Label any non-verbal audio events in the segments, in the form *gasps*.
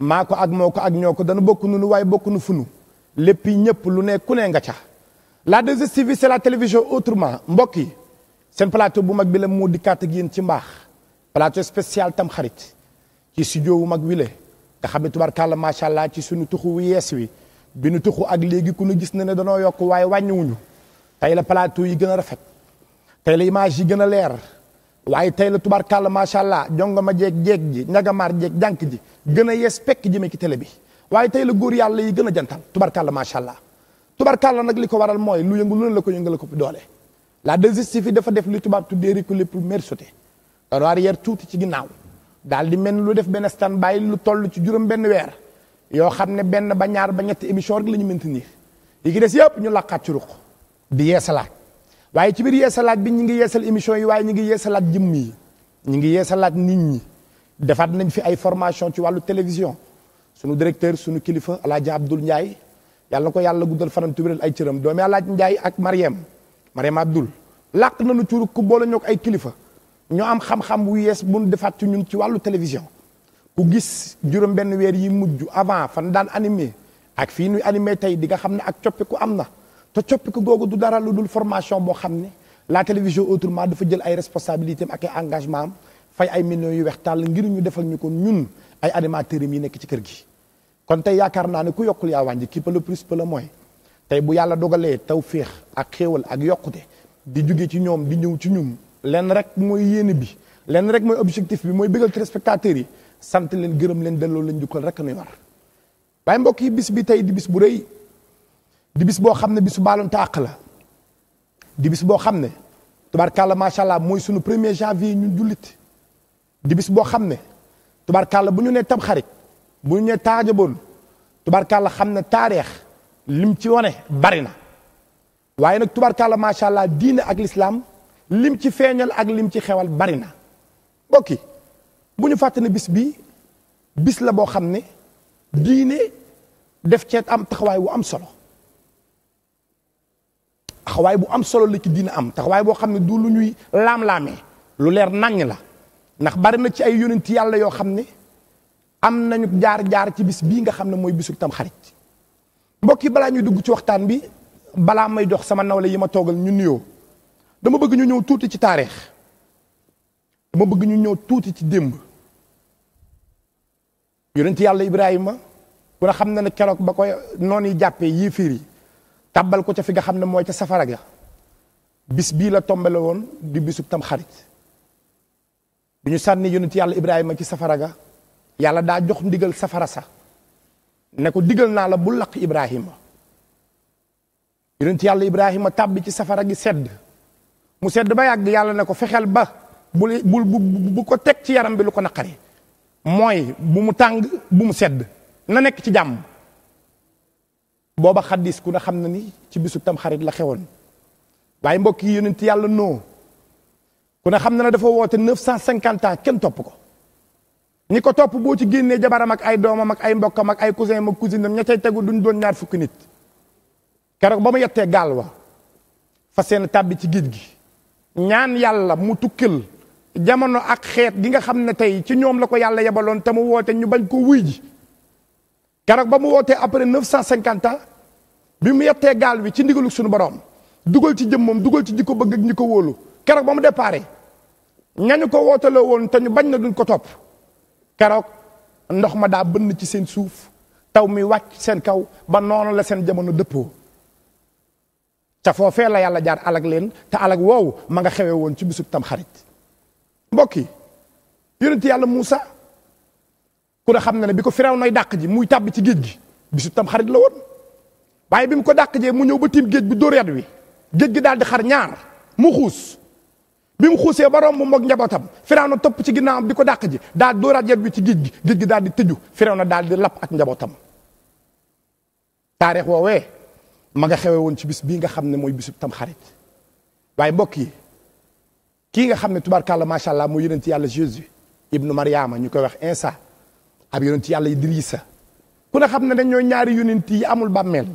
maa ak mooko ak ñoo ko dana bokk nu waaye bokk nu funu lépp ñëpp lu ne ku ne nga ca la 2STV c'est la télévision autrement mbokk yi seen plateau bu mag bi la moo dikkaat ak yéen ci mbaax plateau spécial tam xarit ci studio wu mag wi la nga xam ne tubarkàlla macha allah ci suñu tuxu wu yees wi bi nu tuxu ak léegi ku gis na ne danoo yokk waaye wàññiwuñu tey la plateau yi gën a rafet tey la image yi gën a leer waaye tey la tubaarkàlla macha allah jonga ma jeeg ji ñagamaar jeeg jànk ji gën a yees pekk jëme ci tele bi waaye tey la góor yàlla yi gën a jantal tubaarkàlla macha allah tubaarkàlla nag li ko waral mooy lu yëngu lu ne la ko yëngal ko doole la 2STV dafa def li tubaab tuddee reculer pour mieux sauter doon arrière tuuti ci ginnaaw daal di mel lu def benn stand by lu toll ci juróom benn weer yoo xam ne benn ba ñaar ba ñetti émission la ñu maintenir yi ki des yëpp ñu laqaat ci ruq di yeesalaat waaye ci biir yeesalaat bi ñu ngi yeesal émission yi waaye ñu ngi yeesalaat jëmm yi ñu ngi yeesalaat nit ñi defaat nañ fi ay formation ci wàllu télévision sunu directeur sunu kilifa alaaji Abdoul Ndiaye yàlla ko yàlla guddal fanam tubéral ay cëram doomi alaaji Ndiaye ak Mariam Mariam Abdoul na nañu cuuru ku boole ñoo ko ay kilifa ñoo am xam-xam bu yees bu nu defaat ci ñun ci wàllu télévision ku gis juróom benn weer yi mujj avant fan daan animé ak fii nuy animé tey di xam ne ak coppi am na te coppiku googu du dara lu dul formation boo xam ne la télévision autrement dafa jël ay responsabilités ak engagement am fay ay millions yu weex tàll ngir ñu defal ñu ko ñun ay animateurs yi nekk ci kër gi. kon tey yaakaar naa ne ku yokkul yaa wàññi qui peut le plus peut le moins tey bu yàlla dogalee tawféex ak xéewal ak yokkute di jóge ci ñoom di ñëw ci ñun lenn rek mooy yéene bi lenn rek mooy objectif bi mooy bëggal téléspectateurs yi sant leen gërëm leen delloo leen jukkal rek nuy war waaye di bis boo xam ne bisu baalonte àq la di bis boo xam ne tubaarkàlla macha allah mooy suñu premier janvier ñun jullit di bis boo xam ne tubaarkàlla bu ñu nee tamxarit bu ñu nee taajaboon tubaarkàlla xam ne taarix lim ci wane bari na waaye nag tubaarkàlla macha allah diine ak lislaam lim ci feeñal ak lim ci xewal bari na mbokki bu ñu fàtte ne bis bi bis la boo xam ne diine def ceet am taxawaay bu am solo taxawaay bu am solo la ci diina am taxawaay boo xam ne du lu ñuy laam-laamee lu leer naññ la ndax bari na ci ay yonent yàlla yoo xam ne am nañu jaar-jaar ci bis bii nga xam ne mooy bisu tam xarit mbokk yi balaa ñuy dugg ci waxtaan bi balaa may jox sama nawle yi ma toogal ñu nuyoo dama bëgg ñu ñëw tuuti ci taarix dama bëgg ñu ñëw tuuti ci démb yonent yàlla Ibrahima ku ne xam na ne keroog ba koy noon yi jàppee yéeféer yi tàbbal ko ca fi nga xam ne mooy ca safara ga bis bii la tombale woon di bisub tam xarit bi ñu sànni yonent yàlla Ibrahima ci safara ga yàlla daa jox ndigal safara sax ne ko digal naa la bu laq Ibrahima ci yàlla Ibrahima tàbbi ci safara gi sedd mu sedd ba yàgg yàlla ne ko fexeel ba bul bul bu ko teg ci yaram bi lu ko naqari mooy bu mu tàng bu mu sedd na nekk ci jàmm booba xaddis ku ne xam na ni ci bisu tamxarit la xewoon waaye mbokk yi yonent yàlla noo ku ne xam na ne dafa woote neuf cent cinquante ans kenn topp ko ñi ko topp boo ci génnee jabaram ak ay doomam ak ay mbokkam ak ay cousin ma cousine am ña cay tegu duñ doon ñaar fukki nit keroog ba mu yettee gaal wa fa seen tàbbi ci géej gi ñaan yàlla mu tukkal jamono ak xeet gi nga xam ne tey ci ñoom la ko yàlla yebaloon te mu woote ñu bañ ko wuy ji keroog ba mu wootee après neuf bi mu yettee gaal bi ci ndigalu suñu borom dugal ci jëmmam dugal ci ñi ko bëgg ak ñi ko wóolu keroog ba mu déparé ñañu ko wootaloo woon te ñu bañ na duñ ko topp keroog ndox ma daa bënn ci seen suuf taw mi wàcc seen kaw ba noonu la seen jamono dëppoo te foofee la yàlla jaar alag leen te alag woow ma nga xewe woon ci bisub tam xarit mbokk yi yonent yàlla Muusa ku ne xam na ne bi ko Firawna dàq ji muy tàbbi ci géej gi bisub tam xarit waaye bi mu ko dàq jee mu ñëw ba tiim géej bi dóor yat wi géej gi daal di xar ñaar mu xuus bi mu xuusee ba romb moog njabootam Firawna topp ci ginna ginnaawam di ko dàq ji daal dóoraat yat wi ci géej gi géej gi daal di tëju Firawna daal di lapp ak njabootam taarix woowee ma nga xewe woon ci bis bii nga xam ne mooy bisub tam xarit waaye mbokk yi kii nga xam ne tubaarkàlla macha allah mooy ci yàlla Jésus ibnu Mariama ñu koy wax Insa ab yonent yàlla Idrissa ku ne xam ne dañ ñooy ñaari yonent yi amul bàmmeel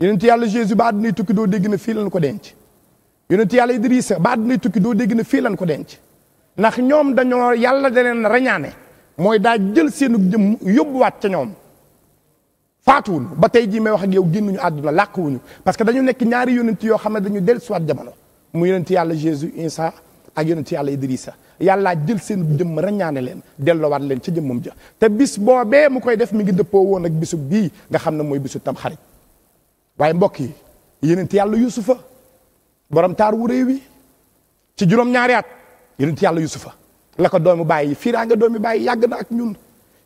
yonent yàlla Jésus ba àddunay tukki doo dégg na fii lan ko denc yonent yàlla Idrissa ba àddunay tukki doo dégg na fii lan ko denc ndax ñoom dañoo yàlla da leen rañaane mooy daa jël seenu jëm yóbbuwaat ca ñoom faatuwuñu ba tey jii may wax ak yow génnuñu àdduna làkkuwuñu parce que dañu nekk ñaari yonent yoo xam ne dañu dellusiwaat jamono mu yonent yàlla Jésus Isa ak yonent yàlla Idrissa yàllaa jël seen jëm rañaane leen delloowaat leen ca jëmmam ja te bis bee mu koy def mi ngi dëppoo woon ak bisu bii nga xam ne mooy bisu tam waaye mbokk yi yonent yàlla yusufa borom taar wu réew wi ci juróom-ñaari at yonent yàlla yusufa la ko doomi bàyyi fiiraange doomi bàyyi yàgg na ak ñun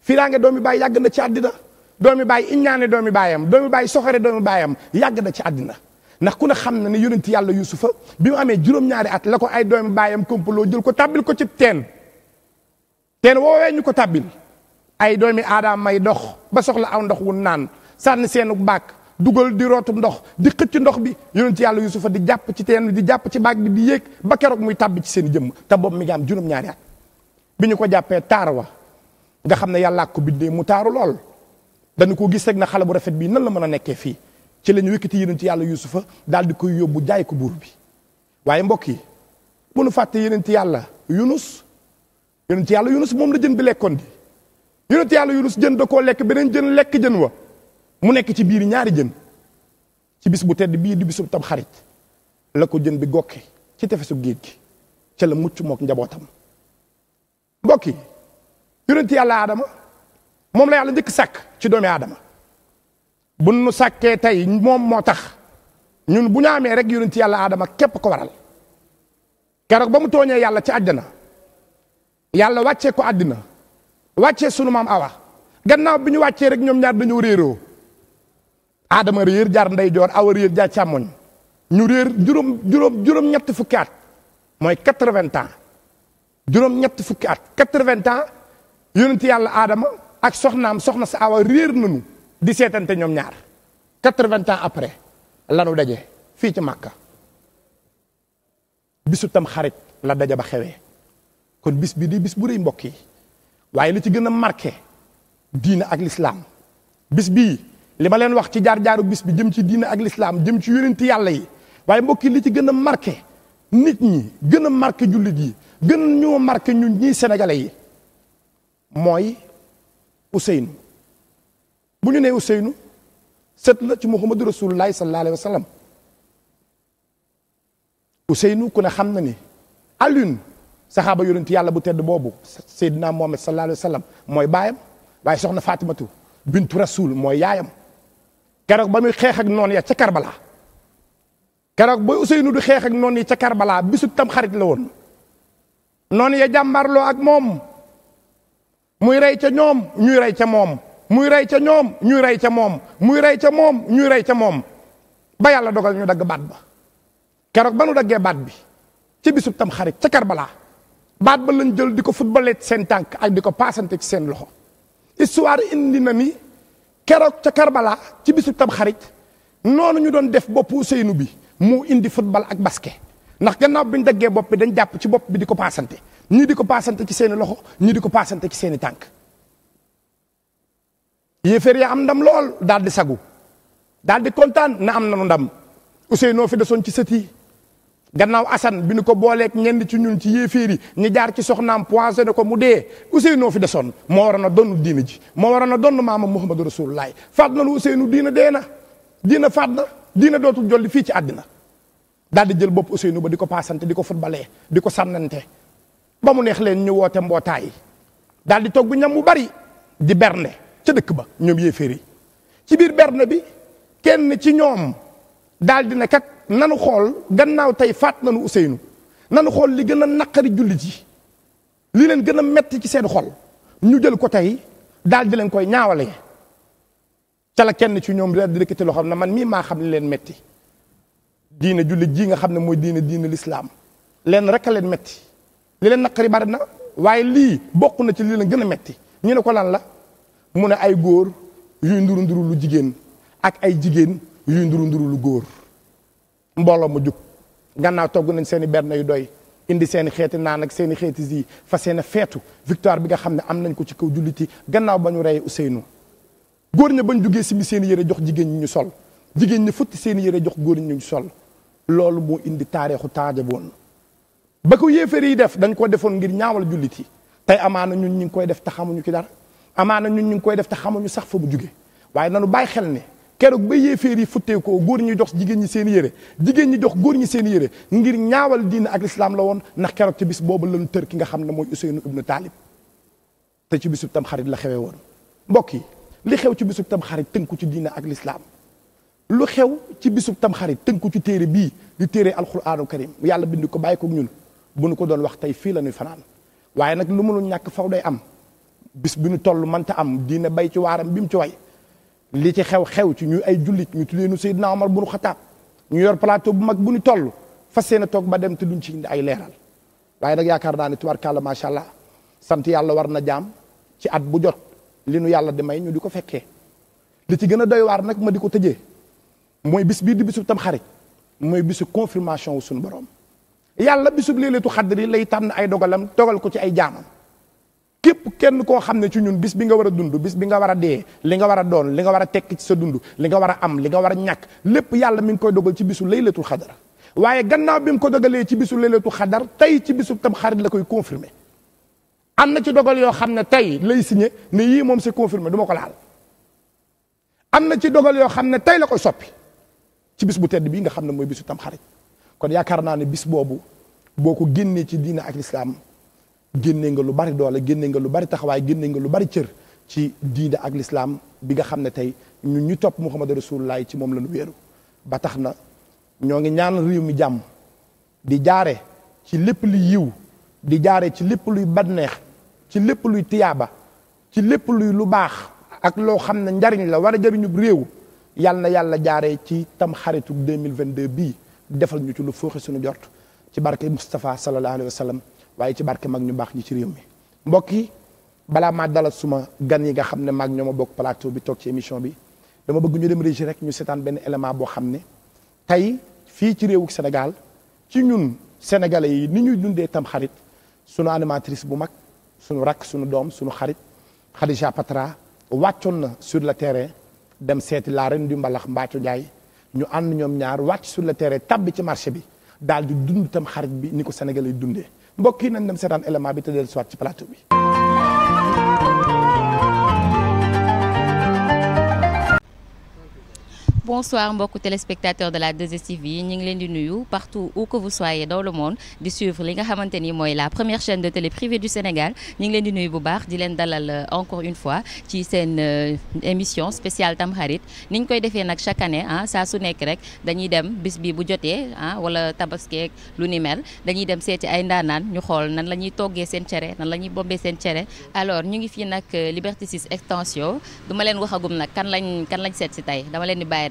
fiiraange doomi bàyyi yàgg na ci àddina doomi bàyyi iññaane doomi bàyyam doomi bàyyi soxore doomi baayam yàgg na ci àddina ndax ku ne xam na ne yonent yàlla yusufa bi mu amee juróom-ñaari at la ko ay doomi baayam kompaloo jël ko tàbbil ko ci teen teen woowee ñu ko tàbbil ay doomi aadaam may dox ba soxla aw ndox wu naan sànni seenu baak dugal di rootum ndox di xëcc ndox bi yonent yàlla yusufa di jàpp ci teen di jàpp ci baag bi di yéeg ba keroog muy tàbbi ci seen jëmm te boobu mi ngi am juróom-ñaari at bi ñu ko jàppee taar wa nga xam ne yàllaa ko bindee mu taaru lool dañu ko gis rek na xale bu rafet bii nan la mën a nekkee fii ci la ñu wékkati yonent yàlla yusufa daal di koy yóbbu jaay ko buur bi waaye mbokk yi bu nu fàtte yonent yàlla yunus yonent yàlla yunus moom la jën bi lekkoon di yonent yàlla yunus jën da koo lekk beneen jën lekk jën wa mu nekk ci biir ñaari jën ci bis bu tedd bii di bisub tam xarit la ko jën bi gokki ci tefesu géej gi ca la mucc mook njabootam mbokk yi yonent yàlla aadama moom la yàlla njëkk sàkk ci doomi aadama bu nu sàkkee tey moom moo tax ñun bu ñu amee rek yonent yàlla aadama képp ko waral keroog ba mu tooñee yàlla ci àjjana yàlla wàccee ko àddina wàccee sunu maam awa gannaaw bi ñu wàccee rek ñoom ñaar dañoo réeroo aadama réer jaar ndeyjoor awa réer jaar càmmoñ ñu réer juróom juróom juróom ñett fukki at mooy quatre-vingts ans juróom ñett fukki at quatre-vingts ans yonent yàlla aadama ak soxnaam soxna sa awa réer nañu di seetante ñoom ñaar quatre-vingts ans après lanu daje fii ci Màkka bisu tam xarit la daja ba xewee kon bis bi di bis bu rëy mbokk yi waaye li ci gën a marqué diina ak lislaam bis bii li ma leen wax ci jaar-jaaru bis bi jëm ci diina ak lislaam jëm ci yonenti yàlla yi waaye mbokki li ci gën a marqué nit ñi gën a marqué jullit yi gën ñoo marqué ñun ñii sénégalais yi mooy Ousseynou bu ñu nee Ousseynou sët la ci Muhammadu Rasulullaahi sallallaahu alayhi wa sallam Ousseynou ku ne xam na ni Alioune saxaaba yonenti yàlla bu tedd boobu Seydina Mohamed sallallaahu alayhi wa mooy baayam waaye soxna Fatimatu bintu Rasul mooy yaayam. keroog ba muy xeex ak noonu ya ca Karbala keroog ba Ousseynou di xeex ak noon yi ca Karbala bisu tam xarit la woon noon ya jàmbarloo ak moom muy rey ca ñoom ñuy rey ca moom muy rey ca ñoom ñuy rey ca moom muy rey ca moom ñuy rey ca moom ba yàlla dogal ñu dagg baat ba keroog ba nu daggee baat bi ci bisu tam xarit ca Karbala baat ba lañ jël di ko footballeet seen tànk ak di ko paasante ci seen loxo histoire indi na ni keroog ca Karbala ci bisu Tamxarit noonu ñu doon def boppu Seynu bi mu indi football ak basket ndax gannaaw bi ñu daggee bopp bi dañ jàpp ci bopp bi di ko paasante ñii di ko paasante ci seeni loxo ñii di ko paasante ci seeni tànk. yéeféer ya am ndam lool daal di sagu daal di kontaan na am nanu ndam Ousseynou noo fi desoon ci sët gannaaw Assane bi nu ko booleek ñenn ci ñun ci yéeféer yi ñu jaar ci soxnaam poisonné ko mu dee Ousseynou fi desoon moo waroon a donn diina ji moo waroon a donn maamam Muhammadu Rasulullah faat na lu Ousseynou diina dee na diina faat na diina dootul jolli fii ci àddina daal di jël bopp Ousseynou ba di ko paasante di ko futbalee di ko sànnante ba mu neex leen ñu woote mbootaay yi daal di togg ñam mu bari di berne ca dëkk ba ñoom yéeféer yi ci biir berne bi kenn ci ñoom daal di kat nanu xool gannaaw tey faat nanu Ousseynou nanu xool li gën a naqari jullit yi lii leen gën a metti ci seen xol ñu jël ko tey daal di leen koy ñaawale ca la kenn ci ñoom daal di rëkkati loo xam ne man mii maa xam li leen metti diina jullit jii nga xam ne mooy diine diine lislaam leen rek a leen metti li leen naqari bari na waaye lii bokk na ci li leen gën a metti ñu ne ko lan la mu ne ay góor yuy nduru nduru lu jigéen ak ay jigéen yuy nduru nduru lu góor mbooloo ma jug gannaaw togg nañ seen i berne yu doy indi seen i xeeti naan ak seeni xeeti yi fa seen a feetu victoire bi nga xam ne am nañ ko ci kaw julliti gannaaw ba ñu rey Ousseynou góor ña bañ jugee si mi seen i yére jox jigéen ñi ñu sol jigéen ñi futti seen yére jox góor ñu ñu sol loolu moo indi taarixu taajaboon ba ko yéefar yi def dañ ko defoon ngir ñaawal jullit yi tey amaana ñun ñu ngi koy def te xamuñu ki dara amaana ñun ñu ngi koy def te xamuñu sax fa mu jugee waaye nanu bàyyi xel ne keroog ba yéeféer yi futteekoo góor ñi jox jigéen ñi seen yére jigéen ñi jox góor ñi seen yére ngir ñaawal diine ak lislaam la woon ndax keroog ci bis boobu lañu tër ki nga xam ne mooy Useynu ibnu Taalib te ci bisub tamxarit la xewee woon mbokk yi li xew ci bisub tam xarit tënku ci diine ak lislaam lu xew ci bisub tam xarit tënku ci téere bii di téere alquraanu karim yàlla bind ko bàyyi ko ñun bu nu ko doon wax tey fii la ñuy fanaan waaye nag lu mënul ñàkk faw day am bis bi ñu toll mënta am diine bay ci waaram bi mu ci way li ci xew xew ci ñu ay jullit ñu tuddee nu Seydina bu bunu Xataab ñu yor plateau bu mag bu ñu toll fas yéene toog ba dem te duñ ci ay leeral waaye nag yaakaar naa ne tubaarkàlla macha allah sant yàlla war na jaam ci at bu jot li nu yàlla di may ñu di ko fekkee li ci gën a doy waar nag ma di ko tëjee mooy bis bii di bisub tam xarit mooy bisu confirmation wu suñu borom yàlla bisub léeg-léetu xadri lay tànn ay dogalam dogal ko ci ay jaamam képp kenn koo xam ne ci ñun bis bi nga war a dund bis bi nga war a dee li nga war a doon li nga war a tekk ci sa dund li nga war a am li nga war a ñàkk lépp yàlla mi ngi koy dogal ci bisu laylatul xadar waaye gannaaw bi mu ko dogalee ci bisu laylatul xadar tey ci bisu tam la koy confirmer am na ci dogal yoo xam ne tey lay signé yii moom c'est confirmé du ko laal am na ci dogal yoo xam ne tey la koy soppi ci bis bu tedd bii nga xam ne mooy bisu tam kon yaakaar naa ne bis boobu boo ko génnee ci diina ak lislaam génne nga lu bari doole génne nga lu bari taxawaay génne nga lu bari cër ci diine ak lislaam bi nga xam ne tey ñu ñu topp Muhammad Rasulullah ci moom la ñu ba tax na ñoo ngi ñaan réew mi jàmm di jaare ci lépp luy yiw di jaare ci lépp luy banneex ci lépp luy tiyaaba ci lépp luy lu baax ak loo xam ne njariñ la war a jariñub réew yàlla na yàlla jaaree ci tam xaritu 2022 bii defal ñu ci lu fooxi suñu jot ci barke Moustapha sallallahu alayhi wa sallam waaye ci barke mag ñu baax ñi ci réew mi mbokk yi balaa maa dalal suma gan yi nga xam ne mag ñoo ma bokk plateau bi toog ci émission bi dama bëgg ñu dem régie rek ñu seetaan benn élément boo xam ne tey fii ci réewu Sénégal ci ñun sénégalais yi ni ñuy dundee tam xarit sunu animatrice bu mag sunu rakk sunu doom sunu xarit Khadija Patra wàccoon na sur le terrain dem seeti la reine du mbalax Mbathio Ndiaye ñu ànd ñoom ñaar wàcc sur le terrain tabbi ci marché bi daal di dund tam xarit bi ni ko sénégalais dundee mbokk yi nañ dem seetaan élément bi te dellu si waat bonsoir mbokku téléspectateurs de la 2STV yi ngi leen di nuyu partout où que vous soyez dans le monde di suivre li nga xamante ni mooy la première chaîne de télé privée du Sénégal ñu ngi leen di nuyu bu baax di leen dalal euh, encore une fois ci seen euh, émission spéciale Tamxarit ni ñu koy defee nag chaque année ah saa su nekk rek dañuy dem bis bi bu jotee ah wala tabaskeeg lu ni mel dañuy dem seeti ay ndaanaan ñu xool nan la ñuy toggee seen cere nan la ñuy bombee seen cere alors ñu ngi fii nag euh, Liberté 6 ma leen waxagum nag kan lañ kan lañ seet si tey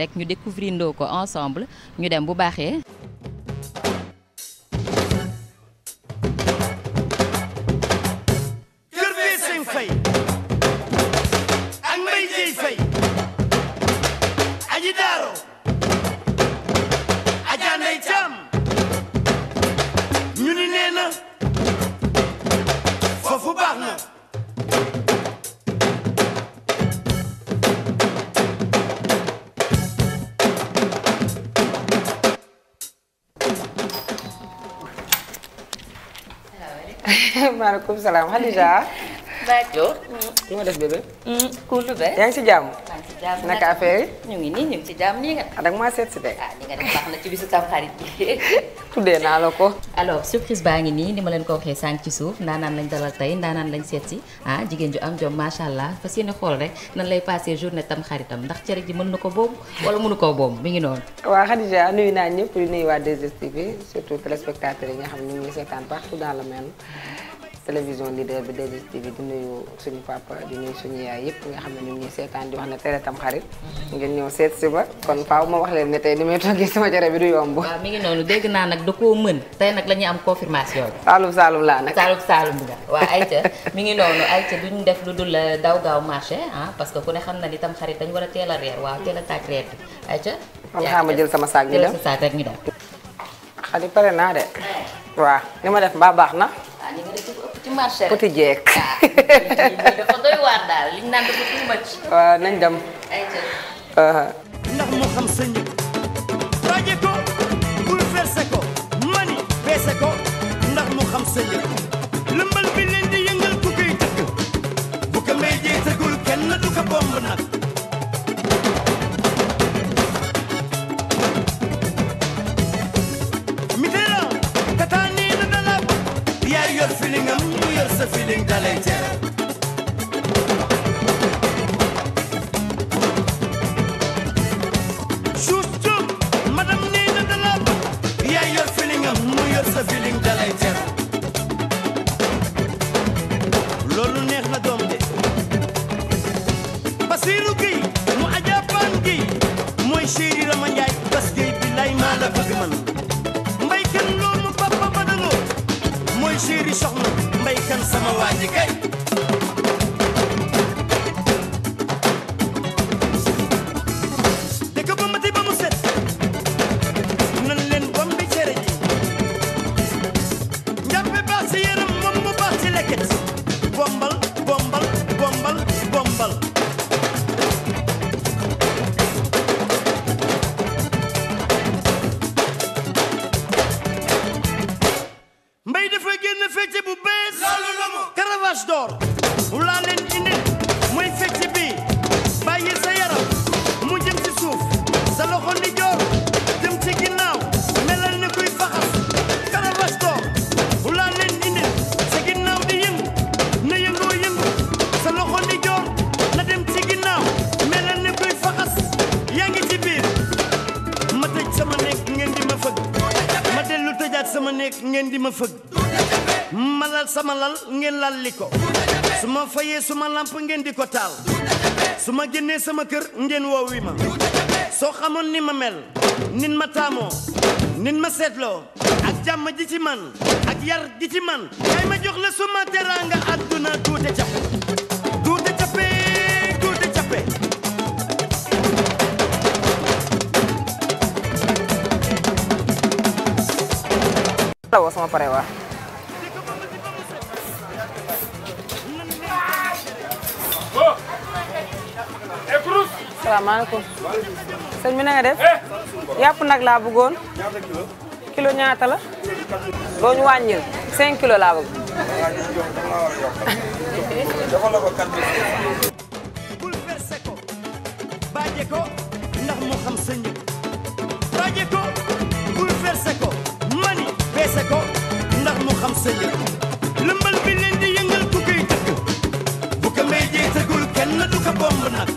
rek ñu découvrir ndoo ko ensemble ñu dem bu baaxee maaleykum salaam Khadija. Badio. noo def bébé. Koundou mm, Ba. yaa ngi si jàmm. yaa ngi si jàmm naka affaire yi. ñu ngi nii ñu ngi si jàmm nii nga. ah danga maa seet si tey. ah li nga def baax na ci bisu tamxarit bi. *laughs* tuddee naa la ko. alors surprise baa ngi nii ni ma leen ko waxee sànq ci suuf ndaanaan lañ dalal tey ndaanaan lañ seet si ah jigéen ju am jom macha allah fas yéene xool rek nan lay passé journée tamxaritam ndax cere ji mën na ko boobu wala mënu koo boobu mi ngi noonu. waaw Khadija nuyu naa ñëpp di nuyu waa 2STV surtout téléspectateurs yi nga xam ne ñu ngi seetaan partout dans le monde télévision leader bi 2STV di nuyu suñu papa di nuyu suñu yaay yëpp nga xam ne ñu ngi seetaan di wax ne tere tam xarit. ngeen ñëw seet si ba kon faaw ma wax leen ne tey ni may toggee sama jara bi du yomb. waaw mi ngi noonu dégg naa nag da koo mën tey nag la ñuy am confirmation bi. Saalum Saalum laa nag. Saalum Saalum bi la waaw Aïcha mi ngi noonu Aïcha duñ def lu dul euh, daw gaaw marché ah parce que ku ne xam na ni tam xarit dañ war a teel a reer waaw teel a tàkk reer bi Aïcha. kon xaaral ma jël sama saag ñu dem jël sa saag rek ñu dem. xale pare naa de. waaw li ma def mbaa baax na. Ah, ci marché rek poti jeeg. dafa doy waar daal liñ naan dafa too much. waaw nañ dem. ndax mu xam sa njëg. rajo ko bouleversé ko mani beese ko ndax mu xam bu ko may jee sa feeling dalay teral juste madame nee na da la bëgg yaay yor feeling sa feeling dalay teral loolu neex na doom de Basiru kan sama waa ji kay lalli ko su ma fayee suma lamp ngeen di ko taal su ma génnee sama kër ngeen woo wi ma soo xamoon ni ma mel nin ma taamoo nin ma seetloo ak jàmm ji ci man ak yar ji ci man kay ma jox la suma teraanga àdduna duute cappe duute cappe duute cappe asalaamaaleykum sëñ bi na nga def yàpp nag laa bëggoon kilo ñaata la doo ñu wàññil 5 kilo laa bëgg. bul verse ko baaje ko mu xam sa njëg bul verse ko mani beese ko ndax mu xam sa njëg lëmbal di yëngal ku koy dëkk bu ko may jee tëgul kenn du ko bomb nag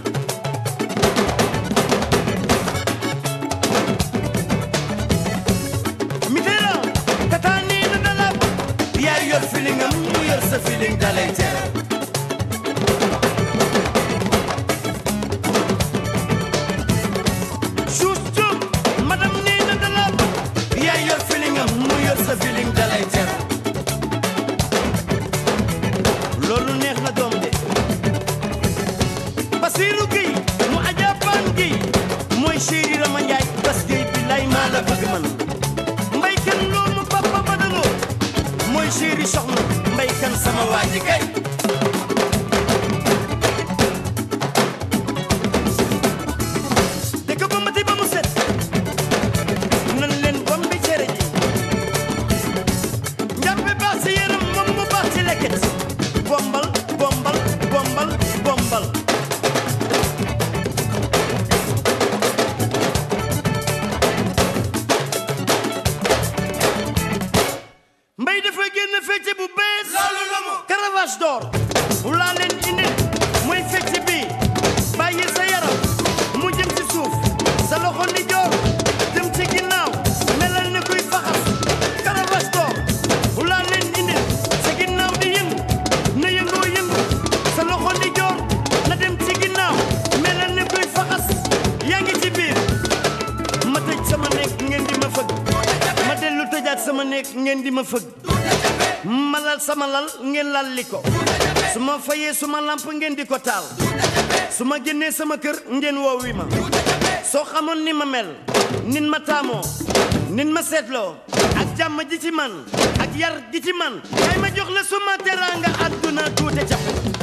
ma fayee suma ngeen di ko taal ma génnee sama kër ngeen woo wi ma soo xamoon ni ma mel nin ma taamoo nin ma seetloo ak jàmm ji ci man ak yar ji ci man kay ma jox la suma teraanga àdduna tuute ca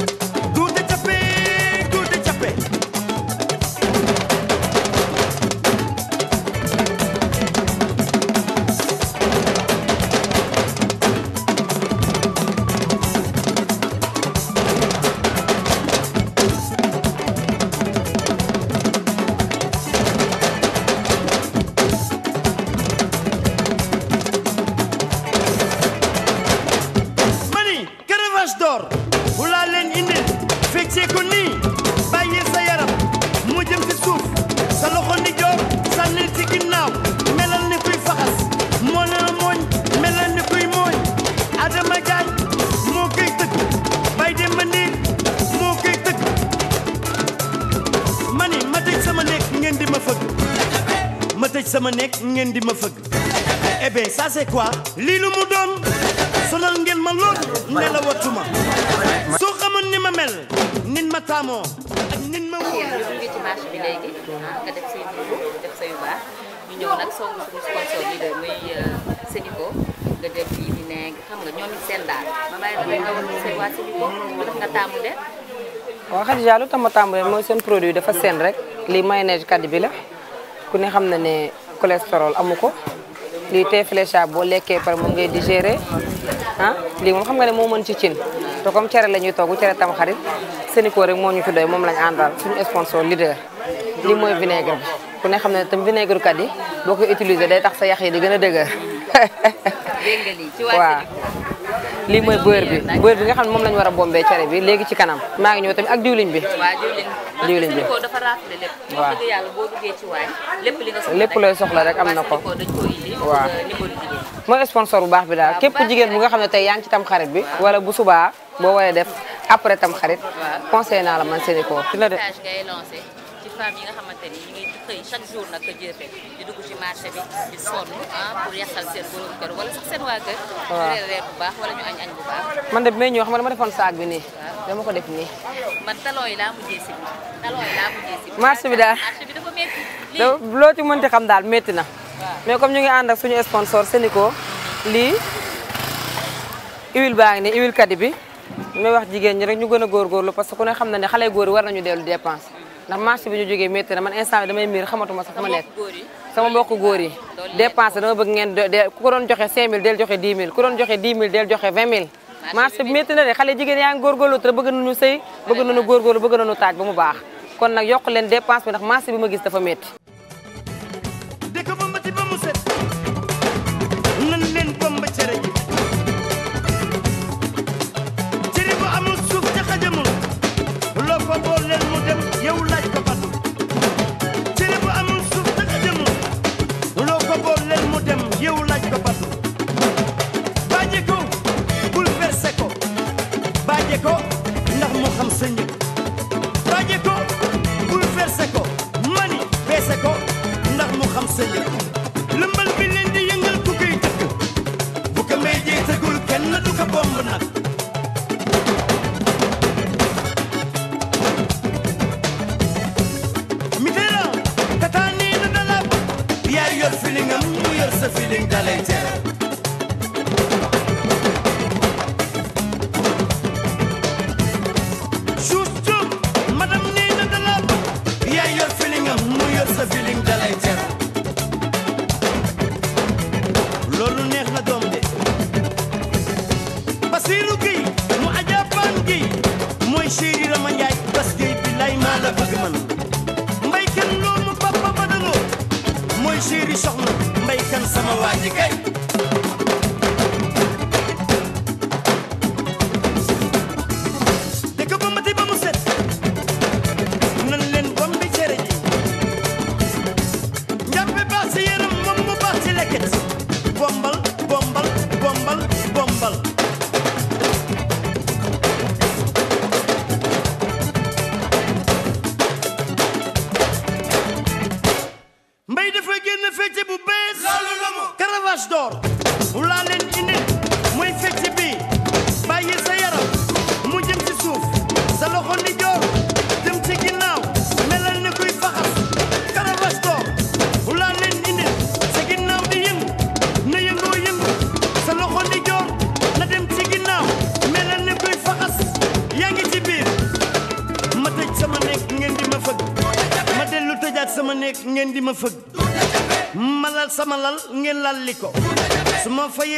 c'est quoi lii lu mu doon sonal ngeen ma lool ne soo xamoon ni ma mel nin ma taamoo ak nin ma wóor ah, def say dugub yu ñëw nag soo euh, nga def waa Sénico lu tax ma taamu mooy seen produit dafa seen rek lii mayonnaise kaddi bi la ku ne xam na ne cholestérol amu ko lii thé fléchable boo lekkee par moom ngay digérer ah, lii moom xam nga ne moo mën ci cin te comme cere la ñuy togg cere tam xarit Sénico rek moo ñu ci doy moom lañ àndal suñu sponsor leader lii mooy vinaigre bi ku ne xam ne tam vinaigre kat yi boo ko utiliser day tax sa yax yi di gën a dëgër waaw lii mooy beurre bi beurre bi nga xam ne moom la ñu war a bombee cere bi léegi ci kanam maa ngi ñëw tamit ak diwlin bi diwlin bi raflé lépp. waaw soxla looy soxla rek am na ko dañ euh, mooy sponsor bu baax bi daal képp jigéen bu nga xam ne tey yaa ngi ci tam xarit bi wala bu subaa boo waree def après tam xarit conseil naa la man Sénégal ko jëfe di dugg ci sonn ah, pour yàqal seen waa kër man de bi may ñëw xam nga defoon saag bi nii dama ko def nii. man taloo yi bi daal marché bi dafa ci mënti xam daal métti na. mais comme ñu ngi ànd ak suñu sponsor Sénico lii huile baa ngi nii huile kadi bi. may wax jigéen ñi rek ñu gën a góorgóorlu parce que ku ne xam na ne xale góor war nañu dellu dépense ndax marché bi ñu jógee métti man instant bi damay miir xamatuma sax ma nekk sama mbokk góor yi dama bëgg ngeen ku doon joxe 5000 del joxe 10 000 ku doon joxe 10 000 marché bi métti na de xale jigéen yaa ngi góorgóorlu te bëgg nañu sëy bëgg nañu góorgóorlu bëgg nañu taaj ba mu baax kon nag yokk leen dépense bi ndax marché bi ma gis dafa métti dëkk ba mati ba mu set nan leen bomba cere ji cere bu amul suuf jaxajamul loo ko bool leen mu dem yow laaj ko ndax mu xam sa njëg raje ko bul verse ko mani beese ko ndax mu xam sa njëg lëmbal bi leen di yëngal ku koy tëkk bu ko mbay jey tëggul kenn du ko bomb nag feeling am mu yor sa feeling dalay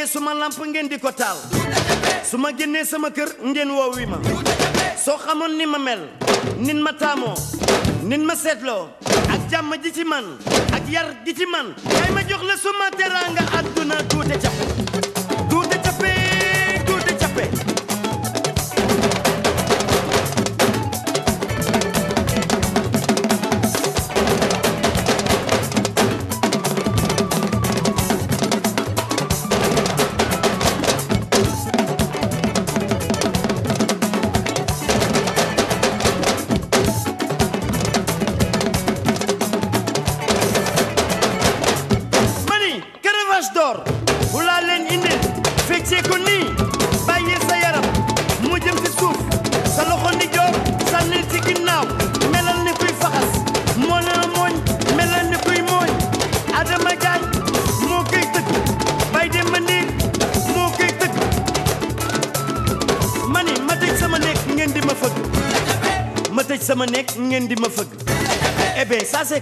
tëddee suma lamp ngeen di ko taal su ma génnee sama kër ngeen woo wi ma soo xamoon ni ma mel nin ma taamoo nin ma seetloo ak jàmm ji ci man ak yar gi ci man kay ma jox la suma teraanga àdduna tuute ca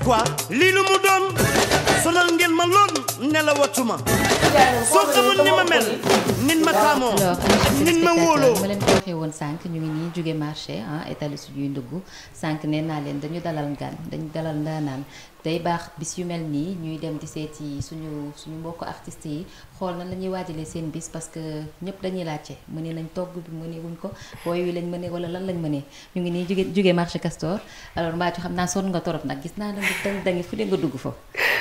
quoi lii lu mu doon sonal ngeen ma lool nelawatuma soo xamoon ni ma mel nit ma xaamoo nit ma wóoloo ma leen ko waxee woon sànq ñu ngi nii jóge marché ah étali suñuy ndugg sànq nee naa leen dañu dalal ngan dañu dalal ndaanaan day baax bis yu mel nii ñuy dem di seet seeti suñu suñu mbokku artistes yi xool nan la ñuy waajalee seen bis parce que ñëpp dañuy laajte mëne nañ togg bi mëne wuñ ko wooyu lañ mëne wala lan lañ mëne ñu ngi nii jóge jóge marché Castor alors Mbathio xam naa sonn nga torop nag gis naa la nga dang dangi fu dee nga dugg fa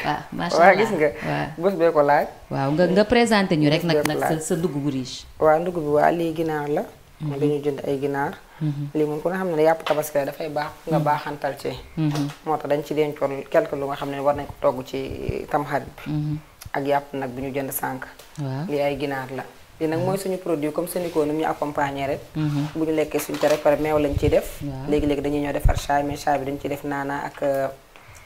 waa macha allah waaw gis nga waaw bés bee ko laaj waaw nga nga présenté ñu rek nag nag sa sa ndugg bu riche waaw ndugg bi waa lii ginaar la mhm. moom dañu jënd ay ginaar mhm. lii moom ku nga xam ne yàpp tabaski la dafay baax nga mhm. baaxantal ci moo tax dañ ci dencoon quelque lu nga xam ne war nañ ko togg ci tamxarit bi ak yàpp nag bi ñu jënd sànq lii ay ginaar la li nag mooy mhm. suñu produit comme Senico ni mu ñu accompagner rek. Mhm. bu ñu lekkee suñu tere pare meew lañ ciy def. léegi léegi dañuy ñoo defar chai mais chai bi dañ ci def naana ak. Euh,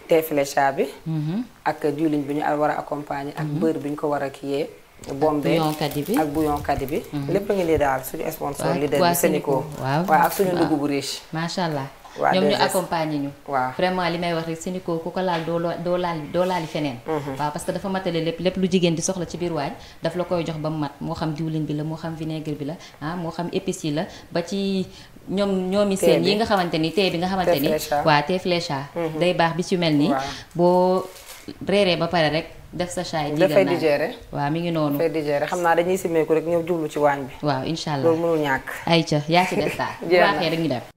teefile chat bi. Mhm. ak diwlin bi ñu war accompagner. ak beurre bi ñu ko war a kiyee. bombé ak bouillon kadi bi lépp ngi lii daal suñu sponsor leader bi Senico waaw ak suñu ndugg bu riche. macha allah. ñoom ñu accompagner ñu waaw li may wax rek seni ko ku ko laal doo doo laal doo feneen mhm. waaw parce que dafa matale lépp lépp lu jigéen di soxla ci biir waañ daf la koy jox ba mu mat moo xam diwlin bi la moo xam vinaigre bi la ah moo xam épices la ba ci ñoom ñoomi seen yi nga xamante ni tee bi nga xamante ni waaw tee flécha mhm. day baax bi ci mel nii boo reeree ba pare rek def sa chaay digal dafay digéré waaw mi ngi noonu dafay digéré xam naa dañuy simeeku rek ñëw jublu ci waañ bi waaw incha allah loolu mënul ñàkk ayca yaa ci des daal bu *laughs* baaxee rek ñu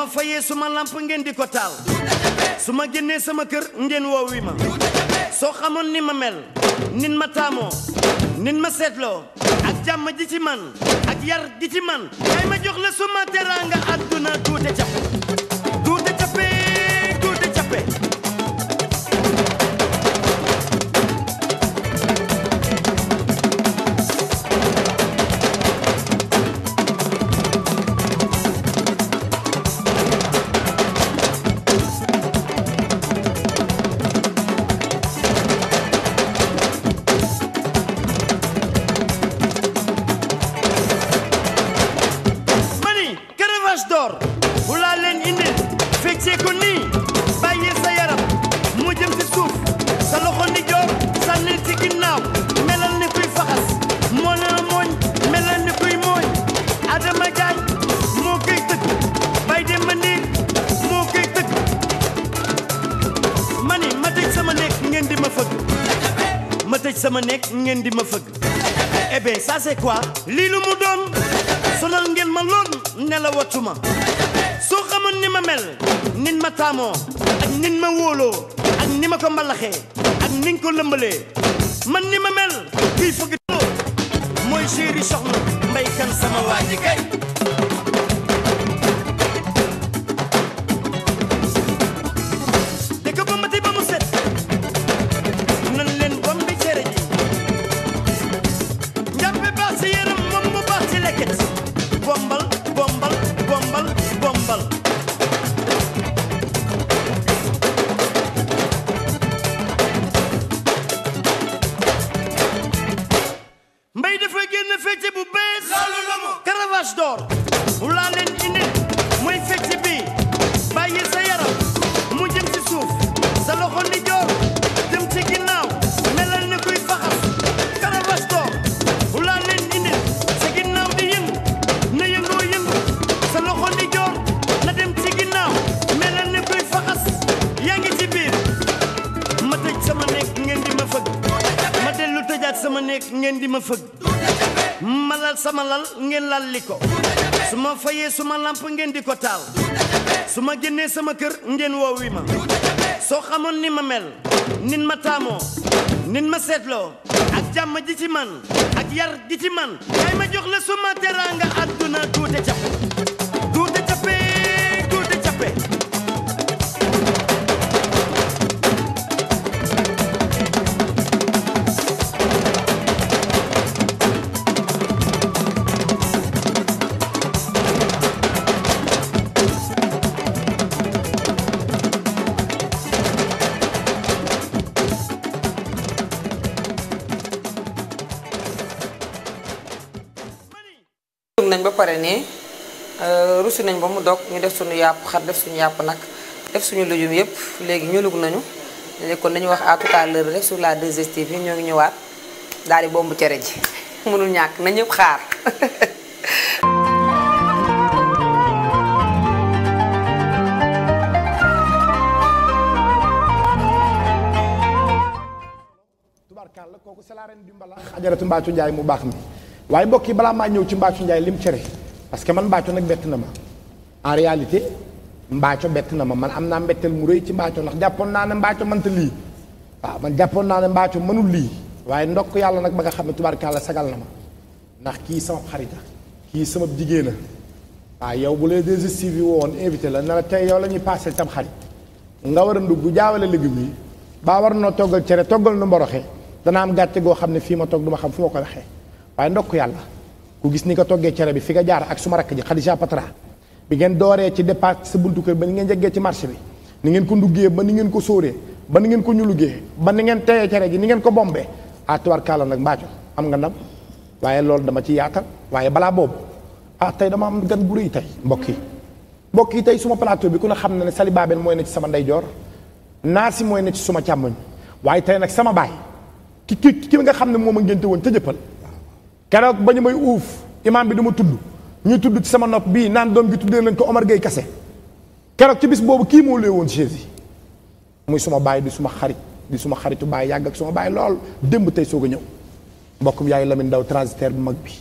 ma fayee suma lamp ngeen di ko taal su ma génnee sama kër ngeen woo wi ma soo xamoon ni ma mel nin ma taamoo nin ma seetloo ak jàmm ji ci man ak yar gi ci man kay ma jox la suma teraanga àdduna tuute ca c'est quoi lii lu mu doon ngeen ma lool nelawatuma soo xamoon ni ma mel nin ma taamoo ak nin ma wóoloo ak ni ma ko mbalaxee ak nin ko lëmbalee man ni ma mel kuy fëgg mooy chéri soxna mbay kan sama waa lamp ngeen di ko taal su ma génnee sama kër ngeen woo wi ma soo xamoon ni ma mel nin ma taamoo nin ma seetloo ak jàmm ji ci man ak yar ji ci man kay ma jox la suma teraanga àdduna tuute ca nañ ba pare ne euh, rusi nañ ba mu dog ñu def suñu yàpp xar def suñu yàpp nag def suñu lujum yëpp léegi ñulug nañu léegi kon dañu wax à tout à l'heure sur la 2STV ñoo ngi ñëwaat daal di bombu cere ji *laughs* mënul ñàkk na ñëpp xaar *laughs* tubaarkàlla kooku c'est la reine du mbalax ajaratu mu baax mi waaye mbokk yi balaa maa ñëw ci Mbathio Ndiaye lim cere parce que man Mbathio nag bett na ma en réalité Mbathio bett na ma man am naa mbetteel mu rëy ci Mbathio ndax jàppoon naa ne Mbathio mënta lii waaw man jàppoon naa ne Mbathio mënul lii waaye ndokk yàlla nag ba nga xam ne tubaarkàlla sagal na ma ndax kii sama xarita kii sama jigéen a waaw yow bu lay dégestive yi woon invité la na la tey yow la ñuy passé tam xarit nga war a ndugg jaawale légumes yi baa war noo toggal cere toggal nu mboroxe dana am gàcce goo xam ne fii ma toog du ma xam fu ko waaye ndokk yàlla ku gis ni nga toggee cere bi fi nga jaar ak suma rakk ji Khadija Patra bi ngeen dooree ci départ sa buntu kër ba ni ngeen jeggee ci marché bi ni ngeen ko nduggee ba ni ngeen ko sóoree ba ni ngeen ko ñu ñulugee ba ni ngeen teyee cere ji ni ngeen ko bombee ah tubaarkàlla nag mbaajo am nga ndam waaye loolu dama ci yaatal waaye balaa boobu ah tey dama am gan gu rëy tey mbokk yi mbokk yi tey suma plateau bi ku ne xam na ne Sali Babel mooy n ci sama ndeyjoor naa si mooy ne ci suma càmmoñ waaye tey nag sama baay ki ki ki nga xam ne moom a ngénte woon ca jëppal keroog ba ñu may uuf imaam bi du tudd ñu tudd ci sama nopp bii naan doom gi tuddee nañ ko Omar Gueye Kassé keroog ci bis boobu kii moo lee woon chaise yi muy suma baay di suma xarit di suma xaritu baay yàgg ak suma baay lool démb tey soog a ñëw mbokkum yaay Lamine Ndaw transitaire bu mag bi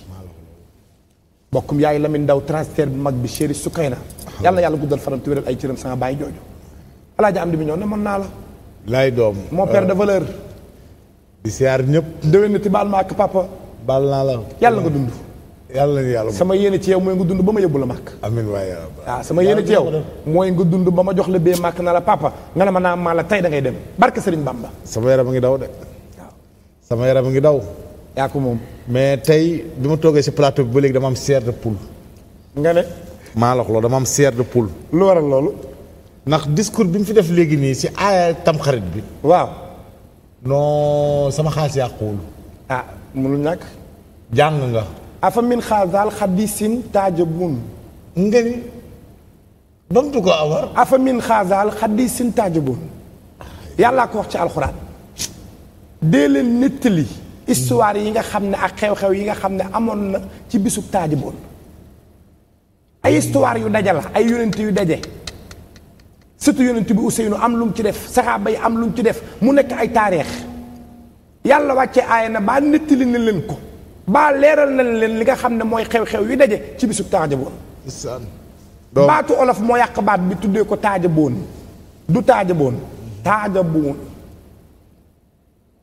mbokkum yaay Lamine Ndaw transitaire bu mag bi chéri Soukayna yàlla yàlla guddal fanam te wéral ay cëram sama baay jooju alaaja am di mi ñëw ne mën naa la laay doom mon père euh, de valeur di siyaar ñëpp déwén na ti baal naa la. yàlla nga dund. yàlla yàlla sama yéene ci yow mooy nga dund ba ma yóbbu la màkk. amiin waay waaw ah, sama yéene ci yow mooy nga dund ba ma jox la bee màkk na la papa nga ne ma naa maa la tey da ngay dem barke Serigne Bamba. sama yaram a ngi daw de. waaw sama yaram a ngi daw. yaa ko mais tey bi ma toogee si plateau bi ba léegi dama am chair de poule. nga ne. maa la loolu dama am chair de poule. lu waral loolu. ndax discours bi mu fi def léegi nii si aaya tamxarit bi. waaw. non sama xaalis yàquwul. Ah, jàng nga. afa min xaazaal xadisin taajabun. nga ni. bamtu ko awar. afa min xaazaal xadisin taajabun. yàllaa ko wax ci alxuraan. dee leen nettali. histoire yi nga xam ne ak xew-xew yi nga xam ne amoon na ci bisu taajabun. ay histoire yu daja la ay yonent yu daje. surtout yonent bi Ousseynou am lu mu ci def saxaaba yi am lu mu ci def mu nekk ay taarix. yàlla wàcce aaya na baa nettali na leen ko. baa leeral nañ leen li nga xam ne mooy xew-xew yu daje ci bisu taajaboon baatu olof moo yàq baat bi tuddee ko taajaboon du taajaboon taajaboon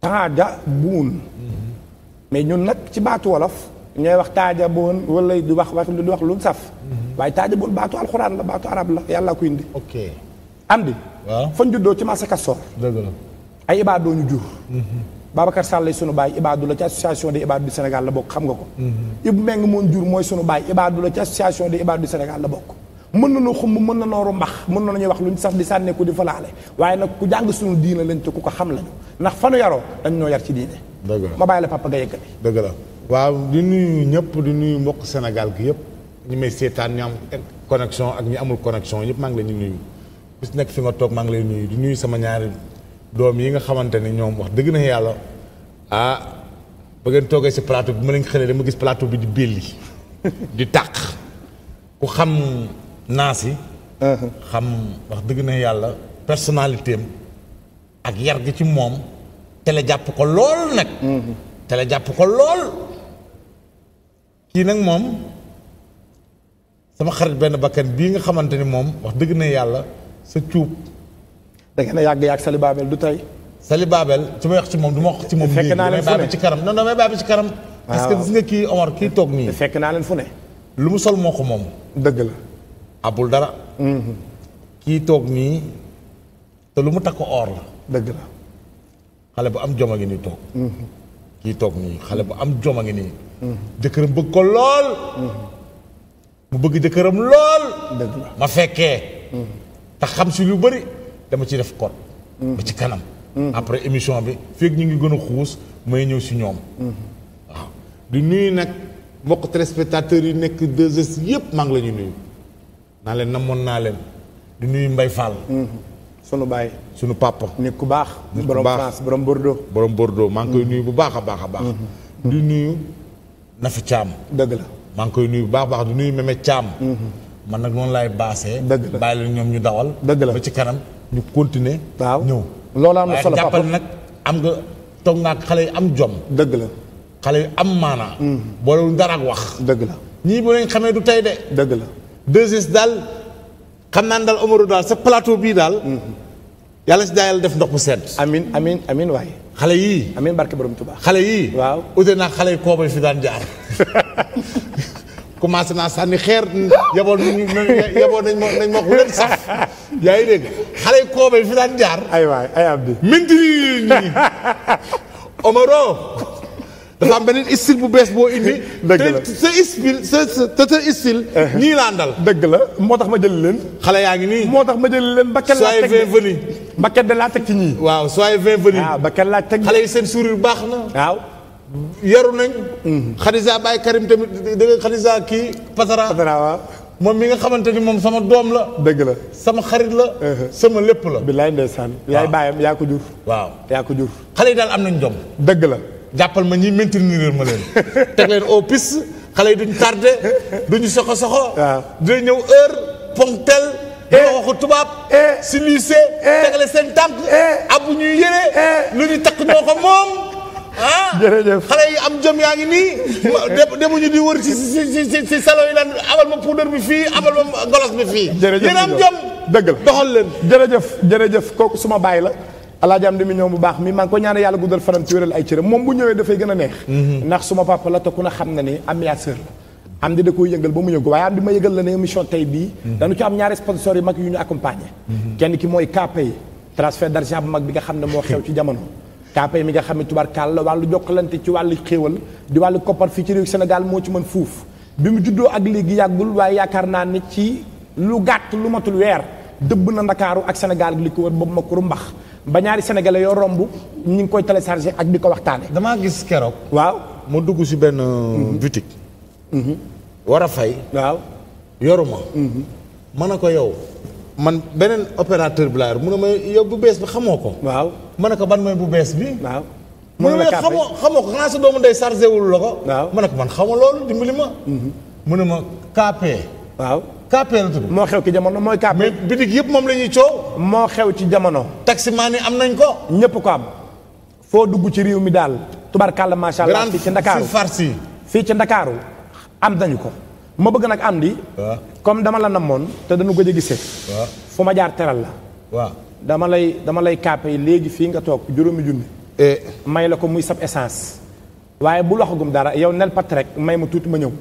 taajaboon mais ñun nag ci baatu wolof ñooy wax taajaboon wala di wax wax di wax lu saf waaye taajaboon baatu alxuraan la baatu arab la yàlla ko indi ok am di fañ juddoo ci Massa Kastoor dëgg la ay ñu jur mhm. Babacar Sall lay sunu baay Ibadou la ci association des Ibadou du Sénégal la bokk xam nga ko. Ibou Meng moom jur mooy sunu baay Ibadou la ci association des Ibadou du Sénégal la bokk. mën na noo xumb mën na nooru mbax mën na ñuy wax luñ saf di sànneeku di falaale waaye nag ku jàng suñu diina lañ te ku ko xam lañu ndax fanu yaroo dañ ñoo yar ci diine ma bàyyi la papa nga yëkkati dëgg la waaw di nuyu ñëpp di nuyu mbokk Sénégal gi yëpp ñi may seetaan ñu am connexion ak ñi amul connexion ñëpp maa ngi leen di nuyu bis nekk fi nga toog maa ngi lay nuyu di nuyu sama ñaari doom yi nga xamante ne ñoom wax dëgg nañ yàlla ah bëggeen ngeen si plateau bi ma leen xëlee dama gis plateau bi di belli di tàq ku xam naas yi uh-huh. xam wax dëgg na yàlla personnalité ak yar gi ci moom tele jàpp ko lool nag uh-huh. tele jàpp ko lool kii nag moom sama xarit benn bakkan bii nga xamante ni moom wax dëgg na yàlla sa cuub da ngeen a yàgg yàgg Sali Babel du tey. Sali Babel su may wax ci moom du ma wax ci moom. fekk naa ci karam non non may kii Omar kii toog nii. fekk naa leen fu ne. lu mu sol moo ko moom. dëgg la. abul dara. Mm-hmm. kii toog nii te lu mu takk or la. dëgg xale bu am jom a ngi nii toog. Mm-hmm. kii toog nii xale bu am jom a ngi nii. Mm-hmm. jëkkëram bëgg ko lool. mu bëgg jëkkëram lool. dëgg la ma fekkee. te xam si lu bëri. dama ci def code. ba ci kanam. après émission bi fekk ñu ngi gën a xuus may ñëw si ñoom. waaw di nuyu nag mbokk téléspectateurs yi nekk 2S yëpp maa la ñuy nuyu. naa leen namoon naa leen di nuyu Mbaye Fall. sunu baay sunu papa. nit ku baax. borom France borom Bordeaux. borom Bordeaux maa ngi koy nuyu bu baax a baax a baax. Mhm. di nuyu Nafi Thiam. dëgg la maa ngi koy nuyu bu baax baax di nuyu Meme caam mhm. man nag noonu laay baase dëgg la bàyyi leen ñoom ñu dawal. dëgg la ba ci kanam. ñu continuer. waaw ñëw loolu am na solo jàppal nag am nga toog nga xale yi am jom. dëgg la xale yi am maanaa. Mm-hmm. boolewul dara ak wax. dëgg la ñii bu leen xamee du tay de. dëgg la deuxième daal xam naa ni daal Omaro daal sa plateau bii daal. Mm-hmm. yàlla si daayal def ndox mu sedd. amin amin amin waaye. xale yii. amin barke borom Tuubaa. xale yii. waaw ute naa xale yi koobay fi daan jaar. *laughs* commencé naa sànni xeer yaboon yaboon nañ ma nañ ma sax yaa ngi dégg xale yu koobe fi jaar. ay waay ay abdi. minti Omaro dafa am beneen style bu bees boo indi. *laughs* dëgg la te sa style sa sa sa style. ñii uh-huh. la moo tax ma jëli leen. xale yaa ngi nii. moo tax ma jëli leen mbakkel laa teg soyez bienvenue. mbakkel de laa teg ci ñii. waaw soyez bienvenue. waaw ah, mbakkel laa teg. xale yi seen sourire baax na waaw. yaru nañ. xadisa Baye Karim tamit dégg xadisa kii Pasara. moom mi nga xamante ni moom sama doom la. dëgg la sama xarit la. Uh-huh. sama lépp la. bilaay ndeysaan. yaay baayam yaa ko jur. waaw yaa xale yi daal am nañ jom. dëgg la. jàppal ma ñi maintenir ma leen *laughs* teg o au xale yi duñ tardé *laughs* duñu soxo soxo. waaw dina ñëw heure ponctuel. dina eh. waxu tubaab. Eh. si lycée. Eh. tegale seen tànk. abu ñuy yére. lu ñu takk ñoo ko moom. Ah, jërëjëf xale yi am jom yaa ngi nii. demuñu di wër ci ci ci ci salon yi naan abal ma poudre bi fii abal ma golos bi fii. jërëjëf yéen am jom. dëgg doxal leen. jërëjëf jërëjëf kooku suma bàyyi la. alaaji am di mi ñëw bu baax mi maa ngi ko ñaanal yàlla guddal fanam ci wéral ay cëram moom bu ñëwee dafay gën a neex. Mhm. ndax suma papa la ku ne xam na ni am yaa sër la. am di da koy yëngal ba mu yëngu waaye am di ma yëgal la ne émission tey bii. Mhm. dañu ci am ñaari sponsor yu mag yu ñu accompagner. Mhm. kenn ki mooy KPay transfert d'argent bu mag bi nga xam ne moo xew ci jamono. kaapay mi nga xam ne tubarkaal la wàllu jokkalante ci wàllu xéewal di wàllu koppar fii ci réew Sénégal moo ci mën fuuf bi mu juddoo ak léegi yàggul waaye yaakaar naa ne ci lu gàtt lu matul weer dëbb na ndakaaru ak senegal li ko wër boobu ma kuru mbax ba ñaari sénégalais yoo romb ñu ngi koy téléchargé ak di ko waxtaane damaa gis keroog. waaw mu dugg si benn. Mhm. boutique. Mhm. war a fay. waaw yoruma. mën mhm. na ko yow. man beneen opérateur bi laa yor mu ne ma yow bu bees xamoo ko. ma ne ko ban mooy bu bees bi. waaw moom na kàpp xamoo xamoo ko xanaa sa doomu ndey chargé wul la ko. waaw ma ne ko man xaw ma loolu dimbali ma. Mhm. mu ne ma kàppee. waaw kàppee la tudd. moo xew ci jamono mooy kàppee. mais bitig yëpp moom la ñuy coow. moo xew ci jamono. taximaan yi am nañ ko. ñëpp ko am. foo dugg ci réew mi daal. tubarkalla macha allah fii ci Ndakaaru farsi fii ci Ndakaaru am nañu ko. ma bëgg nag àndi comme dama la namoon te dañu gëj a gisee. fu ma jaar teral la. waaw dama lay dama lay kàppe léegi fii nga toog juróomi junni eh. may la ko muy sab essence waaye bul waxagum dara yow nel pat rek may ma tuuti ma ñëw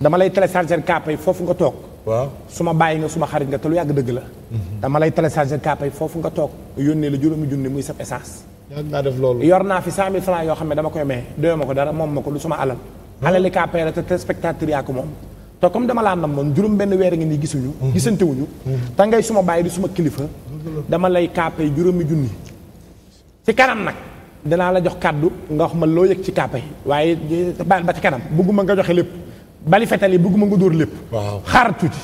dama lay télécharger kàppe foofu nga toog waaw su ma bàyyi nga su ma xarit nga yàgg dëgg la mhm. dama lay télécharger kàppe foofu nga toog yónnee la juróomi junni muy sab essence naa def loolu yor naa fi cent mille yoo xam ne dama koy may doyoo ma ko dara moom ma ko lu suma alal ah. alali kàppe la te téléspectateur yaa ko moom te comme dama laa namoon juróom benn weer ngi nii gisuñu mhm. gisantewuñu mhm. te ngay suma bàyyi di suma kilifa dama lay kaapay juróomi junni ci kanam nag danaa la jox kàddu nga wax ma loo yëg ci kaapay waaye ba ci kanam bëgguma nga joxe lépp bali fetal yi bëgguma nga dóor lépp xaar tuuti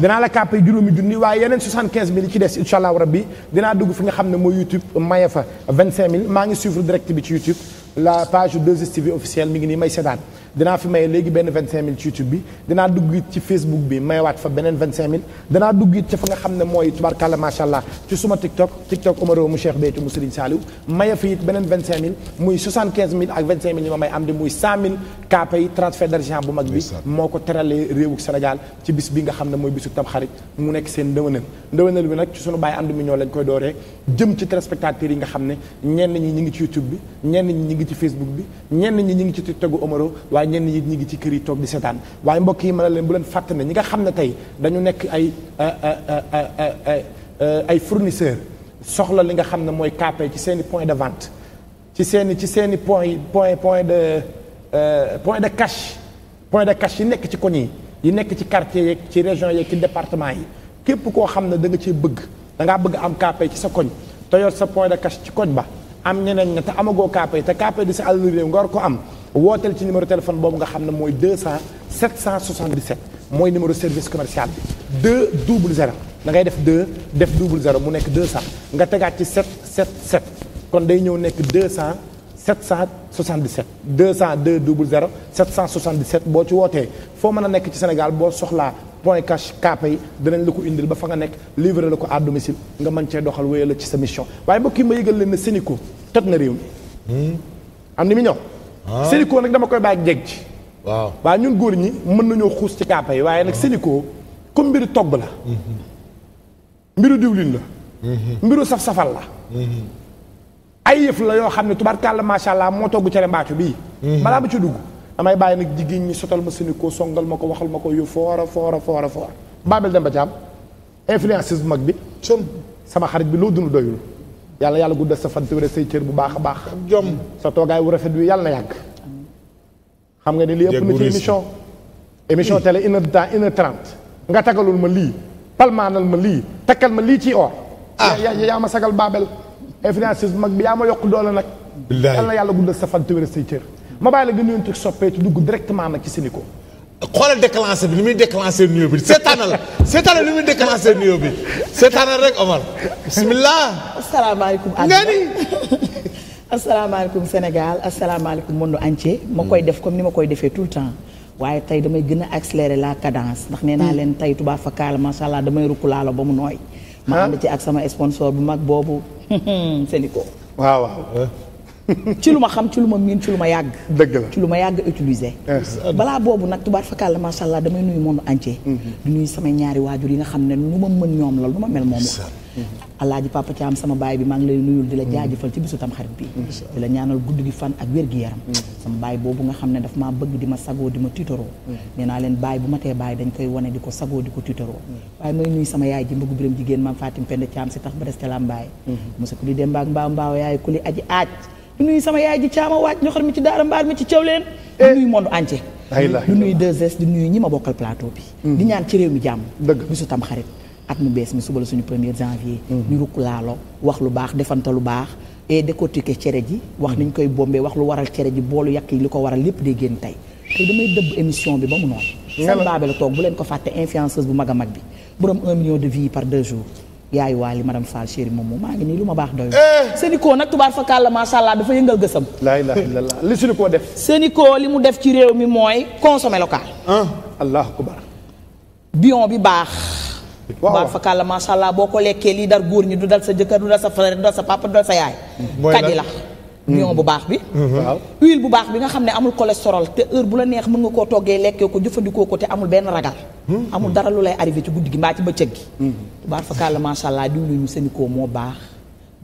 dinaa la kàppay juróomi junni waaye yeneen soixante yi ci des insha allahu rabbi dinaa dugg fi nga xam ne mooy youtube maye fa vingt maa ngi suivre direct bi ci youtube la page 2 ngi nii may seetaan dinaa fi maye léegi benn vingt cinq mille ci YouTube bi dinaa dugg it ci Facebook bi mayewaat fa beneen vingt cinq mille danaa dugg it ca fa nga xam ne mooy tubarkalla macha allah ci suma TikTok TikTok Omaro mu Cheikh Béthio mu Serigne Saliou maye fa it beneen vingt cinq mille muy soixante quinze mille ak vingt cinq mille yi ma may am di muy cent mille kaapa yi transfert d'argent bu mag bi moo ko teralee réewuk Sénégal ci bis bi nga xam ne mooy bisu tam xarit mu nekk seen ndëwënal ndëwënal bi nag ci sunu bàyyi àndu mi ñoo lañ koy dooree jëm ci téléspectateurs yi nga xam ne ñenn ñi ñi ngi ci YouTube bi ñenn ñi ñi ngi ci Facebook bi ñenn ñi ñi ngi ci TikTok Omaro waaye ñenn ñi ñi ngi ci kër yi toog di seetaan waaye mbokk yi ma na leen bu leen fàtte ñi nga xam ne tey dañu nekk ay euh, euh, euh, ay fournisseur soxla li nga xam ne mooy capé ci seeni point de vente ci seen ci seeni point point point de point de cash point de cash yi nekk ci koñ yi nekk ci quartier yeeg ci région yeeg ci département yi képp koo xam ne da nga cee bëgg dangaa bëgg am capé ci sa koñ te yor sa point de cash ci koñ ba am ñeneen ña te amagoo capé te capé di sa àll réew ko am wooteel ci numéro téléphone boobu nga xam ne mooy 200 777 mooy numéro service commercial bi 2 double 0 def 2 def double 0 mu nekk 200 nga tegaat ci 777 kon day ñëw nekk 200 777 200 2 00 777 boo ci wootee foo mën a nekk ci Sénégal boo soxlaa point cash kaapa yi danañ la ko indil ba fa nga nekk livré la ko à domicile nga mën cee doxal wéyal la ci sa mission waaye mbokk yi ma yëgal leen ne Sénico toj na réew mi. Hmm? am ni mu ñëw. Ah. Sénico nag dama koy bàyyi jeg ci. waaw ñun góor ñi mën nañoo xuus ci kàppa yi waaye nag ah. Sénico comme mbiru togg la. Mhm. mbiru diwlin la. Mhm. mbiru saf-safal la. Mhm. ay yëf la yoo xam ne tubaarkàlla macha allah moo togg cere mbaacu bii. balaa ba ci dugg damay bàyyi nag jigéen ñi sotal ma Sénico songal ma ko waxal ma ko yu foora foora foora foora Babel Demba Thiam influenceuse bu mag bi. sama xarit bi loo dund doyul. yàlla yàlla guddal sa fan te wéral say cër bu baax a baax. sa toogaay wu rafet wi yàlla na yàgg. xam nga ni lii ëpp na ci émission. émission télé une heure nga tagalul ma lii. palmaanal ma lii. takkal ma lii ci or. ah yaa ma sagal Babel. influenceuse bu mag bi yaa ma yokk doole nag. yàlla yàlla guddal sa fan te wéral say cër. ma bàyyi la nga nuyoon ci soppee ci dugg directement nag ci Sénico. xoolal déclenché bi ni muy déclenché nuyoo bi seetaanal seetaanal ni muy déclenché nuyoo bi seetaanal rek Omar bisimilah. asalaamaaleykum àdduna asalaamaaleykum Sénégal asalaamaaleykum monde entier. ma koy def comme ni ma koy defee tout le temps. waaye tey damay gën a accélérer la cadence ndax nee naa hmm. leen tey tubaab fakkaala macha allah damay rukk laalo ba mu nooy. ma ah. ànd ci ak sama sponsor bu mag boobu *laughs* Sénico. waaw waaw. ci lu ma xam ci lu ma miin ci lu ma yàgg. la ci lu ma yàgg utiliser. balaa boobu nag tubaar fakal la macha allah damay nuyu monde entier. Mm-hmm. di nuyu samay ñaari waajur yi nga xam ne nu ma mën ñoom la lu ma mel moom la. alaaji papa Thiam sama baay bi maa ngi lay nuyul di la mm-hmm. jaajëfal ci bisu tam xarit bi mm-hmm. di la ñaanal gudd gi fan ak wér gi yaram sama baay boobu nga xam ne daf maa bëgg di ma sagoo di ma tiitaroo nee naa leen baay bu ma tee baay dañ koy wane di ko sagoo di ko tiitaroo waaye may ji mbëggu biram jigéen maam Fatim Penda Thiam du nuyu sama yaay ji caama waaj ñoxor mi ci daara mbaar mi ci caw leen du eh. nuyu monde entier du nuyu 2S du nuyu ñi ma bokkal plateau bi mm. di ñaan ci mi jàmm bisu tam xarit at mu bees mi suba la suñu premier janvier mm. ñu rukk laalo wax lu baax defante lu baax et décortiquer cere ji wax mm. niñ koy bombee wax lu waral cere ji boolu yàq yi li ko waral lépp day génn tey tey damay dëbb émission bi ba mu noonu seen baabe la toog bu leen ko fàtte influenceuse bu a mag bi borom un de vues par yaay waali madame Fall chéri moom moom maa ngi nii lu ma baax doy eh! Sénico nag tubaar fa kàlla macha allah dafa yëngal gësam laa ilaaha illallaah li Sénico def Sénico li mu def ci réew mi mooy consommer local ah, allahu akbar bion bi baax tubaar fa kàlla macha allah boo ko lekkee lii dar góor ñi du dal sa jëkkër du dal sa frère du dal sa papa du dal sa yaay kadi la lion bu baax bi. waaw huile bu baax bi nga xam ne amul cholestérol te heure bu la neex mën nga koo toggee lekkee ko jëfandikoo ko te amul benn ragal. Hmm. amul dara lu lay arrivé ci guddi gi mbaa ci bëccëg gi. tubaar hmm. fakàlla macha allah diwlinu koo moo baax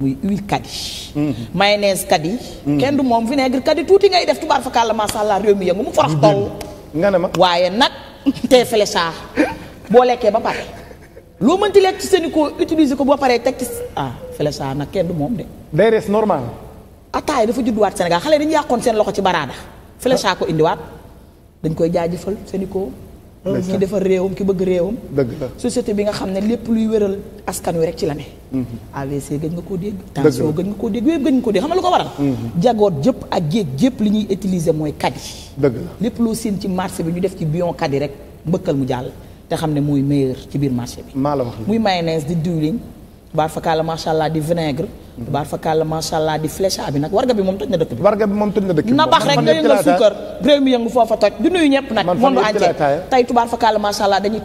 muy huile kadi. Hmm. mayonnaise kadi. kenn du moom vinaigre kadi tuuti ngay def tubaar fakàlla macha allah réew mi yëngu mu farax toll. nga ne ma waaye nag te fële saa boo lekkee ba pare. loo mënti lekk ci Sénico utiliser ko boo paree teg ah fële saa nag kenn moom de. day normal. ataay dafa judduwaat Sénégal xale dañu yàqoon seen loxo ci baraada Flécha ko indiwaat dañ koy jaajëfal Sénico ki defar réewam ki bëgg réewam dëgg la société bi nga xam ne lépp luy wéral askan wi rek ci la ne mhm. AVC gëj nga koo dégg tension gëj nga koo dégg wépp gëj nga koo dégg xam nga lu ko waral mhm. jagoot jëpp ak géej jëpp li ñuy utiliser mooy kadi dëgg la lépp loo seen ci marché bi ñu def ci bion kadi rek mbëkkal mu jàll te xam ne mooy meilleur ci biir marché bi maa la wax muy mayonnaise di diwlin baar fa macha allah di vinaigre tubaar fa kàlla macha allah di flécha bi nag warga bi moom toj na dëkk bi warga bi moom toj na dëkk bi na baax rek nga yëngal suukar réew mi yëngu foofa toj du nuyu ñëpp nag monde entier tey tubaar fa kàlla macha dañuy mhm.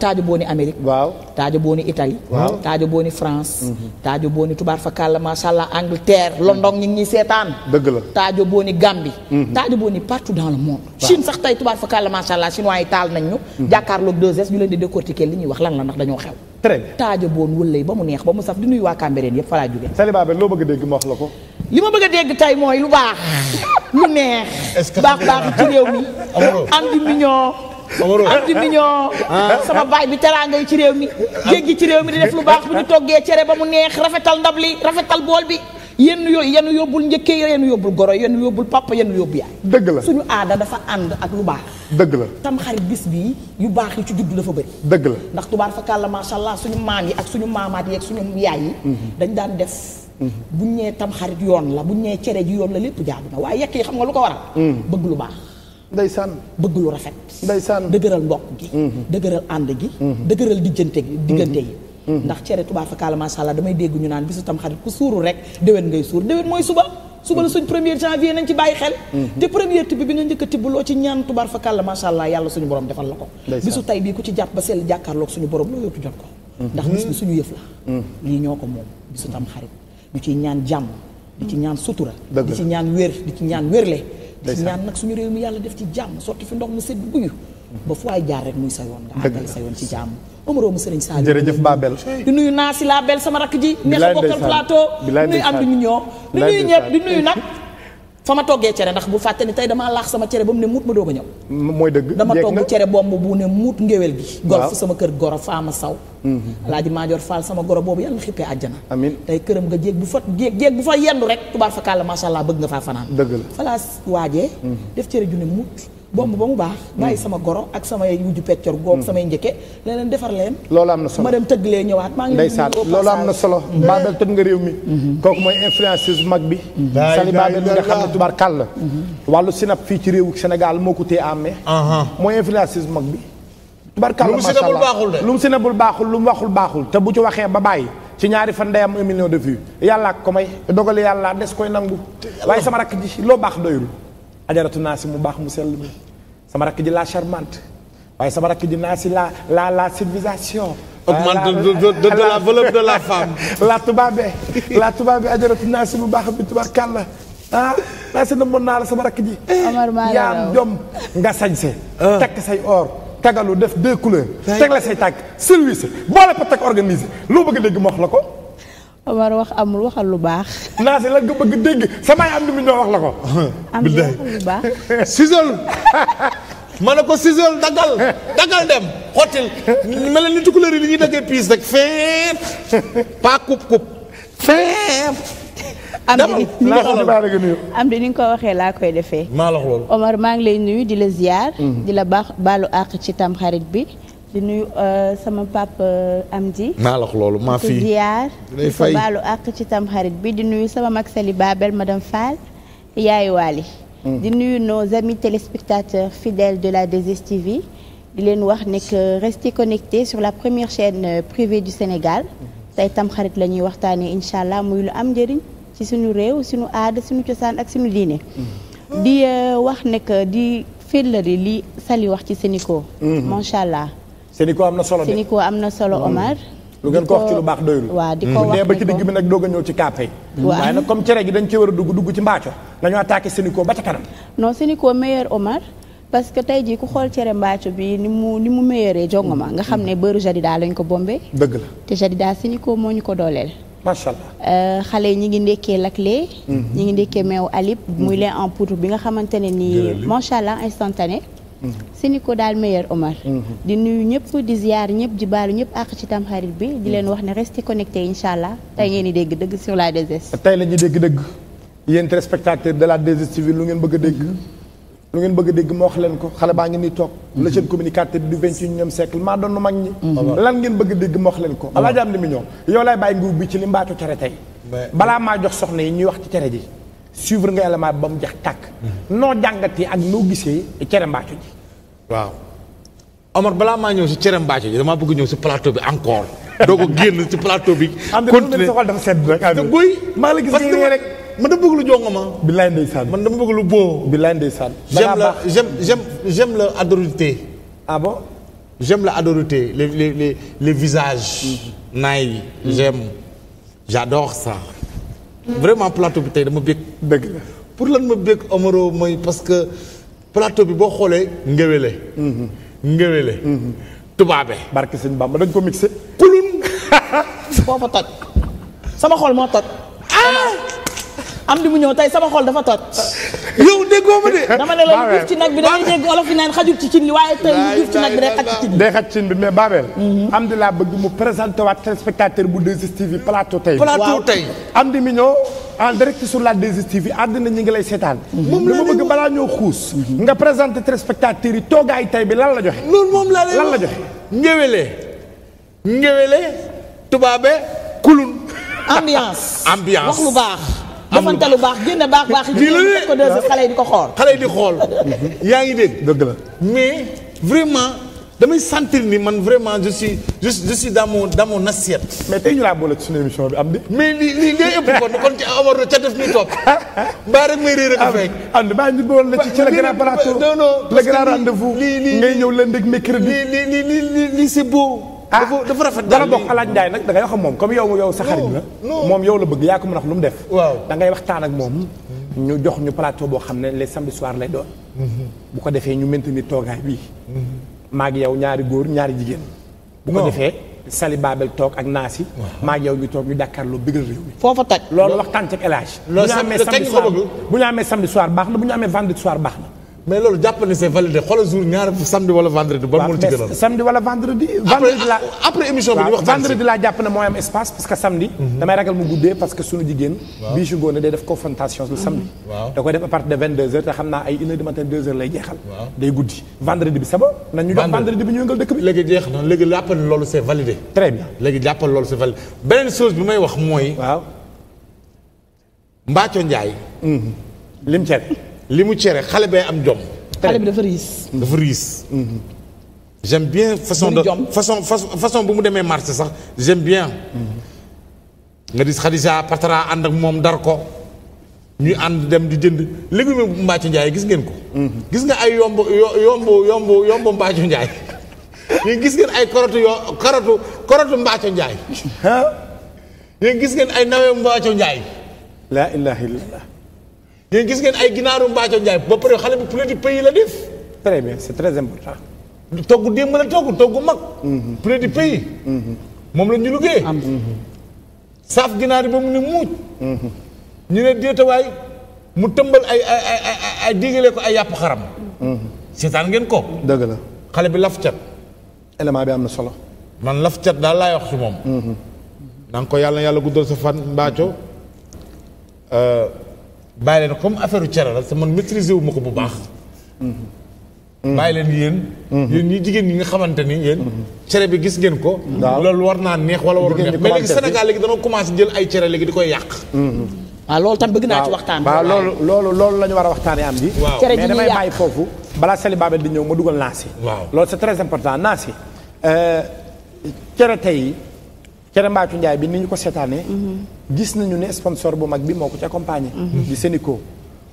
la taajo booni Gambie mhm. taajo booni partout dans le monde Chine sax tey tubaar taal nañ mhm. ñu jàkkaarloog 2S leen di décortiquer li ñuy wax lan la ndax dañoo xew très bien taajo boon wëllay ba mu neex ba mu saf di nuyu waa Cambérène yëpp fa laa bëgg la ko. li ma bëgg a dégg tey mooy lu baax lu neex. baax baax ci réew mi. andi mignon. andi mignon. Ah. sama baay bi teraanga yi ci réew mi. jéggi ci réew mi di def lu baax bu ñu toggee cere ba mu neex rafetal ndab li rafetal bool bi. yenn yo yenn yóbbul njëkkee yenn yóbbul goro yenn yóbbul papa yenn yóbbu yaay. dëgg la suñu aada dafa ànd ak lu baax. dëgg la tam xarit bis bii yu baax yi ci juddu dafa bëri. dëgg la ndax tubaar fa kàlla macha allah suñu maam yi suñu maamaat ak suñu yaay yi. Mm-hmm. dañ daan bu ñu nee tamxarit yoon la bu ñu cere ji yoon la lépp jaadu na waaye yekk yi xam nga lu ko waral. Hmm. bëgg lu baax. ndeysaan bëgg lu rafet. ndeysaan dëgëral mbokk gi. Hmm. dëgëral ànd gi. Hmm. dëgëral dijjante gi diggante yi. ndax cere tubaab fa kaala macha allah damay dégg ñu naan bisu tamxarit ku suuru rek déwén ngay suur déwén mooy suba. suba la suñ premier janvier nañ ci bàyyi xel te première tibb bi nga njëkk a loo ci ñaan tubaar fa kàlla macha allah yàlla suñu borom defal la ko bisu tay bii ku ci jàpp ba sell jàkkaarloog suñu borom loo yottu jot ko ndax bis bi suñu yëf la lii ñoo ko moom bisu tam di ci ñaan jàmm di ci ñaan sutura di ci ñaan wér di ci ñaan wérle di ci ñaan nag suñu réew mi yàlla def ci jàmm sotti fi ndox mu sedd buyu ba fu waay jaar rek muy sa yoon nga àggal sa yoon ci jàmm Omaro mu sëriñ Saliou jërëjëf Babel di nuyu naa si laa bel sama rakk ji neex a bokkal plateau nuyu am di ñu ñoo di nuyu ñëpp di nuyu nag fa ma toggee cere ndax bu fàtte ni tey damaa laax sama cere ba mu ne muut ma doog a ñëw. mooy dëgg dama togg cere bomb bu ne muut ngéwél gi. golf sama kër goro faama saw. Mm-hmm. alaaji maajoor faal sama goro boobu yàlla xippee àjjana. amiin tey këram nga jéeg bu fa jéeg jéeg bu fa yendu rek tubaar fa kàlla macha allah bëgg nga faa fanaan. dëgg la fa laa waajee. Mm-hmm. def cere ju ne muut. bomb ba mu baax hmm. bàyyi sama goro ak samay wujju peccor goog hmm. samay njëkke leneen defar leen loolu am na solo ma dem tëgglee ñëwaat maa ngi ndeysaan loolu am na solo hmm. Babel tëj nga réew mi kooku mooy influenceuse bu mag bi Sali Babel mi nga xam ne tubaarkàll la wàllu sinap fii ci réewu Sénégal moo ko téye amee mooy influenceuse bu mag bi tubaarkàll macha allah lu mu sinabul baaxul lu mu waxul baaxul te bu ci waxee ba bàyyi ci ñaari fan day am un million de vues yàlla ak ko may dogale yàlla des koy nangu waaye sama rakk ji loo baax doyul ajaratu naa si mu baax mu sell mi sama rakk ji la charmante waaye sama rakk ji naa si la la la civilisation. augmente de de de de la valeur de la *laughs* femme. la tubaabe la tubaabe ajaratu naa si bu baax bi tubaarkàlla ah naa si mën naa la sama rakk ji. Amar Malang yaa am jom nga sañse. Ah. takk say or tagalu def deux couleurs. teg la say tàgg service boole patak organisé loo bëgg a dégg ma wax la ko. Omar wax amul waxal lu baax. naa si la nga bëgg dégg samay am ni mu ñoo wax la ko. am lu baax. *laughs* ma ne ko ciseau daggal daggal dem xottil mel ni yi li daggee piis rek feep pas coupe coupe feep am di ni nga ko waxee laa koy defee maa Omar maa ngi lay nuyu di la ziar mm-hmm. di la baax baalu àq ci tam xarit bi di nuyu euh, sama papa euh, Amdi. maa la loolu maa fi ziar ci tam bi di nuyu sama mag Sali Babel madame Fall yaay Waly di nuyu nos amis téléspectateurs fidèles de la 2STV di leen wax ne que restez connectés sur la première chaîne euh, privée du Sénégal tey Tamxarit la ñuy waxtaanee incha allah muy lu am njëriñ ci suñu réew suñu aada suñu cosaan ak suñu diine. di euh, wax ne que di fëlali li Sali wax ci seniko mm-hmm. macha allah. Sénico am am na solo mm-hmm. Omar. lu ngeen ko wax ci lu baax doyul waaw di ko mm. wax dee ba ci digg bi nag doog a ñëw ci kàppe waaye nag comme cere gi dañ ci dugg dugg ci mbaaco nañu attaqué Sénico ba ca kanam non Sénico meilleur Omar parce que tey jii ku xool cere mbaaco bi ni mu ni mu meilleuree ma mm. nga xam ne beurre Jadida lañ ko bombee dëgg la te Jadida Sénico moo ñu ko dooleel macha allah euh, xale yi ñi ngi ndekkee laklé mm-hmm. ñi ngi ndekkee meew alib muy mm-hmm. leen en poudre bi nga xamante ne nii macha allah instantané Mm-hmm. si ni ko daal meilleur Omar. Mm-hmm. di nuyu ñëpp di ziar ñëpp di baalu ci tamxarit bi di leen wax ne restez connectés incha allah tey ngeen di dégg sur la 2S. tey la de la 2STV lu ngeen bëgg a dégg. Mm-hmm. lu ngeen bëgg a dégg ma wax leen ko xale baa ngi nii toog le jeune communicateur du vingt-et-unième siècle maa doon mag ñi lan ngeen bëgg a dégg ma wax leen ko alaajaam li mu ñëw yow laay bàyyi nguur bi ci li mbaatu tere tey balaa maa jox soxna yi ñuy wax ci tere ji suivre ba mu jeex tàkk noo jàngatee ak noo gisee cere mbaatu waaw Omar balaa maa ñëw si cere Mbacke ji damaa bëgg ñëw si plateau bi encore. doo ko génn si plateau bi. continué am dafa sedd rek. maa la gis rek. man dama bëgg lu jongo ma. billaay ndeysaan man dama bëgg boo. billaay ndeysaan. j'aime la j'aime j'aime j'aime la adorité. ah bon. le la adorité les les les les visages. Mm-hmm. Mm-hmm. plateau bi tey dama bëgg. dëgg la pour bëgg Omaro mooy parce que. plateau bi boo xoolee ngéwéle mhm. ngéwéle mhm. tubaabe barke sëñ Bamba dañ ko mixé *laughs* kulun foofa toj sama xol moo toj ah! am di mu ñëw tey sama xol dafa toj *laughs* yow déggoo ma de dama ne la juuf ci nag bi dañuy dégg olof yi naan xajul ci cin li waaye tey lu juuf ci nag bi day xaj cin bi mais Babel mhm. am di laa bëgg mu présenté waat téléspectateur bu 2STV plateau tey plateau tey am di mu ñëw en direct sur la 2STV àddina ñi ngi lay seetaan. moom la bëgg balaa ñoo xuus. nga présenté téléspectateurs yi toogaay tay bi lan la joxe. loolu moom laa lay lan la joxe. ngéwéle. ngéwéle. tubaabe kulun. ambiance *laughs* ambiance wax lu baax. defante lu baax génn baax baax yi. ko xale yi di ko xool. xale yi di xool *laughs* yaa ngi dégg. dëgg la mais vraiment. damay sentir ni man vraiment je suis je je suis dans mon dans mais tey ñu laa boole ci suñu émission bi am di. mais lii def may réer ak fekk. Ah, am na maa ngi boole la ci ci le grand plateau non non le grand rendez-vous ngay ñëw lundi ak mercredi. lii lii lii lii lii c'est beau. Ah, dafa rafet daal bokk alaaj Ndiaye nag da ngay wax moom comme yow yow sa xarit la. moom yow la bëgg yaa ko mën a wax lu mu def. waaw da ngay waxtaan ak moom. ñu jox ñu plateau boo xam ne les samedi soir lay doon. Mm-hmm. bu ko defee ñu maintenir toogaay bii mm-hmm. maag yow ñaari góor ñaari jigéen. bu ko defee Sali Babel toog ak Naasi. maag yow ñu toog ñu jàkkaarloo bëggal réew mi. foofa taj loolu waxtaan ci ak El Hadj. loolu bu ñu amee samedi soir baax na bu ñu amee vendredi soir baax na. mais loolu jàpp ne c'est validé xoolal jour ñaar samedi wala vendredi. ban moo ci samedi wala vendredi. vendredi la après émission bi vendredi laa jàpp na mooy am espace parce que samedi. Mhm. damay ragal mu guddee parce que suñu jigéen. waaw bii su góone day def confrontation le samedi. Mhm. da koy def à partir de 22h te xam naa ay 1h du matin 2 lay jeexal. day guddi bi saba. nañ ñu jox vendredi bi ñu yëngal dëkk bi. léegi jeex na léegi mooy. waaw Mbathio Ndiaye. Mhm. lim li mu cere xale bay am jomb xale bi dafa riis. dafa riis. Mhm. j'aime bien façon de façon façon bu mu demee marché sax j'aime bien. Mhm. nga gis Khadija Patra ànd moom dar ko. ñu ànd dem di jënd légume bu Mbacco Ndiaye gis ngeen ko. Mhm. gis nga ay yomb yomb yomb yomb Mbacco Ndiaye. ñu *laughs* gis ngeen ay korotu yo korotu korotu Mbacco Ndiaye. ñu gis ngeen ay nawe Mbacco Ndiaye. la yéen gis ngeen ay ginaaru Mbaaco Njaay ba pare xale bi poulet du pays la def. très bien c'est très important. togg démb la togg togg mag. Mhm. poulet du pays. Mhm. moom la ñu liggéey. saaf ginaar yi ba mu ne muuc. Mhm. ñu ne déetawaay mu tëmbal ay ay ay ay ko ay yàpp xaram. seetaan ngeen ko. dëgg la xale bi laf cat. élément bi am na solo. man laf cat daal laay wax ci moom. na ko yàlla yàlla guddal sa fan Mbaaco. Euh, bàyyi leen comme affaire cere la te man maîtriser wu ma ko bu baax. bàyyi leen yéen. Mhm. yéen ñi jigéen ñi nga xamante ni yéen. Mhm. cere bi gis ngeen ko. loolu war naa neex wala warul neex mais léegi Sénégal léegi danoo commencé jël ay cere léegi di koy yàq. Mhm. waaw loolu tam bëgg naa ci waxtaan. waaw loolu loolu loolu la ñu war a waxtaanee am ji. waaw cere ji ñuy yàq foofu. balaa Sali Babel di ñëw ma naa naasi. waaw loolu c'est très important naasi. Euh, cere tey Kere Mbacu Ndiaye bi ni ñu ko seetaanee. Mhm. gis nañu ne sponsor bu mag bi moo ko ci accompagner. Mhm. di Sénico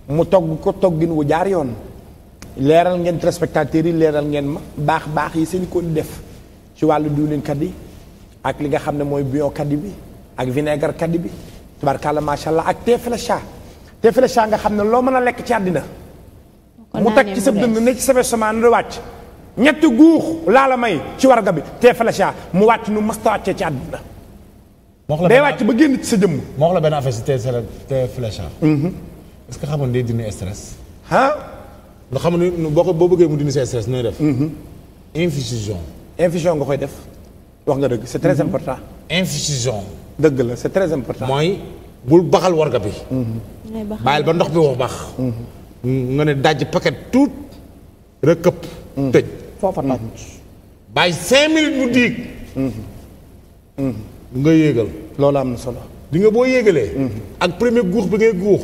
mu togg ko toggin wu jaar yoon. leeral ngeen téléspectateurs yi leeral ngeen ma baax baax yi Sénico di def ci wàllu diwlin kaddi ak li nga xam ne mooy bouillon kaddi bi ak vinaigre kaddi bi tubaarkàlla macha allah ak thé flécha thé flécha nga xam ne loo mën a lekk ci àddina mu teg ci sa dënd ne ci sa vestement na wàcc. ñetti guux laa la may ci warga bi te flacha mu wàcc nu masta wàccee ci àdduna ba génn ci sa moo wax la benn affaire si te te flacha mhm. que xamoon day dindi stress ah nga xam ko boo boo bëggee mu dindi sa stress nooy def mhm. infusion infusion nga koy def wax nga dëgg c'est très mhm. important infusion dëgg la c'est très important mooy bul baxal warga bi bàyyil ba ndox bi wax baax nga ne dajj paquet tout rekëpp tëj foofa toj. Mm-hmm. bàyyi cinq minutes mu diig. Mm-hmm. Mm-hmm. nga yéegal. loolu am na solo. di nga boo yéegalee. ak premier guux bi ngay guux.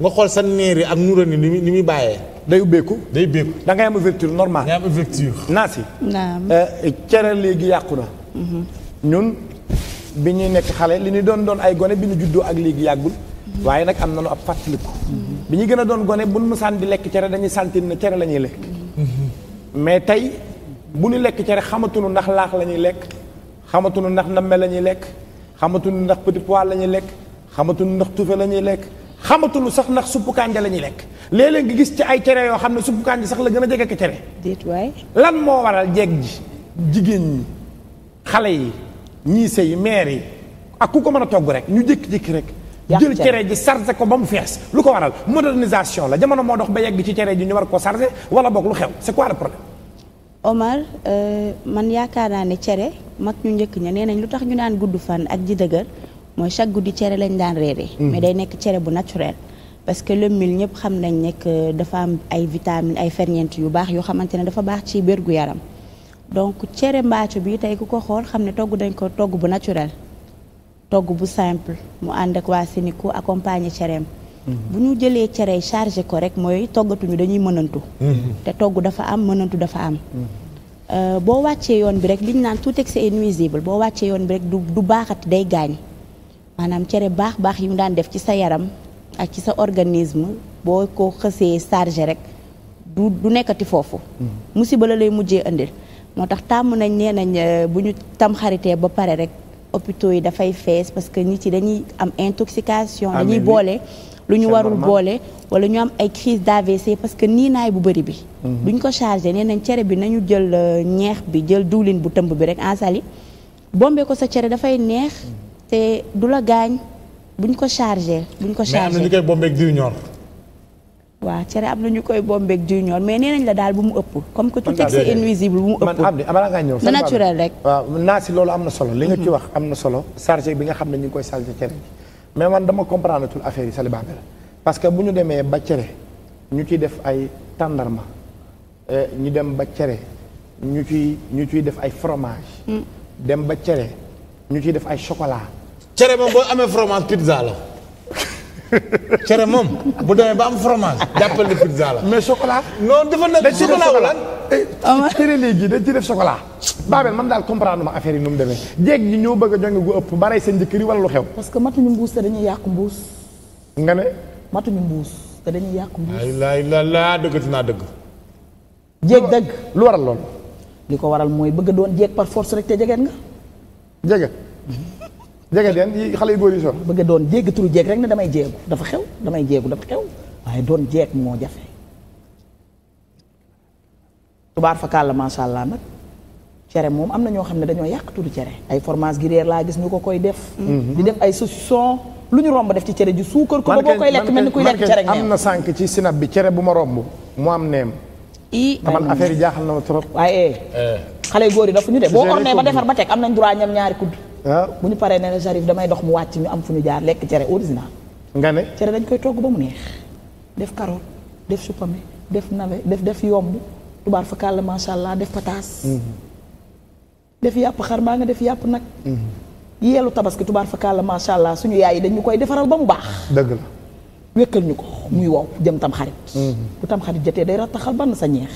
nga xool sa neer yi ak nuura ni ni muy bàyyee. day ubbeeku day ubbeeku. da ngay am ouverture normale. nga am ouverture. naa si. naam eh, cere léegi yàqu na. ñun bi ñuy nekk xale li ñu doon doon ay gone bi ñu juddoo ak léegi yàggul. waaye nag am na nañu ab fàttaliku. bi ñu gën a doon gone bu nu mu sànni lekk cere dañuy santin na cere la ñuy lekk. mais tey bu ñu lekk cere xamatuñu ndax laax la ñuy lekk xamatuñu ndax namme la ñuy lekk xamatuñu ndax petit pois la ñuy lekk xamatuñu ndax tufe la ñuy lekk xamatuñu sax ndax suppu kànja la ñuy lekk léeg-léeg nga gis ci ay cere yoo xam ne suppu kànja sax la gën a jege ak cere. déet waay lan moo waral jeeg ji jigéen ñi xale yi ñii sëy maire yi ak ku ko mën a togg rek ñu jékki-jékki rek. jël cere ji chargé ko ba mu fees lu ko waral modernisation la jamono moo dox ba yegg ci cere ji ñu war ko chargé wala boog lu xew c'est quoi le problème. Omar euh, man yaakaar naa ne cere mag ñu njëkk ña nee nañ lu tax ñu daan gudd fan ak ji dëgër mooy chaque guddi cere lañ daan reere hmm. mais day nekk cere bu naturel. parce que le mil ñëpp xam nañ nekk dafa am ay vitamines ay ferñeent yu baax yoo xamante ne dafa baax ci wérgu yaram donc cere mbaaco bi tey ku ko xool xam ne togg dañ ko togg bu naturel. togg bu simple mu ànd ak waa Sénico accompagner cereem mhm. bu ñu jëlee cere chargé ko rek mooy toggatuñu dañuy mënantu mhm. te togg dafa am mënantu dafa am mhm. euh, boo wàccee yoon bi rek liñ naan tout excès est nuisible boo wàccee yoon bi rek du du baaxati day gaañ maanaam cere baax baax yi mu daan def ci sa yaram ak ci sa organisme boo ko xësee chargé rek du du nekkati foofu musiba la lay mujjee indil moo tax tàmm nañ nee nañ euh, bu ñu tam xaritee ba pare rek hôpitaux yi dafay fees parce que nit yi dañuy am intoxication ah, dañuy boole lu ñu warul boole wala ñu am ay crise d'AVC parce que niinaay bu bëri bi mhm. duñ ko chargé nee nañ cere bi nañu jël euh, ñeex bi jël diwlin bu tëmb bi rek en sali bombee ko sa cere dafay neex mhm. te du la gaañ buñ ko chargé buñ ko chargé mais am na ñu koy bombee diw ñor waaw cere am na ñu koy bombeeg junior mais nee nañ la daal bu mu ëpp comme que tout excès invisible bu mu ëpp man am ni balaa ngaa ñëw na naturel rek naa si loolu am na solo li nga ci mhm. wax am na solo chargé bi nga xam ne ñu ngi koy chargé cere bi mais man dama comprendre tout affaire yi parce que bu ñu demee ba cere ñu ciy def ay tàndarma euh, ñu dem ba cere ñu ciy ñu ciy def ay fromage mm. dem ba cere ñu ciy def ay chocolat cere moom amee fromage pizza la cere moom bu demee ba am fromage. jàppal ne pizza la. mais chocolat. non dafa nekk dañ ci def chocolat eh, cere léegi dañ ci def chocolat. Babel man daal comprendre ma affaire yi nu mu demee jéeg ñi ñoo bëgg a jonge gu ëpp barey seen jëkkër yi wala lu xew. parce que matuñu mbuus te dañuy yàq mbuus. nga ne. matuñu mbuus te dañuy yàq mbuus. laa la la dëggati naa dëgg. jéeg dëgg lu waral lool. li ko waral mooy bëgg doon jéeg par force rek te jegeen nga. jege. jege den yi xale yu góor yi sol bëgg a doon jéggi turu jéeg rek ne damay jéegu dafa xew damay jéegu dafa xew waaye doon jéeg moo jafe tubaar fa kàll macha allah nag cere moom am na ñoo xam ne dañoo yàq cere ay fromage gi laa gis ñu ko koy def mhm. di def ay saucisson lu ñu romb def ci cere ji suukar ko mel ni kuy lekk am na sànq ci sinab bi cere bu ma romb mu am neem ii man affaire yi jaaxal na ma trop waaye eh. xale yu góor yi dafa ñu def boo ornee ba defar ba teg am na droit ñam ñaari kudd Ah. bu ñu paree ne la Cherif damay ndox mu wàcc ñu am fu ñu jaar lekk cere original. nga ne cere dañ koy togg ba mu neex. def carotte def supame def navet def def yomb tubaar fa kàll macha allah def pataas. Mm-hmm. def yàpp xar maa nga def yàpp nag. Mm-hmm. yeelu tabaski tubaar fa kàll macha allah suñu yaay yi dañu koy defaral ba mu baax. dëgg la. wékkal ñu ko muy wow jëm tam xarit. Mm-hmm. bu tam xarit jotee day rattaxal ban sa ñeex.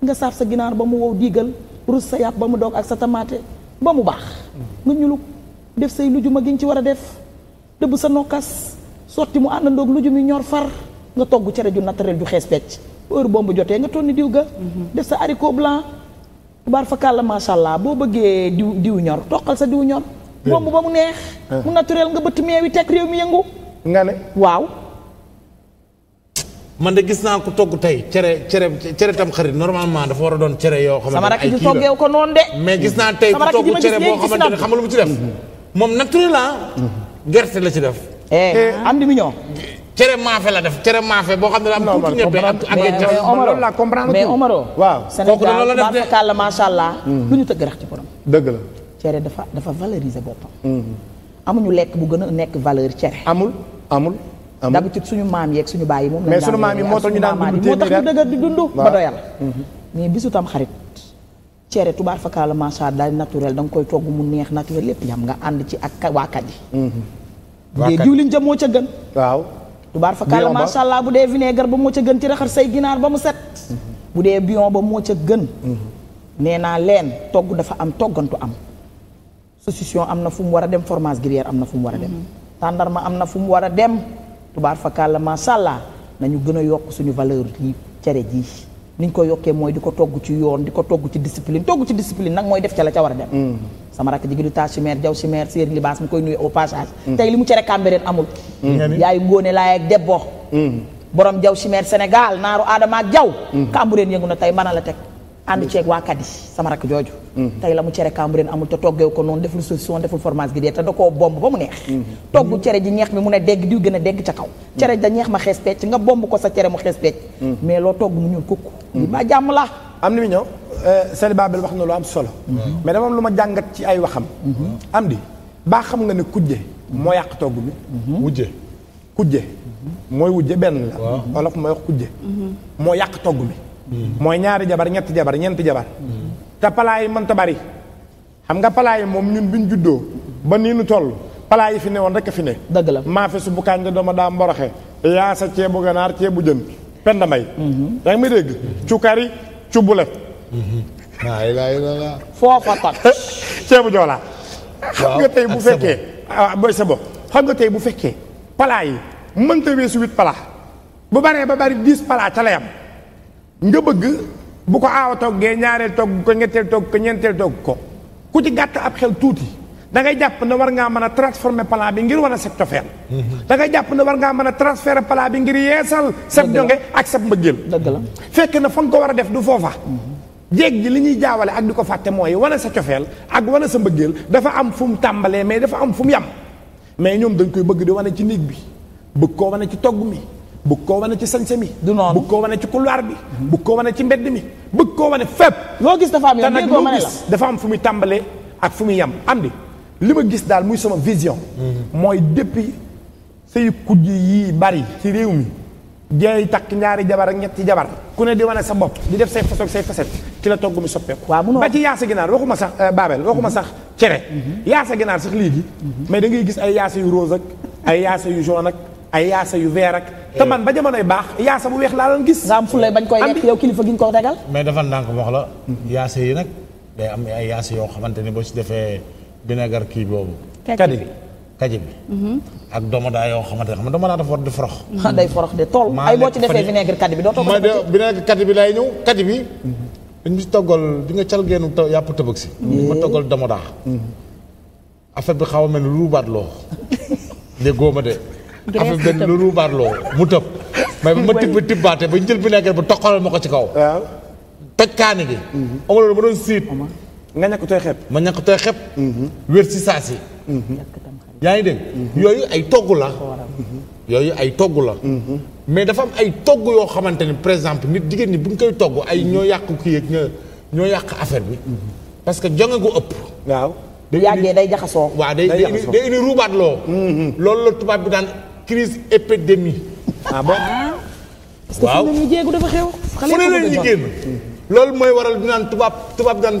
nga saaf sa ginaar ba mu wow diigal ruus sa yàpp ba mu doog ak sa tamaate. ba mu baax nga ñulug def say lujuma gi nga ci war a def dëbb sa nokkas sotti mu àndandoog lujum yi ñor far nga togg cere ju naturel ju xees pecc heure bomb jotee nga tonni diw ga mhm. def sa haricot blanc tubaar fa kàlla macha allah boo bëggee diw diw ñor toqal sa diw ñor bomb ba mu neex mu ah. naturel nga bëtt meewi teg réew mi yëngu nga ne waaw man de gis naa ko togg tey cere cere cere tam xarit normalement dafa war a doon cere yoo. xamante ne ay kii la ko noonu de. mais gis naa tey ku togg cere boo xamante ne xam nga lu mu ci def. Ah. gerte la ci def. Eh. Eh, am di mignon. cere maafe la def cere maafe boo xam ne am tuuti ñebe ak ak jafe. Omaro la comprendre waaw kooku dana la macha allah. Mm-hmm. lu ñu tëgg rax ci borom. dëgg la. cere dafa dafa valoriser boppam. Mm-hmm. amuñu lekk bu gën a nekk valeur cere. amul amul. d'habitude suñu maam yeeg suñu baay yi moom mais suñu maam yi moo tax ñu daan dund moo tax ñu dëgër di dund ba doyal mm-hmm. mais bisu tam xarit cere tubaar fakkaa la macha allah naturel da nga koy togg mu neex naturel lépp yam nga ànd ci ak waa Kadi bu mm-hmm. dee diwlin ja moo ca gën waaw tubaar fakkaa la macha allah bu dee vinaigre ba moo ca gën ci raxas say ginaar ba mu set mm-hmm. bu dee bion ba moo ca gën nee naa leen togg dafa am toggantu am saucisson am na fu mu war a dem fromage gruyère am na fu mu war a dem tàndarma am na fu mu war a dem tubaar fakàlla macha allah ñu gën a yokk suñu valeur yi cere ji ñu ko yokkee mooy di ko togg ci yoon di ko togg ci discipline togg ci discipline nag mooy def ca la ca war a dem mm. sama rakk jigi du ta chimère jaw chimère séeri libaas mu koy nuyu au passage mm. tey li mu cere Cambérène amul mm. yaayu ngóone laay ak debbo borom jaw chimère Sénégal naaru aadama ak jaw Cambérène yëngu na tey mbana la teg ànd ceeg waa Kadi sama rakk jooju. Mm-hmm. tey la mu cere Cambérène amul te toggee ko noonu deful saucisson woon deful fromage gi dee te da koo bomb ba mu neex. Mm-hmm. togg cere ji ñeex mi mu ne dégg diw gën a dégg ca kaw. Mm-hmm. cere da ñeex ma xees pecc nga bomb ko sa cere mu xees pecc. mais loo togg mu ñuul kukk. li ma jàmm la. am na mi ñëw euh, Sali Babel wax na lu am solo. mais dama am lu ma jàngat ci ay waxam. am di baa xam nga ne kujje. moo yàq togg bi. wujje kujje. mooy wujje benn la. wolof mooy wax moo yàq togg bi. mooy ñaari jabar ñetti jabar ñeenti jabar te palaa yi mënta bari xam nga palaa yi moom ñun biñ juddoo ba nii nu toll palaa yi fi ne woon a fi ne dëgg la maa fi subu kànja dooma daa mboroxe yaa sa ceebu ganaar ceebu jën penda mbay mhm. yaa ngi dégg cukari cubule mhm. *laughs* ceebu joolaa xam nga tey bu fekkee ah, booy sa bopp xam nga tey bu fekkee palaa yi mënta weesu huit palaa bu baree ba bari dix palaa ca nga bëgg bu ko aawa toggee ñaaree togg ko ñettee togg ko ñeenteel togg ko ku ci gàtt ab xel tuuti dangay jàpp na war ngaa mën a transformer plan bi ngir war a seb cofeel mhm. da ngay jàpp ne war ngaa mën a transférer plan bi ngir yeesal sab jonge ak sab mbëggeel fekk na fa nga ko war a def du foofa mhm. jéeg ji li ñuy jaawale ak di ko fàtte mooy wane sa cofeel ak wane sa mbëggeel dafa am fu mu tàmbalee mais dafa am fu mu yam mais ñoom dañ koy bëgg di wane ci néeg bi bëgg koo wane ci togg mi bu ko wane ci sañse mi du noonu bu ko wane ci couloir bi bu ko wane ci mbedd mi bëgg ko wane fépp loo gis dafa am yoon nag loo gis dafa am fu muy tàmbalee ak fu muy yem am li ma gis daal muy sama vision mm-hmm. mooy depuis sëyu kujj yi bari ci réew mi jeey takk ñaari jabar ak ñetti jabar ku ne di wane sa bopp di def say façon say facette ci la togg mi soppeeku ba ci yaasa ginaar waxuma sax euh, Babel waxuma mm-hmm. sax cere mm-hmm. yaasa ginaar sax léegi mais da ngay gis ay yaasa yu rose ak ay yaasa yu jaune ak ay yaasa yu weer ak. te man ba jamonoy baax yaasa bu weex laa doon gis. nga am fulay bañ koy lekk yow kilifa gi ñu ko tegal. mais dafa ndànk wax la. yaasa yi nag day am ay yaasa yoo xamante ni boo si defee vinaigre kii boobu. kadi bi kaji bi. Mhm. ak domodaa yoo xamante ne xam nga domodaa dafa war di forox. Ah, day forox de tool ay boo ci defee vinaigre kadi bi doo toog. ma de vinaigre kadi bi laay bi. Mhm. dañu si toggal di nga cal geenu yàpp tëbëg si. ma toggal domodaa. Mhm. affaire bi xaw a mel ni lu ruubaat loo. *laughs* déggoo de. affaire benn lu ruubaarloo mu tëb. mais bu ma tibb tibbaate ba jël vinaigre bu toqalal ma ko ci kaw. waaw toj kaani gi. Mhm. am loolu ma doon siit. nga ñàkk tooy xepp. ma ñàkk tooy xepp. Mhm. wér si saa si. Mhm. yaa ngi dégg. yooyu ay togg la. yooyu ay togg la. mais dafa am ay togg yoo xamante ni par exemple nit jigéen ñi bu ñu koy togg ay ñoo yàqu kii ak ñoo yàq affaire bi. parce que jonge ko ëpp. waaw. bu yàggee day jaxasoo. day jaxasoo waaw day day indi ruubaat loo. loolu la tubaab bi daal crise épidémie. ah bon waaw parce que jéegu dafa xew. xale yi dafa ñu loolu mooy waral di naan tubaab tubaab daan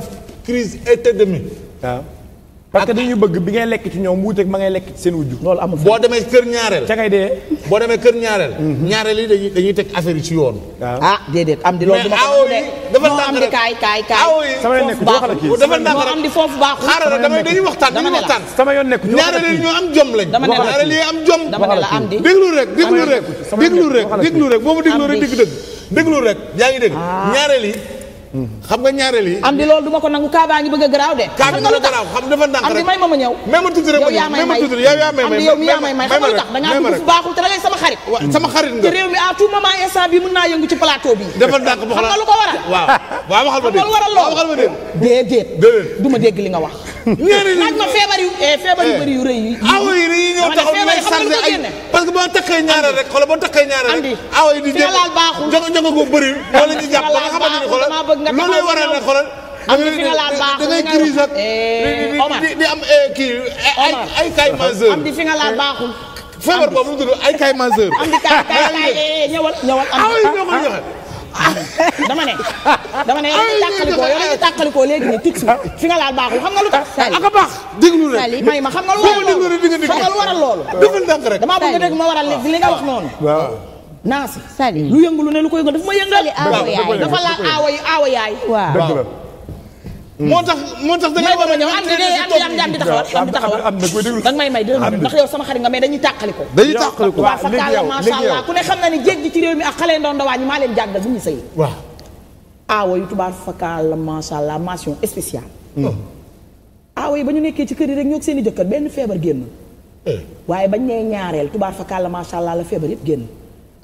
crise épidémie. waaw. Ah. parce que dañuy bëgg bi ngay lekk ci ñoom wuuteeg ma ngay lekk ci seen wujju loolu amul boo demee kër mhm. ñaareel yi dañuy dañuy teg affaire ci yoon ah déedéet am di loolu duma dafa am kaay dañuy waxtaan dañuy waxtaan sama yoon nekku ñaareel yi ñoo am jom lañ dama ne am di déglu rek rek déglu rek rek boo ma rek dégg dëgg déglu rek yaa ngi ah. ñaareel yi xam nga ñaareel yi. am di loolu duma ko nangu kaa baa ngi bëgg a garaaw de. kaa bi dina garaaw xam dafa ndànk rek am di may ma rek ma ñëw même ma tuuti yow yaa may may. am di yow mi yaa may may boo takkee ñaareel rek xoolal boo takkee ñaareel rek. nga taxaw loolu waral na am na fi nga ay ay kay am di fi nga la baaxul. feebar boobu mu tudd ay kay majeur. am di kay kay *laughs* eh, ñëwal ñëwal am *laughs* dama ne dama ne yow tàqalikoo yow dañuy tàqalikoo léegi ne tix fi nga laal baaxul xam nga lu tax. ak a baax déglu rek may ma xam nga lu waral loolu. xam nga lu waral loolu. dama bëgg rek ma waral li nga wax noonu. saa si. lu yëngu lu ne lu ko yëngal dafa ma yëngal. yi aawa yaay. Hmm. moo tax moo tax da ngay war a ñëw am di am di taxawal da nga may may deux minutes nga mais dañuy tàqali ko. dañuy tàqali ko waaw léegi yow macha allah ku ci réew mi ak xale ndoom dawaa ñi maa leen jàggal bu waaw. aawa yu tubaab fakkaal macha allah mention hmm. yi ba ñu nekkee ci kër yi rek ñoo seen i jëkkër benn feebar génn. Eh. waaye bañ nee ñaareel tubaab fakkaal macha allah la feebar yëpp génn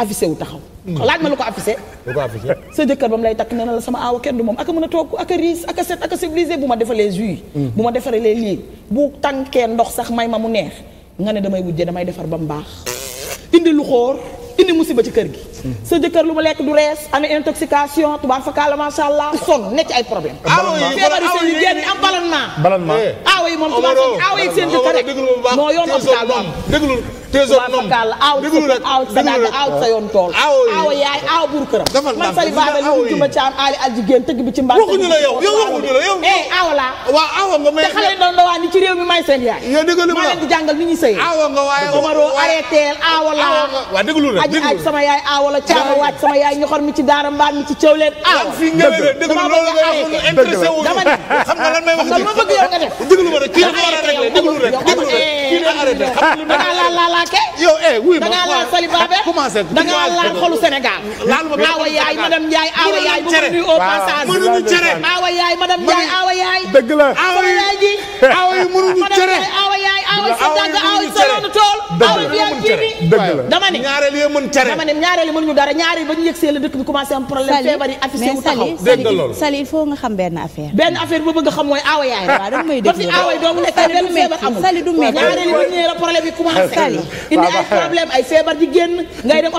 affiché wu taxaw. Mm. laaj ma lu ko affiché. lu ko sa jëkkër ba mu lay takk nee na la sama aawa kenn du moom ak a a togg ak a riis ak a set ak a civilisé bu ma defalee jus yi. Mm. bu ma defaree tànkee ndox sax may ma mu neex nga ne damay wujje damay defar ba mu baax. indi lu xóor indi musiba ci kër gi. sa jëkkër lu mu lekk du rees amee intoxication tubaab fakala macha allah sonn nekk ci ay problème aawo yi feebar yi génn eh. moom tubaab aawo yi seen jëkkër rek yoon hôpital du am sa dàgg aaw sa yoon tool aaw yaay aaw buur këram man sali baaba lu juma caam aali al jigéen tëgg bi ci mbaa waxuñu la yow yow eh, laa te xale doon dawaa ni ci réew mi may seen yaay yow leen di jàngal ni ñuy sëy aaw nga waaye Omaro arrêteel aaw laa waa sama yaay aaw la caaba waaj sama yaay ñu xor mi ci daara mbaam mi ci cëw leen aaw ah, dama bëgg a aaye dama ne xam nga lan may wax lu ma bëgg yow nga def déglu ma rek kii dafa war a réglé déglu rek déglu rek kii na arrêté da ngaa laal laalaake yow eh wuy ma da ngaa laal salibaabe ah, commencé da ngaa laal xolu Sénégal aawa yaay madame Ndiaye aawa yaay ma nuyu au passage mënuñu cere aawa yaay madame Ndiaye aawa yaay dëgg la aawa yaay ji aawa yi mënuñu cere aawa yaay aawa si dagg aawa soloonu tool aawa bi yaa kii bi dama ne ñaareel yi mën cere dama ne ñaareel yi mënuñu dara ñaari ba ñu yëgsee la dëkk bi commencé am problème feebar yi affiché wu taxaw dégg Sali a du metti ñaari li ñu la feebar di génn ngay dem nga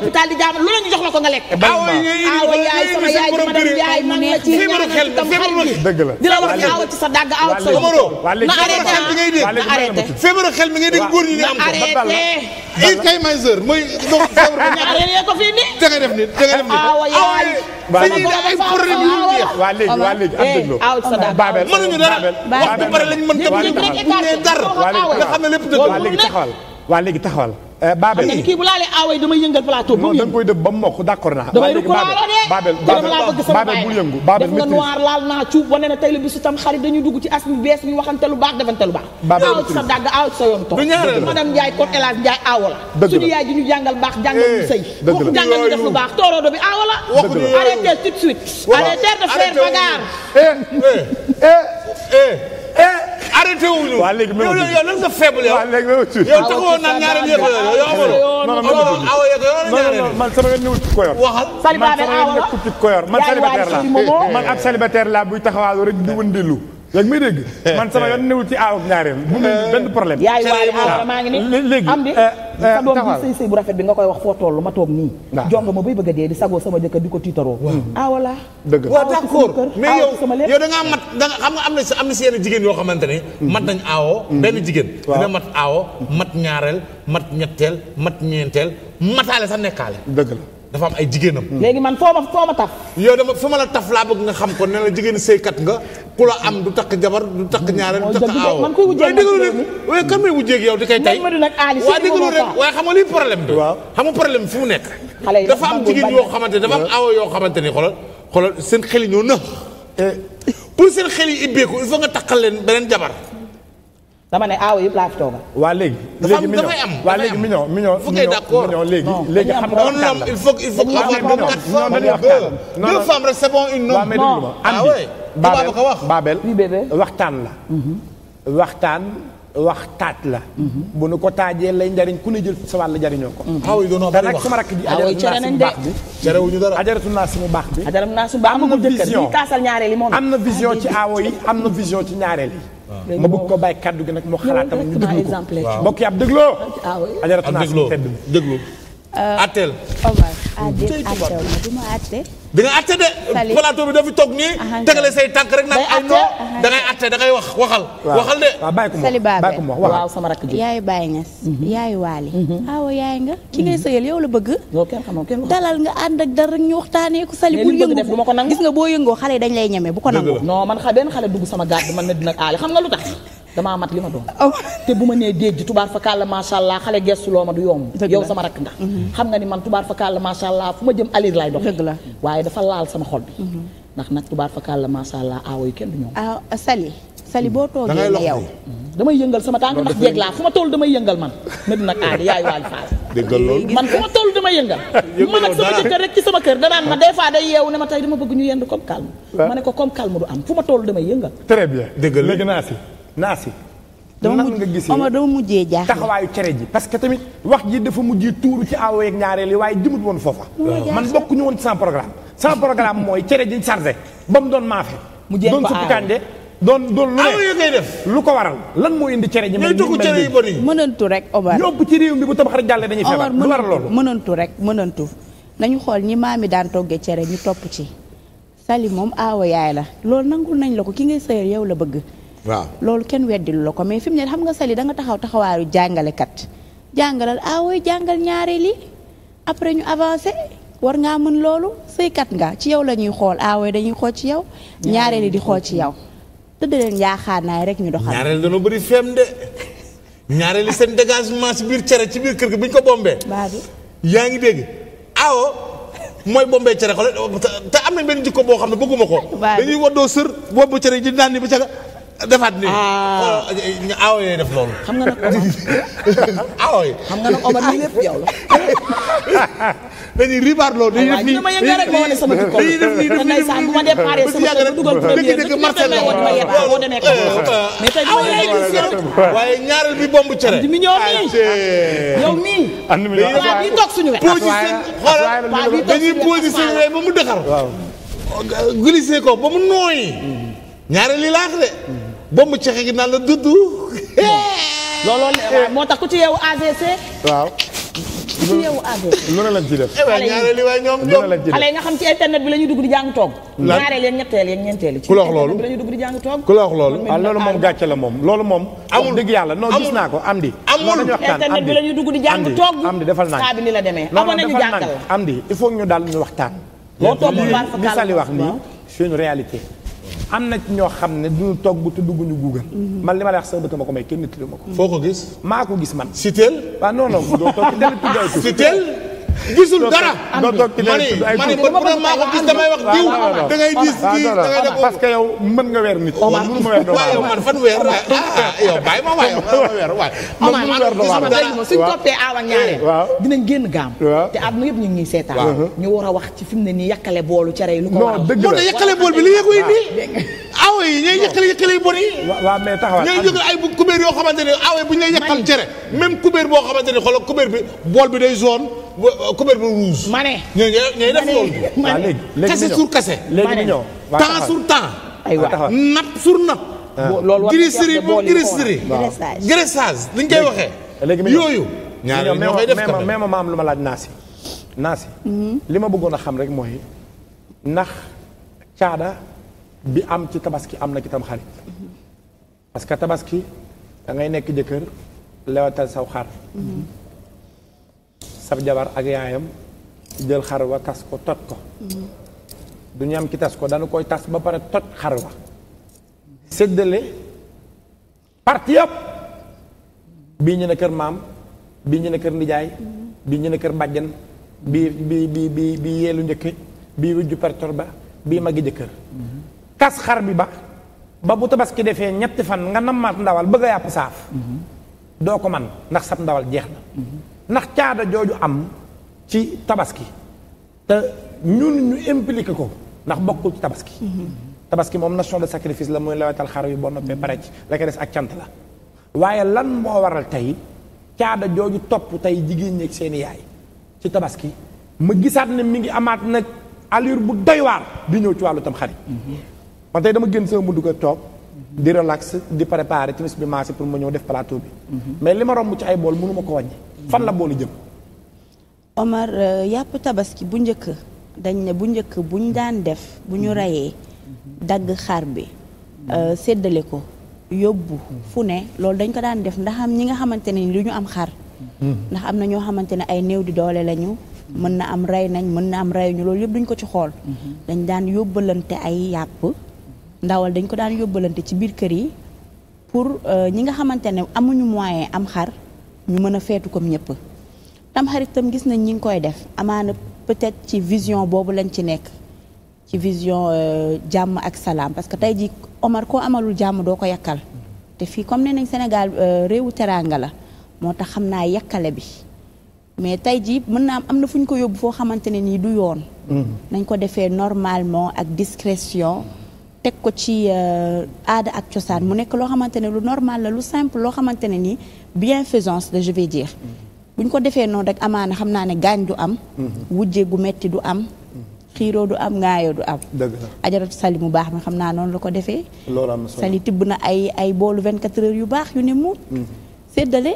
am ko fii nii da ngay def ni da ngay def ni awa ah, yaay dañuy def ay problème yu ah, jeex waa léegi waa léegi eh, am dëgg la Babel mënuñu dara wax bu pare lañ mën def bu ne dar nga xam ne lépp dëgg waa léegi taxawal waa léegi taxawal Eh, Babel xam nga kii bu laalee aaway damay yëngal plateau. ba mu yëngu da nga koy def ba mu mokk d'accord naa. damay rukkuraale de Babel Babel bul yëngu Babel def nga noir laal naa cuub wane na tey la bisu tam xarit dañuy dugg ci as bu bees ñu waxante lu baax defante lu baax. Babel aaw sa dàgg aaw sa yoon toog. madame Ndiaye kon El Hadj Ndiaye aawo la. suñu yaay ji ñu jàngal baax jàngal eh, ñu sëy. dëgg la jàngal ñu def lu baax tooroodo bi aawo la. arrêtez tout suite. arrêtez de arrêté wu ñu. waaw léegi yow yow lan nga faible yow. waaw léegi même tuuti. yow taxawoon yow yow man sama yoon nekkul ci koyor. man sama yoon nekkul ci koyor man célibataire laa man ab célibataire laa buy taxawaalu rek di yaa ngi may dégg *laughs* man sama yoon newul ci aaw ak ñaareel bu mu *laughs* benn problème yaay waaye aaw maa ngi ni léegi am di eh, sa eh, doom bi sëy sëy bu rafet bi nga koy wax foo toll ma toog nii jong ma bay bëgg a dee di sagoo sama jëkkër di ko tiitaroo ah voilà dëgg ah, waaw d'accord mais ah, yow yow da ngaa mat da nga xam nga am na si am na si yenn jigéen yoo xamante ne mm-hmm. mat nañ aawoo mm-hmm. benn jigéen dina mat aawoo mat ñaareel mat ñetteel mat ñeenteel mataale sax nekkaale dëgg la dafa am ay jigéenam. léegi man foo ma foo ma taf. yow dama fu ma la taf laa bëgg nga xam ko ne la jigéen sëykat nga ku la am du takk jabar du takk ñaareel du takk aawo man kuy wujjeeg man kan may wujjeeg yow di kay tey waa déglu rek waaye xam nga lii problème bi. waaw xam nga problème bi fu mu nekk. dafa am yoo xamante dafa am aawo yoo xamante ni xoolal xoolal seen xel yi ñoo nëx. Eh. pour seen xel yi ibbeeku il faut nga takkal leen beneen jabar dama ne aaw yëpp laa fi toogal. waa léegi. léegi million waa léegi million million. fu ngeen léegi. léegi xam nga waxtaan la il faut il faut avoir quatre femmes deux femmes rek c'est bon une non. ah oui waxtaan la. Mhm. waxtaan waxtaat la. Mhm. bu nu ko taajee lay njariñ ku ne jël sa wàll jariñoo ko. aaw yi doon wax te nag sama rakk ji. aaw ah yi cere nañ de cerewuñu dara ajaratu naa si mu baax bi. ajaratu naa si mu baax bi. am na vision ci aawo yi am na vision ci ñaareel yi ma bëgg ko bàyyi kaddu gi nag moo xalaatam ñu déglu ko mbokk yi ab dégloo. ah, ah dégloo dégloo. Euh, atteel. Omar. ah déet atteel ma du ma atte. di nga àtte de. plateau bi dafa toog nii. tegale say tànk rek nag ay da ngay àtte da ngay wax waxal. waxal de waaw bàyyi ko mu wax bàyyi ko mu wax waaw sama rakk ji. yaay nga Niass. Mhm. yaay Waly. Mhm. awa yaay nga. ki mhm. ngay sëyal yow la bëgg. dalal nga ànd ak dara ñu waxtaanee ko Sali bu yëngu gis nga boo yëngoo xale dañ lay ñeme bu ko nangu. non man xa benn xale dugg sama gàdd man na dina aale xam nga lu tax damaa mat li ma doon oh. te bu ma nee déej tubaar fa kàlla macha allah xale gestu loo ma du yomb yow sama rakk nga mhm. xam nga ni man tubaar fa kàlla macha allah fu ma jëm alir lay dox waaye dafa laal sama xol bi mhm. ndax nag tubaar fa kàlla macha allah aawo yu kenn du ñoom ah Sali Sali boo mhm. toogee ne yow damay yëngal sama tànk ndax jeeg laa fu ma toll damay yëngal man mét nag aada yaay man fu ma toll dama yëngal man ak sama jëkkër rek ci sama kër danaan ma des fois day yeewu ne ma tey dama bëgg ñu yendu comme calme ma ne ko comme calme du am fu ma toll damay yëngal très bien déggal léegi naa si naa si. dama mujj nga gisee Omar dama mujjee jaaxle taxawaayu cere ji parce que tamit wax ji dafa mujjee tuuru ci awo yeeg ñaareel yi waaye jëmut woon foofa. man bokkuñu woon sans programme. sans programme mooy cere ji chargé mu doon maafe. mu jéem doon suppu doon doon lu lu ko waral lan moo indi cere ji. mel ni mel yi bëri mënantu rek Omar. ñëpp ci réew mi bu tabax rek jàlle dañuy feebar. lu waral loolu mënantu rek mënantu. nañu xool ñi maam yi daan toggee cere ñu topp ci. Sali moom aawa yaay la loolu nangul nañ la ko ki ngay sëyal yow la bëgg waaw loolu kenn weddilu la ko mais fi mu ne xam nga sali da nga taxaw taxawaaru kat jàngalal aawooy ah jàngal ñaare li après ñu avancé war ngaa mën loolu sëykat nga ci yow la ñuy xool aawooy ah dañuy xool ci yow ñaare li di xool ci yow tëdd leen yaaxaar naay rek ñu doxal ñaareel dañoo bëri fem de ñaareel li seen dégagement si biir cere ci biir kër gi bi ñu ko bombee yaa ngi dégg aawo mooy bombee cere xool te am nañ benn jikko boo xam ne bëgguma ko dañuy waddoo sër cere ji naan ni ba defaat nii. Ah. Oh, awo yooyu def loolu. xam nga nag *laughs* awo yi. xam nga nag Omar lii lépp yow la. *laughs* dañuy ribaar loolu dañuy def nii ma yëg rek ma wane sama dëkk dañuy def nii def nii bu ma départ sama kër dugal premier dëkk marché la woon ma yet boo demee ko *laughs* mais tey awo lay gis yow waaye ñaareel bi bomb cere di mi ñëw nii yow mii waa bi toog suñu wet position xoolal dañuy position ba mu dëxar glissé ko ba mu nooy mm. ñaareel li laax de ba mu cexe gi naan la dudd. *laughs* looloo moo tax ku ci yeewu AVC. waaw. ku ci yeewu AVC. lu ne lañ ciy def. xale yi waaye nga xam ci internet bi la dugg di jàng toog. lan ñaareel yeeg ñetteel yeeg ñeenteel ci. ku la wax loolu bi la ñuy dugg di jàng toog. Ah, loolu. moom gàcce la moom loolu moom. amul dëgg yàlla non gis naa ko am di. amul internet bi la ñuy dugg di jàng toog. am di defal naa ko saa bi ni la demee. amoon nañu jàngal am di il faut ñu daal ñu waxtaan. boo toogul baax fa kàlla li Sali wax nii c'est une réalité am na ci ñoo xam ne duñu toog bu te dugguñu Google. Mhm. man li ma la wax sama bët ma ko may kenn nit ma ko. foo ko gis. maa ko gis man. Sitel. waaw non non doo toog dana tudd ay tur. Sitel. gisul dara. am na mani maa ko gis damay wax diw. da ngay gis kii da ngay parce que yow mën nga weer nit. Omar mënu ma weer doomu waaw yow man fan weer ah yow bàyyi ma ma weer waaye. Omar man gisuma ñaareel. dinañ génn gaam. waaw te àdduna yëpp ñu ngi seetaan. ñu war a wax ci fi mu ne nii yàkkale boolu cere yi lu ko waral. moo tax yàkkale bool bi li nga nii. awe yi ñooy yëkkale yëkkale yu bon yi. waaw mais taxawaay ñooy jógal ay kubéer yoo xamante ne awe bu ñu lay yëkkal cere. même kubéer boo xamante ne xoolal kubéer bool bi day zone. couvercle rouge. ma ne ñooñu ñooy def loolu. ma ne kase sur kase. ma ne temps sur temps. aywa napp sur napp. Ah. loolu war nañu graissage liñ koy waxee. léegi yooyu. ñaar ñoo koy def tamit mais ma am lu ma laaj naasi. naasi. Mhm. li ma bëggoon a xam rek mooy ndax caada bi am ci tabaski am na ci tam xarit mhm. parce que tabaski da ngay nekk jëkkër lewatal saw xar. Mhm. sab jabar ak yaayam jël xar tas ko toj ko du ñu am ki tas ko dañu koy tas ba pare toj xar wa séddale parti yëpp bii ñu ne kër maam bii ñu ne kër nijaay bii ñu ne kër bàjjan bii bi bi bi bi yeelu njëkk bii wujju pertor ba bii magi jëkkër tas xar bi ba ba bu tabaski defee ñetti fan nga nammaat ndawal bëgg a yàpp saaf mhm. doo ko man ndax sab ndawal jeex na mhm. ndax caada jooju am ci tabaski te ñun ñu impliqué ko ndax bokkul ci tabaski tabaski moom notion de sacrifice la muy lawetal xar wi boo noppee pare ci la ko des ak cant la waaye lan moo waral tey caada jooju topp tey jigéen ñi ak seeni yaay ci tabaski ma gisaat ne mi ngi amaat nag allure bu day waar di ñëw ci wàllu tam xarit man tey dama génn sama bundu ko toog di relax di préparer timis bi maasi pour ma ñëw def plateau bi mhm. mais li ma romb ci ay bool mënu ma ko wàññi fan la boolu jëm. Omar euh, yàpp tabaski bu njëkk dañ ne bu njëkk buñ daan def bu ñu reyee dagg xar bi euh, séddale ko yóbbu fu ne loolu dañ ko daan def ndax am ñi nga xamante ne lu ñu am xar. ndax am na ñoo xamante ne ay néew di doole lañu. mën na am rey nañ mën na am ñu loolu yëpp dañ ko ci xool. dañ daan yóbbalante ay yàpp. ndawal dañ ko daan yóbbalante ci biir kër yi pour euh, ñi nga xamante ne amuñu moyen am xar. ñu mën a feetu comme ñëpp tamxarit tam gis nañ ñi ngi koy def amaana peut-être ci vision boobu lañ ci nekk ci vision euh, jàmm ak salaam parce que tey jii Omar koo amalul jàmm doo ko yàkkal te fii comme ne nañ Sénégal euh, réewu teraanga la moo tax xam naa yàkkale bi mais tey jii mën naa am am na fu ñu ko yóbbu foo xamante ne nii du yoon mm-hmm. nañ ko defee normalement ak discrétion teg ko ci euh, aada ak cosaan mu nekk loo xamante ne lu normal la lu simple loo xamante ne nii bienfaisance la je vais dire bu ñu ko defee noonu rek amaana xam naa ne gaañ du am mhm. wujje gu metti du am mhm. xiiroo du am ngaayoo du am ajaratu sali mu baax mi xam naa noonu la ko defee sali tibb na ay ay vingt 24 heures yu baax yu ne muut mhm. séddale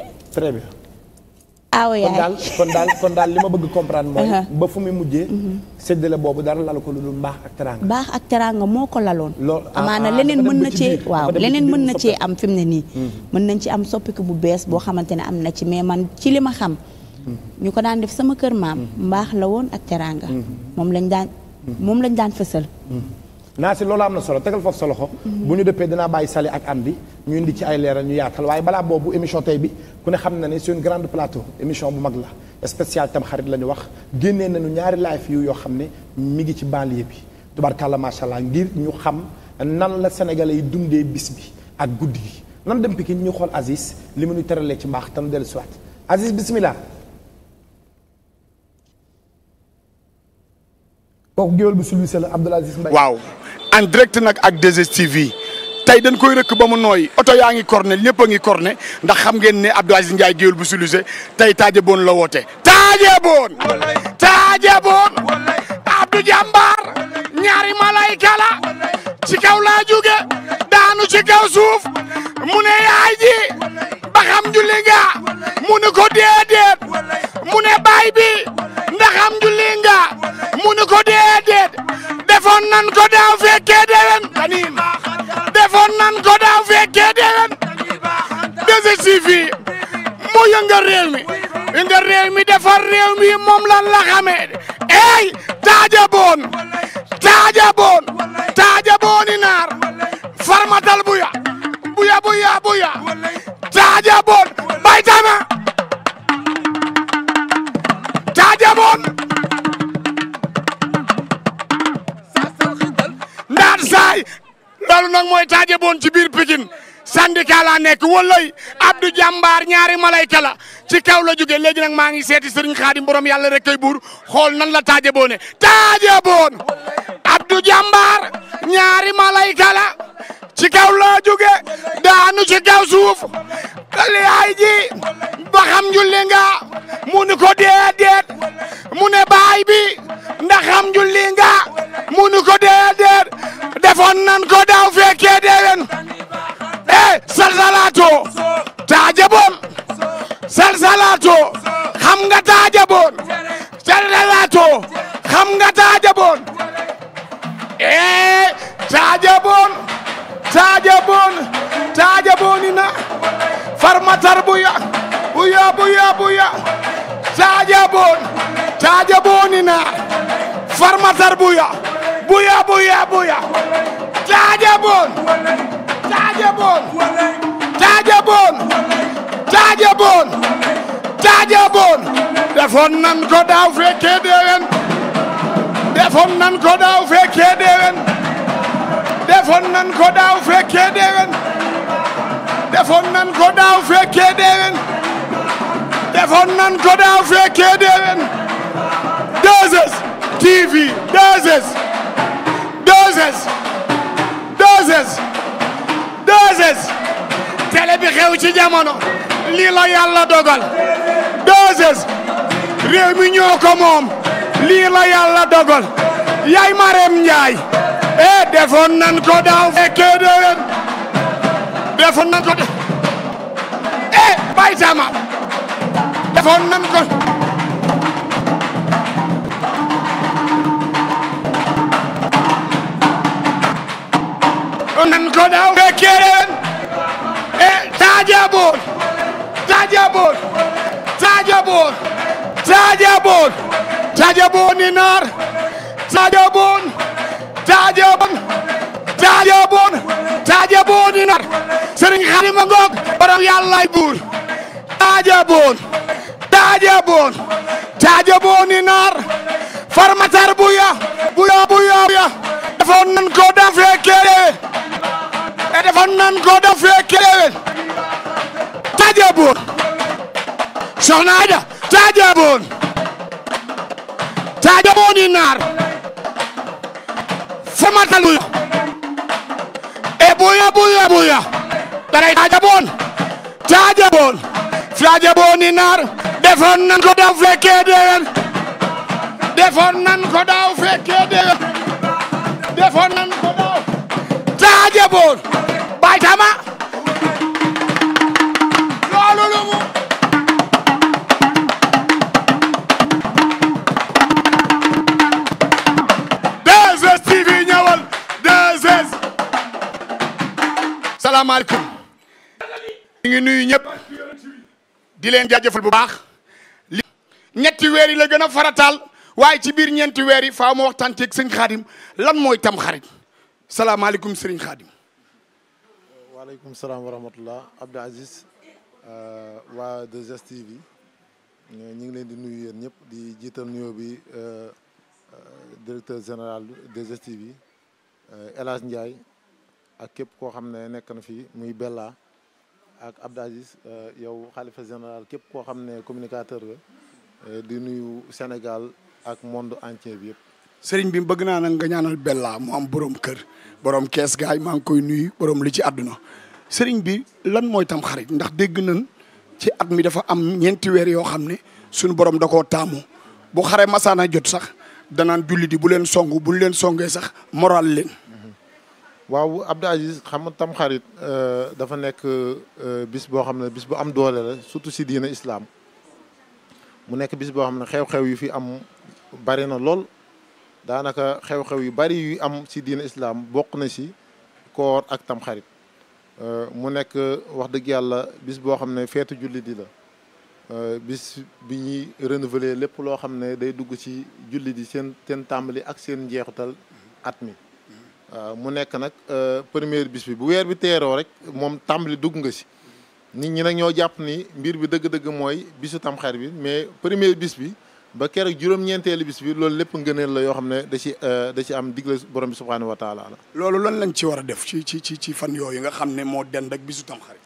aw ah yaay kon daal kon daal kon daal li ma bëgg comprendre mooy. Uh-huh. ba fu mu mujjee. Mm-hmm. séddale boobu dara lalu ko lu dul mbaax ak teraanga. baax ak teraanga moo ko laloon. loolu ah, amaana ah, leneen mën na cee waaw leneen mën na cee am fi mu ne nii. Mm-hmm. mën nañ ci am soppiku bu bees boo xamante ne am na ci mais man ci li ma xam. Mm-hmm. ñu ko daan def sama kër maam. mbaax la woon ak teraanga. moom lañ daan moom lañ daan fësal. naa si loolu am na solo tegal foofu solo xo mhm. bu ñu dëppee dinaa bàyyi sali ak am bi ñu indi ci ay leeral ñu yaatal waaye balaa boobu émission tey bi ku ne xam na ne su une grande plateau émission bu mag la spécial tam xarit la ñu wax génnee nañu ñaari live yu yoo xam ne mi ngi ci banlieue bi tubarkàlla macha allah ngir ñu xam nan la sénégalais yi dundee bis bi ak guddi gi nan dem Pikine ñu xool Aziz li mu ñu teralee ci mbaax tam nu dellusiwaat Aziz bismillah kooku géwél bu suluuse la Abdoul waaw en direct nag ak 2STV yi tey dañ koy rëkk ba mu nooy oto yaa ngi corne ñëpp ngi corne ndax xam ngeen ne Abdoul Aziz Ndiaye géwél bu suluuse tey taaje boon la woote taaje boon taaje boon Abdou Jàmbaar ñaari malayka la ci kaw laaju nga mu ne ko déedéet mu ne baay bi ndax am julli nga mu ne ko déedéet defoon nan ko daaw fekkee déwén taniin defoon nan ko daaw fekkee déwén décisif yi mu yëngal réew mi yëngal réew mi defar réew mi moom lan la xamee ey taajaboon taajaboon taajabooni naar farmatal buya buya buya buya bay tama taaja ndaat saay loolu nag mooy taaja bon ci biir Pikine syndicat nekk wallay Abdou Jàmbaar ñaari malayka la ci kaw la jóge léegi nag maa ngi seeti Serigne Khadim borom yàlla rek kay buur xool nan la taaje boone taaje ñaari malayka la ci kaw laa jóge daanu ci kaw suuf yaay ji ba xam julli nga mu ni ko déedéet mu ne baay bi ndax xam julli nga mu ni ko déedéet defoon nan ko daaw fekkee déwén eh salsalato taajaboon salsalato xam nga taajaboon salsalato xam nga taajaboon eh taajaboon taajaboon taajaboonina farmatar buya buya buya buya taajaboon taajaboonina farmatar buya buya buya buya taajaboon taajaboon taajaboon taajaboon taajaboon defoon nan ko daaw fekkee deewen defoon nan ko daaw fekkee deewen defoon nan ko daaw fekkee déwén defoon nan ko daaw fekkee déwén defoon nan ko daaw fekkee déwén 2S TV 2S 2S 2S 2S télé bi xew ci jamono lii la yàlla dogal 2S réew mi ñoo ko moom lii la yàlla dogal yaay Marème Ndiaye eh defoon nan ko daaw fekkee eh, déwén defoon nan ko daaw eh, fekkee eh, déwén eh Sadio Boye Sadio Boye Sadio Boye Sadio Boye Sadio Boye taajoon taajooboon taajooboon i nar sëriñ Xalima ngoog borom yàllaay buur taajooboon taajooboon taajooboon i nar buya buya buya buya defoon nan ko da fekkee déwén eh, e defoon nan ko da fekkee semata luyo e ɓuya ɓuya ɓuya ɗaray taja boon taja boon fiaja booni naar defoon nan ko daaw fekkee dewen defoon nan ko daaw fekkee dewen defoon nan ko daaw taja boon ɓaytama salaamaaleykum. ñu ngi nuyu ñëpp di leen jaajëfal bu baax. ñetti weer yi la gën a farataal waaye ci biir ñeenti weer yi faaw ma waxtaan ceeg sëñ Xaadim lan mooy tam xarit salaamaaleykum sëriñ Xaadim. waaleykum salaam wa rahmatullah Abdou Aziz euh, waa 2STV ñu ngi leen di nuyu yéen ñëpp di jiital nuyoo bi euh, euh, directeur général 2STV El Hadj Ndiaye ak képp koo xam ne nekk na fi muy Bella ak Abdou Aziz euh, yow xalifa général képp koo xam ne communicateur la euh, di nuyu Sénégal ak monde entier bi yëpp. sëriñ bi bëgg naa nag nga ñaanal Bella mu am borom kër borom kees gaay maa ngi koy nuyu borom li ci àdduna sëriñ bi lan mooy tam xarit ndax dégg nañ ci at mi dafa am ñeenti weer yoo xam ne suñu borom da koo taamu bu xare masaana jot sax danaan julli di bu leen songu bu leen songee sax moral leen. waaw Abdou Aziz xam nga tamxarit euh, dafa nekk euh, bis boo xam ne bis bu am doole la surtout si diina islaam mu nekk bis boo xam ne xew-xew yu fi am bari na lool daanaka xew-xew yu bari yuy am si diina islaam bokk na ci koor ak tamxarit euh, mu nekk wax dëgg yàlla bis boo xam ne feetu julli di la bis bi ñuy renouveler lépp loo xam ne day dugg ci julli di seen seen tàmbali ak seen njeexutal at mi waaw euh, mu nekk nag euh, première bis bi bu weer bi teeroo rek moom tàmbali dugg nga si nit ñi nag ñoo jàpp ni mbir bi dëgg-dëgg mooy bisu tamxare bi mais première bis bi ba keroog juróom-ñeenteelu bis bi loolu lépp ngëneel la yoo xam ne da ci euh, da ci am digle borom bi subhaanahu la loolu lan lañ ci war a def ci ci ci ci fan yooyu nga xam ne moo dend ak bisu tamxarit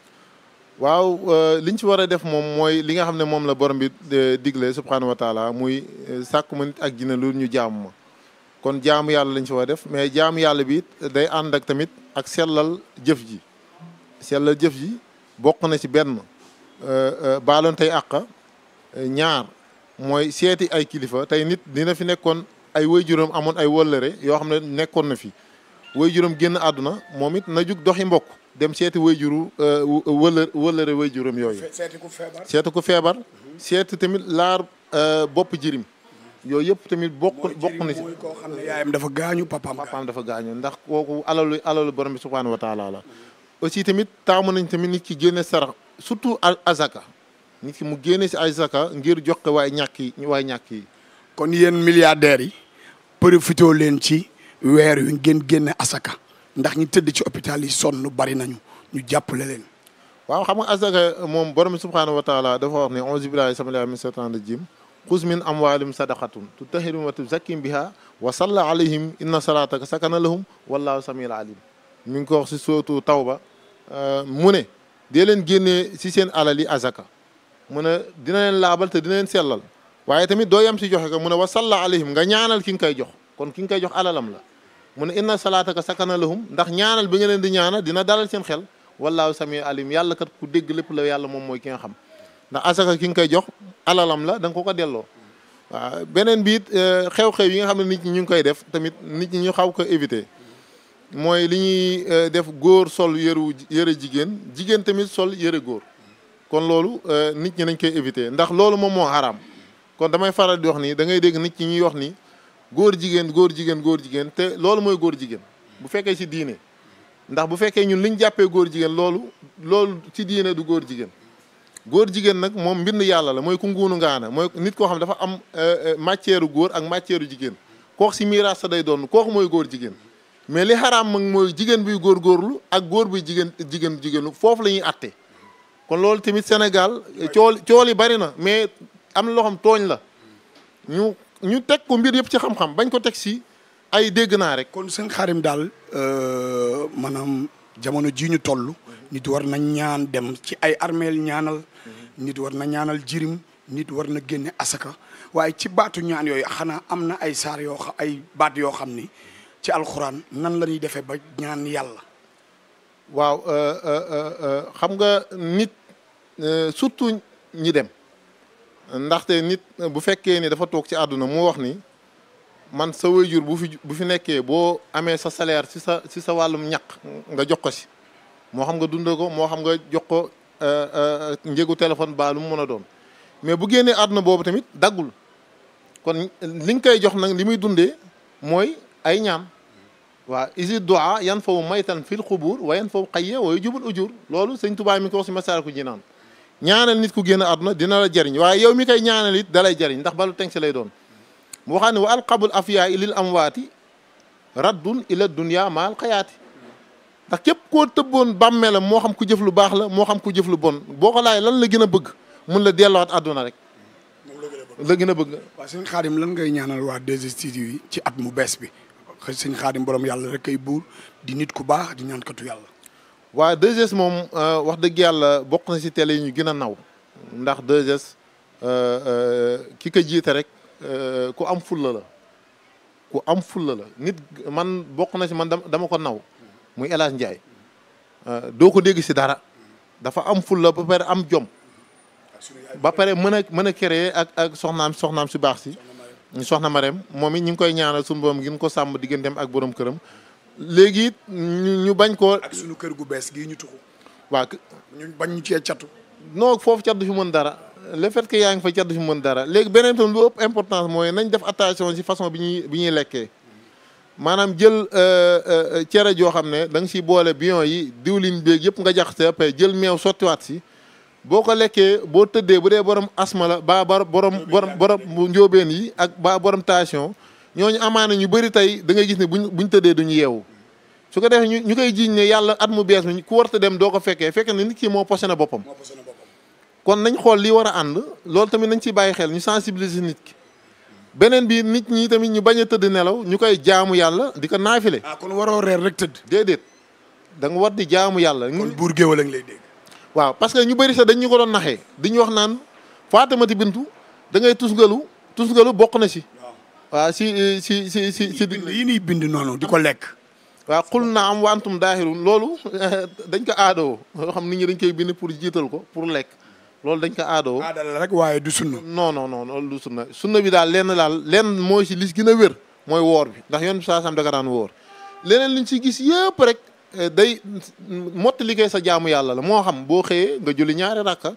waaw li ñu ci war a def moom mooy li nga xam ne moom la borom bi digle subhaanahu wa muy sàkku nit ak jinne lu ñu jaamu ma kon jaamu yàlla lañ si war def mais jaamu yàlla bi day ànd ak tamit ak sellal jëf ji sellal jëf ji bokk na ci benn euh, euh, baaloon tey àq euh, ñaar mooy seeti ay kilifa tey nit dina fi nekkoon ay waajuram amoon ay wëllëre yoo xam ne nekkoon na fi waajuram génn àdduna moom it na jug doxi mbokk dem seeti waajuru wëllë wëllëre waajuram yooyu seeti ko feebar seeti ku feebar mhm. seeti tamit laar bopp jirim yooyu yëpp tamit bokk bokk na ci mooy dafa gaañu papaam papaam dafa gaañu ndax kooku alalu alalu borom bi subhaanahu wa taala la aussi tamit taamu nañ tamit nit ci génne sarax surtout azaka nit ki mu génne si azaka ngir jox ko waaye ñàkk yi waay ñàkk kon yéen milliardaires yi profité leen ci weer yu ngeen génne asaka ndax ñi tëdd ci hôpital yi sonn bari nañu ñu jàppale leen waaw xam nga azaka moom borom bi subhaanahu wa taala dafa wax ne onze billahi samillah min setan rajim xuz min amwaalim sadaqatun tutahhirum wa tuzakkim biha wa salla alayhim inna salaataka sakana lahum wallahu samiul alim mi ngi ko wax si sootu tawba euh, mu ne dee leen génnee si seen alali yi azaka mu ne dina leen laabal te dina leen sellal waaye tamit doo yem si joxe ko mu ne wa salla alayhim nga ñaanal ki nga koy jox kon ki nga koy jox alalam la mu ne inna salaataka sakana lahum ndax ñaanal bi nga leen di ñaanal dina dalal seen xel wallahu samiul alim yàlla kat ku dégg lépp la yàlla moom mooy ki ndax asaka ki nga koy jox alalam la da ko ko delloo waaw beneen biit it euh, xew-xew yi nga xam ne nit ñi ñu ngi koy def tamit nit ñi ñu xaw ko éviter mooy li ñuy euh, def góor sol yëru yëre jigéen jigéen tamit sol yëre góor kon loolu euh, nit ñi nañ koy éviter ndax loolu moom moo xaraam kon damay faral di wax nii da ngay dégg nit ñi ñuy yox nii góor jigéen góor jigéen góor jigéen te loolu mooy góor jigéen bu fekkee ci diine ndax bu fekkee ñun liñ jàppee góor jigéen loolu loolu ci diine du góor jigéen góor jigéen nag moom mbind yàlla la mooy ku nguunu ngaana mooy nit koo xam dafa am euh, euh, matière góor ak matière jigéen kooku si miiraas sa day doon kooku mooy góor jigéen mais li xaraam mag mooy jigéen buy góorgóorlu ak góor buy jigéen jigéen jigéenu foofu la ñuy atte kon loolu tamit Sénégal cool cool yi bari na mais am na loo xam tooñ la ñu ñu teg ko mbir yëpp ci xam-xam bañ ko teg si ay dégg naa rek kon sëñ Xarim daal euh, maanaam jamono ji ñu toll nit war na ñaan dem ci ay armeel ñaanal nit war na ñaanal jirim nit war na génne asaka waaye ci baatu ñaan yooyu xanaa am na ay saar yoo xam ay baat yoo xam ni ci alxuraan nan la ñuy defee ba ñaan yàlla waaw euh, euh, euh, xam nga nit surtout ñi dem ndaxte nit bu fekkee ni dafa toog ci àdduna mu wax ni man sa waajur bu fi bu fi nekkee boo amee sa salaire si sa si sa wàllum ñaq nga jox ko si moo xam nga dundee ko moo xam nga jox ko euh, euh, njëgu téléphone baa lu mu mën a doon mais bu génnee àdduna boobu tamit daggul kon li nga koy jox nag li muy dundee mooy ay ñaan waa isi doa yan fawu maytan fi xubuur wa yan fawu xayya wa jubul ujur loolu sëñ Tuubaa mi ko wax si masaar ku jinaan ñaanal nit ku génn àdduna dina la jariñ waaye yow mi koy ñaanal it dalay jariñ ndax balu teng si lay doon mu waxaat ne wa alqabul afiyaa lil amwaati raddun ila ndax képp koo tëbboon bàmmeelam moo xam ku jëf lu baax la moo xam ku jëf lu bon boo ko laajee lan la gën a bëgg mun la delluwaat àdduna rek. la gën a bëgg. waaw sëñ Xaadim lan ngay ñaanal waa 2STV yi ci at mu bees bi xëy sëñ Xaadim borom yàlla rek kay buur di nit ku baax di ñaankatu yàlla. waaw 2S moom euh, wax dëgg yàlla bokk na si télé yi ñu gën a naw ndax 2S euh, euh, ki ko jiite rek ku am fulla la ku am fulla la nit man bokk na si man dama ko naw. muy El Hadj Ndiaye euh, doo ko dégg si dara dafa am fulla ba pare am jom ba pare mën a mën a créer ak ak soxnaam soxnaam si baax si ñu soxna Marème moom it ñu ngi koy ñaanal suñu borom gin ko sàmm digganteem ak boroom këram léegi it ñu bañ ko ak suñu kër gu bees gii ñu tuxu waa ñu bañ ñu cee catu non foofu cat du fi mën dara le fait yaa ngi fa cat du fi mën dara léegi beneen tam lu ëpp importance mooy nañ def attention si façon bi ñuy bi ñuy lekkee maanaam jël euh, euh, euh, cere joo xam ne danga nga boole bion yi diwlin beeg yëpp nga jaxase après jël meew sottiwaat si boo ko lekkee boo tëddee bu dee borom asma la baa borom borom borom njóobeen yi ak baa borom ñu amaan amaana ñu bëri tey da ngay gis ne bu buñ tëddee duñu yeewu su ko defee ñu ñu koy jiiñ ne yàlla at mu bees mi ku warta dem doo ko fekkee fekk na nit ki moo posé na boppam kon nañ xool li war a ànd loolu tamit nañ ci bàyyi xel ñu sensibiliser nit ki beneen bi nit ñi tamit ñu bañ a tëdd nelaw ñu koy jaamu yàlla di ko naafile. ah kon waroo reer rek tëdd. déedéet da nga war di jaamu yàlla. kon buur géwël a ngi lay dégg. waaw parce que ñu bëri sax dañ ñu ko doon naxee di ñu wax naan Faatamati Bintu da ngay tusgalu tusgalu bokk na si. waaw si si si si si. yi bind noonu di ko lekk. waaw xul na am wantum daaxirun loolu *laughs* dañ ko aadoo loo xam nit ñi dañ koy bind pour jiital ko pour lekk. loolu dañ ko aadoo. aada rek waaye du sunna. no non non loolu du sunna sunna bi daal lenn daal lenn mooy si li gën a wér mooy woor bi ndax yoon bi saa sam da daan woor leneen liñ si gis yëpp rek eh, day motti liggéey sa jaamu yàlla la moo xam boo xëyee nga julli ñaari rakka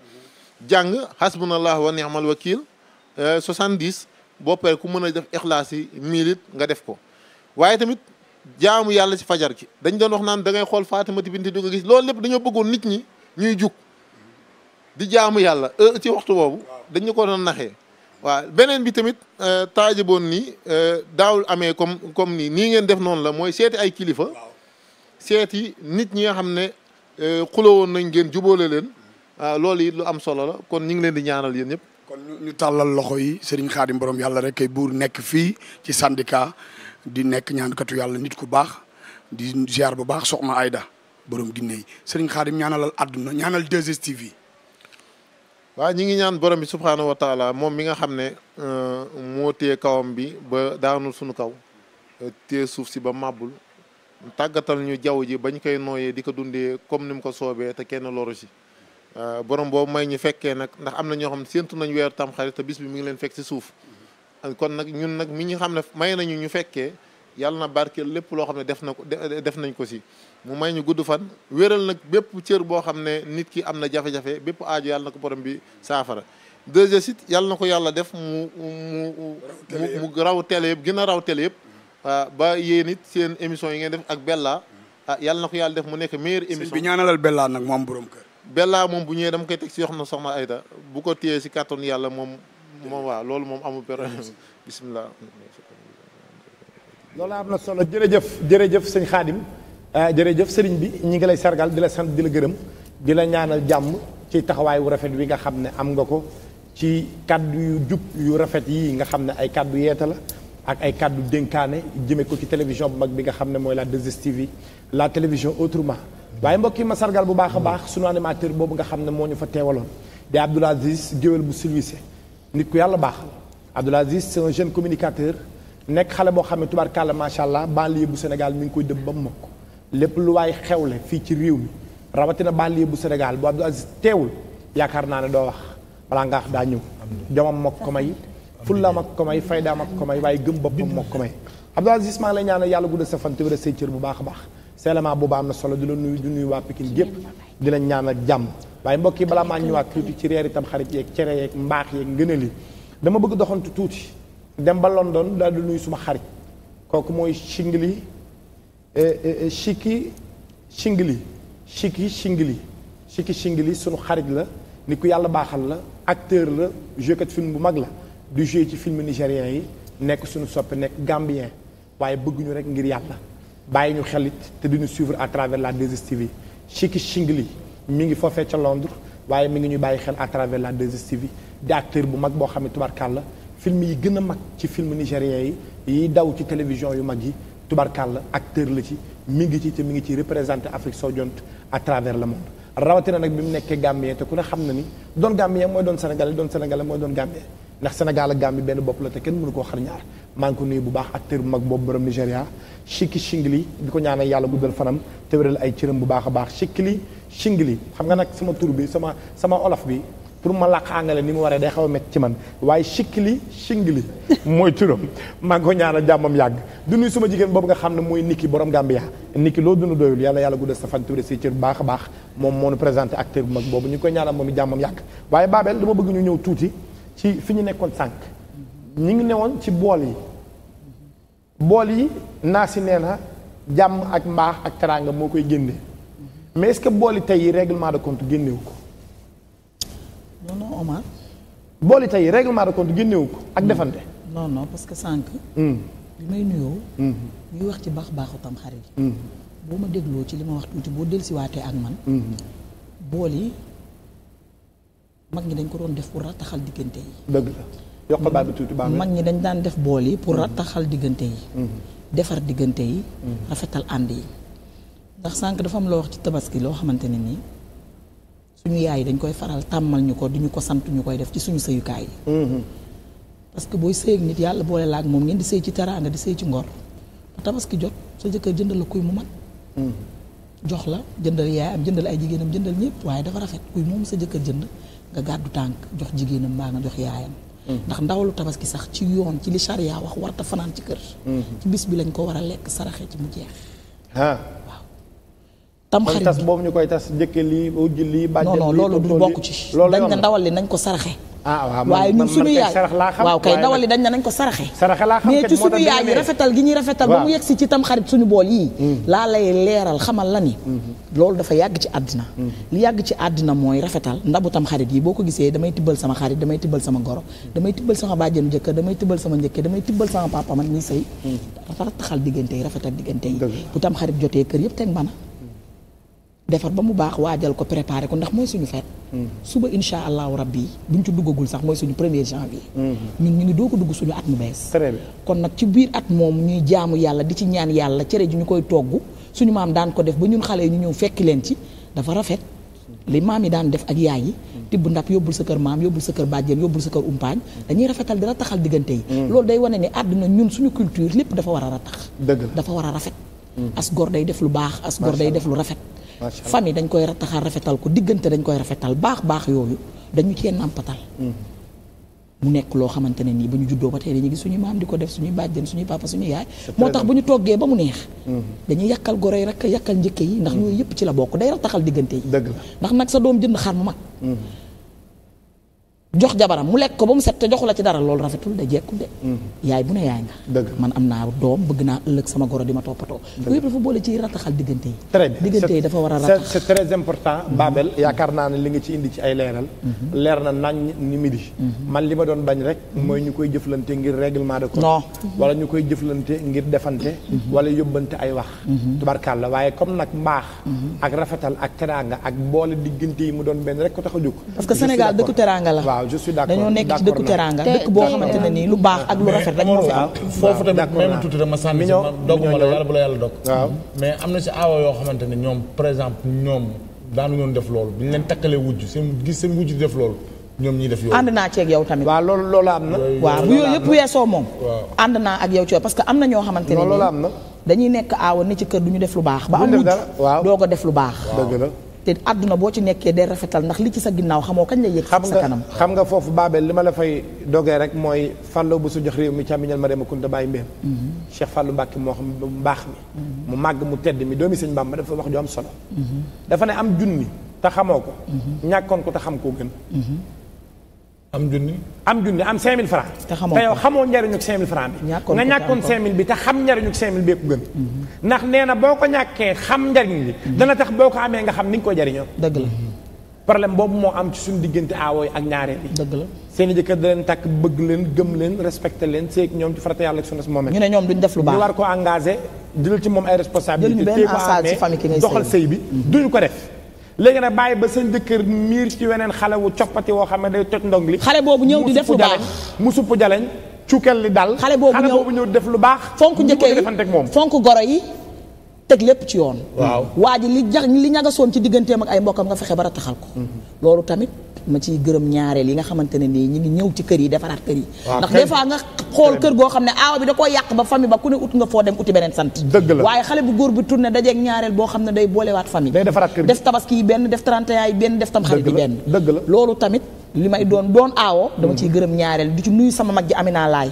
jàng hasbunallah wa ni'mal wakil 70 eh, boo paree ku mën a def ixlaas yi miilit nga def ko waaye tamit jaamu yàlla si fajar gi dañ doon wax naan da ngay xool Fatimati binti du nga gis loolu lépp dañoo bëggoon nit ñi ñuy jug di jaamu yàlla euh, ci waxtu boobu dañu ko doon naxee waaw beneen bi tamit euh, taajaboon nii euh, daawul amee comme comme nii nii ngeen def noonu la mooy seeti ay kilifa seeti nit ñi nga xam ne woon nañ ngeen jubóole leen waaw loolu it lu am solo la kon ñu ngi leen di ñaanal yéen ñëpp kon ñu tàllal loxo yi sëriñ xaadim borom yàlla rek kay buur nekk fii ci sandika di nekk ñaankatu yàlla nit ku baax di ziar bu baax soxna Ayda borom Guinée sëriñ xaadim ñaanalal àdduna ñaanal 2 yi waaw ñi ngi ñaan borom bi subhaanahu wa taala moom mi nga xam ne euh, moo téye kawam bi ba daanul suñu kaw téye suuf si ba màbbul tàggatal ñu jaww ji bañ koy nooyee di ko dundee comme ni mu ko soobee te kenn loru si euh, borom boobu may ñu fekkee nag ndax am na ñoo xam ne séentu nañ weer tam xarit te bis bi mi ngi leen fekk si suuf kon nag ñun nag mi ñu xam ne may nañu ñu fekkee yàlla na barkeel lépp loo xam ne def na ko def nañ ko si mu may ñu gudd fan wéral nag bépp cër boo xam ne nit ki am na jafe-jafe bépp aajo yàlla na ko borom bi saafara deuxième yàlla na ko yàlla def mu mu gën a raw télé yëpp ah, ba yéen seen émission yi ngeen def ak Bella ah yàlla na yàlla def mu nekk meilleure émission bi ñaanalal Bella nag moom borom kër Bella moom bu ñëwee dama koy teg si yoo xam ne soxna Ayda bu ko téyee si kattoon yàlla moom moom waaw loolu moom amul per bisimilah loolu am na solo jërëjëf jërëjëf sëñ Xaadim Ah, jërëjëf sëriñ bi ñu ngi lay sargal di la sant di la gërëm di la ñaanal jàmm ci taxawaay wu rafet wi nga xam ne am nga ko ci kàddu yu jub yu rafet yi nga xam ne ay kàddu yeeta la ak ay kàddu dénkaane jëme ko ci télévision bu mag bi nga xam ne mooy la 2STV la télévision autrement waaye mbokk yi ma sargal bu baax a baax sunu animateur boobu nga xam ne moo ñu fa teewaloon di Abdoul Aziz géwél bu silwise nit ku yàlla baax la Abdoul Aziz c'est un jeune communicateur nekk xale boo xam ne tubaarkàlla macha allah banlieue bu Sénégal mi ngi koy dëb ba mokk lépp lu waay xewle fii ci réew mi rawatina banlieue bu Sénégal bu Abdou Aziz teewul yaakaar naa ne doo wax balaa nga wax daa ñëw jomam moo ko may fullaam ak ko may faydaam ak ko may waaye gëm boppam moo ko may Abdou Aziz maa ngi lay ñaanal sa fan te wér say cër bu baax a baax seelament booba am na solo di la nuyu di nuyu waa Pikine gépp di la ñaanal jàmm waaye mbokk yi balaa maa ñëwaat tuuti ci reer itam xarit yeeg cere yeeg mbaax yeeg ngëneel yi dama bëgg doxantu tuuti dem ba London daal di nuyu suma xarit kooku mooy Shingli Chiki e, e, e, Shingili Chiki Shingili Chiki Shingili sunu xarit la ni ku yàlla baaxal la acteur la jouekat film bu mag la du jouer ci film nigérien yi nekk suñu soppe nekk gambien waaye bëgguñu rek ngir yàlla bàyyi ñu xel it te duñu suivre à travers la 2STV Chiki Shingili mi ngi foofee ca Londres waaye mi ngi ñu bàyyi xel à travers la 2STV di acteur bu mag boo xam ne tubarkàlla film yi gën a mag ci film nigérien yi yiy daw ci télévision yu mag yi tubarkalla acteur la ci mi ngi ci te mi ngi ci représenté Afrique soo jont à travers le monde rawatina nag bi mu nekkee Gambien te ku ne xam na ni doon Gambien mooy doon Sénégalais doon Sénégalais mooy doon Gambien ndax Sénégal ak Gambie benn bopp la te kenn mënu koo xar ñaar maa ngi ko nuyu bu baax acteur bu mag boobu borom Nigéria Chikki Chingli di ko ñaanal yàlla guddal fanam te wéral ay cëram bu baax a baax Chikki Chingli xam nga nag sama tur bi sama sama olof bi pour ma làq angale ni mu waree day xaw a métti ci man waaye li Shikili li mooy turam maa ngi ko ñaanal jàmmam yàgg du nuyu suma jigéen boobu nga xam ne mooy Niki borom Gambia Niki loo dund doyul yàlla yàlla guddal sa fan tuure si cër baax a baax moom moo nu présenté acteur bu mag boobu ñu ngi koy ñaanal moom i jàmmam yàgg waaye Babel dama bëgg ñu ñëw tuuti ci fi ñu nekkoon sànq ñu ngi newoon ci bool yi bool yi naa si nee na jàmm ak mbaax ak teraanga moo koy génne mais ce que bool yi tey yi règlement de génnewu ko non non Omar. booli tey règlement de compte génnewu ko ak mm. defante. non parce que sànq. Mm. li may nuyoo. Mm. ñuy wax ci baax baaxu tam xarit. boo ma dégloo ci li ma wax tuuti boo dellusiwaatee ak man. bool yi mag ñi dañ ko doon def pour rattaxal diggante yi. dëgg la yokkal baat bi tuuti baax mag ñi dañ daan def bool yi pour rattaxal diggante yi. defar diggante yi. rafetal ànd yi. ndax sànq dafa am loo wax ci tabaski loo xamante ne nii. suñu yaay yi dañ koy faral tàmmal ñu ko duñu ko sant ñu koy def ci suñu sëyukaay yi. Mm-hmm. parce que booy sëy ak nit yàlla boole la ak moom ngeen di sëy ci teraanga di sëy ci ngor ba tabaski jot sa jëkkër jënd la kuy mu mat. Mm-hmm. jox la jëndal yaayam jëndal ay jigéenam jëndal ñëpp waaye dafa rafet kuy moom sa jëkkër jënd nga gàddu tànk jox jigéenam mbaa nga jox yaayam. Mm-hmm. ndax ndawalu lu tabaski sax ci yoon ci li charia wax warta fanaan ci kër. ci bis bi lañ ko war a lekk saraxe ci mu jeex. tamxarit tas boobu ñu koy tas jëkke li wujj lii bàjjal non non loolu du bokk ci dañ na ndawal li nañ ko saraxe ah waaye ñun suñu yaay waaw kay ndawal li dañ na nañ ko saraxe mais ci suñu yaay yi rafetal gi ñuy rafetal ba mu yegg si ci tamxarit suñu bool yi mm. laa lay leeral xamal la ni mm-hmm. loolu dafa yàgg ci àddina mm. li yàgg ci àddina mooy rafetal ndabu xarit yi boo ko gisee damay tibbal sama xarit damay tibbal sama goro damay tibbal sama bàjjenu jëkkër damay tibbal sama njëkke damay tibbal sama papa man ñi sëy mm. taxal diggante yi rafetal diggante yi bu tamxarit jotee kër yëpp teg bana defar ba mu baax waajal ko préparer ko ndax mooy suñu fête. Mm-hmm. suba incha allahu rabbi buñ ci duggagul sax mooy suñu premier janvier. Mm-hmm. ñun ñu ngi doo ko dugg suñu at mu bees. très kon nag ci biir at moom ñuy jaamu yàlla di ci ñaan yàlla cere ji ñu koy togg suñu maam daan ko def ba ñun xale yi ñu ñëw fekki leen ci dafa rafet. li maam yi daan def ak yaay yi. Mm-hmm. tibb ndap yóbbul sa kër maam yóbbul sa kër bàjjan yóbbul sa kër umpaañ. dañuy rafetal di rataxal diggante loolu day wane ne àdduna ñun suñu culture lépp dafa war a dëgg dafa war a rafet. Mm. as góor day def lu baax as góor day def lu rafet famille dañ koy taxal rafetal ko diggante dañ koy rafetal baax baax yooyu dañu cee nàmpatal mm. mu nekk loo xamante ne nii bu ñu juddoo ba tey dañuy gis suñu maam di ko def suñuy bàjjen suñu papa suñu yaay moo tax bu ñu toggee ba mu neex mm. dañuy yàkkal goro yi rek yàkkal njëkke yi ndax yooyu yëpp ci la bokk day rattaxal diggante yi ndax nag sa doom jënd xar mu mag jox jabaram mu lekk ko ba mu set te joxu ci dara loolu rafetul de jekkul de mm-hmm. yaay bu ne yaay nga man am naa doom bëgg naa ëllëg sama goro di ma toppatoo yooyu yëpp dafa boole ci rataxal diggante yi très bien diggante yi dafa war a ratax c'est mm-hmm. yaakaar naa ne li nga ci indi ci ay leeral mm-hmm. leer na nañ ni man li ma doon bañ rek mooy ñu koy jëflante ngir règlement de compte non wala ñu koy jëflante ngir defante wala yóbbante ay wax tubarkàlla waaye comme nag mbaax ak rafetal ak teraanga ak boole diggante yi mu doon benn rek ko waaw je suis d'accord dañoo nekk ci dëkku teraanga dëkk boo xamante ne nii lu baax ak lu rafet rek moo fi am foofu tamit même tuuti dama sànni si doguma la yàlla bu la yàlla dog mais am na si aawa yoo xamante ñoom par exemple ñoom daanu ñoon def loolu bu ñu leen takkalee wujj seen gis seen wujj def loolu ñoom ñi def yow ànd naa ci ak tamit. waaw loolu loolu am na. waaw bu yooyu yëpp weesoo moom. ànd naa ak yow ci parce que am na ñoo xamante ni a te àdduna boo ci nekkee de rafetal ndax li ci sa ginnaaw xamoo kañ lay yëg sa kanam xam nga foofu Babel li ma la fay dogee rek mooy fàllo bu su jox réew mi càmmiñal ma rema kunta bàyyi mbéem mhm. Cheikh Fallou Mbacke moo xam mbaax mi mhm. mu màgg mu tedd mi doomi sëñ Bamba dafa wax ju am solo mhm. dafa ne am junni te xamoo ko ñàkkoon ko te xam koo gën am junni am junni am 5000 francs te yow xamoo njariñu 5000 francs bi nga ñàkkoon 5000 bi te xam njariñu 5000 bi yëpp gën mhm. ndax nee na boo ko ñàkkee xam njariñ li mhm. dana tax boo ko amee nga xam ni nga ko jariñoo dëgg la problème boobu moo am suñu diggante aawooy ak ñaareel yi la seen i jëkkër da leen bëgg leen gëm leen respecté leen seeg ñoom ci farata moom ñu ne ñoom duñ def lu baax ñu war ko engagé jël ci moom ay responsabilité doxal sëy bi mhm. duñu ko def léegi nag bàyyi ba sa jëkkër miir ci weneen xale wu coppati woo xam ne day toj ndong li xale boobu ñëw di def lu baax mu supp jaleñ cukkal li dal xale boobu ñëw def lu baax fonk njëkkër yi defanteeg moom fonk goro yi teg lépp ci yoon waaw waa ji li jax li ñagasoon ci digganteem ak ay mbokkam nga fexe ba rataxal ko mm-hmm. loolu tamit ma ciy gërëm ñaareel yi nga xamante ne nii ñu ngi ñëw ci kër yi defaraat kër yi ndax des fois nga xool kër goo xam ne aawa bi da koo yàq ba famille ba ku ne ut nga foo dem uti beneen sant dëgg la waaye xale bu góor bi tourné dajeeg ñaareel boo xam ne day boolewaat famille day defaraat kër def tabaski yi benn def 31 yi benn def tam xarit yi benn dëgg la loolu tamit li may doon doon aawo dama ciy hmm. gërëm ñaareel di ci nuyu sama mag ji Amina Laay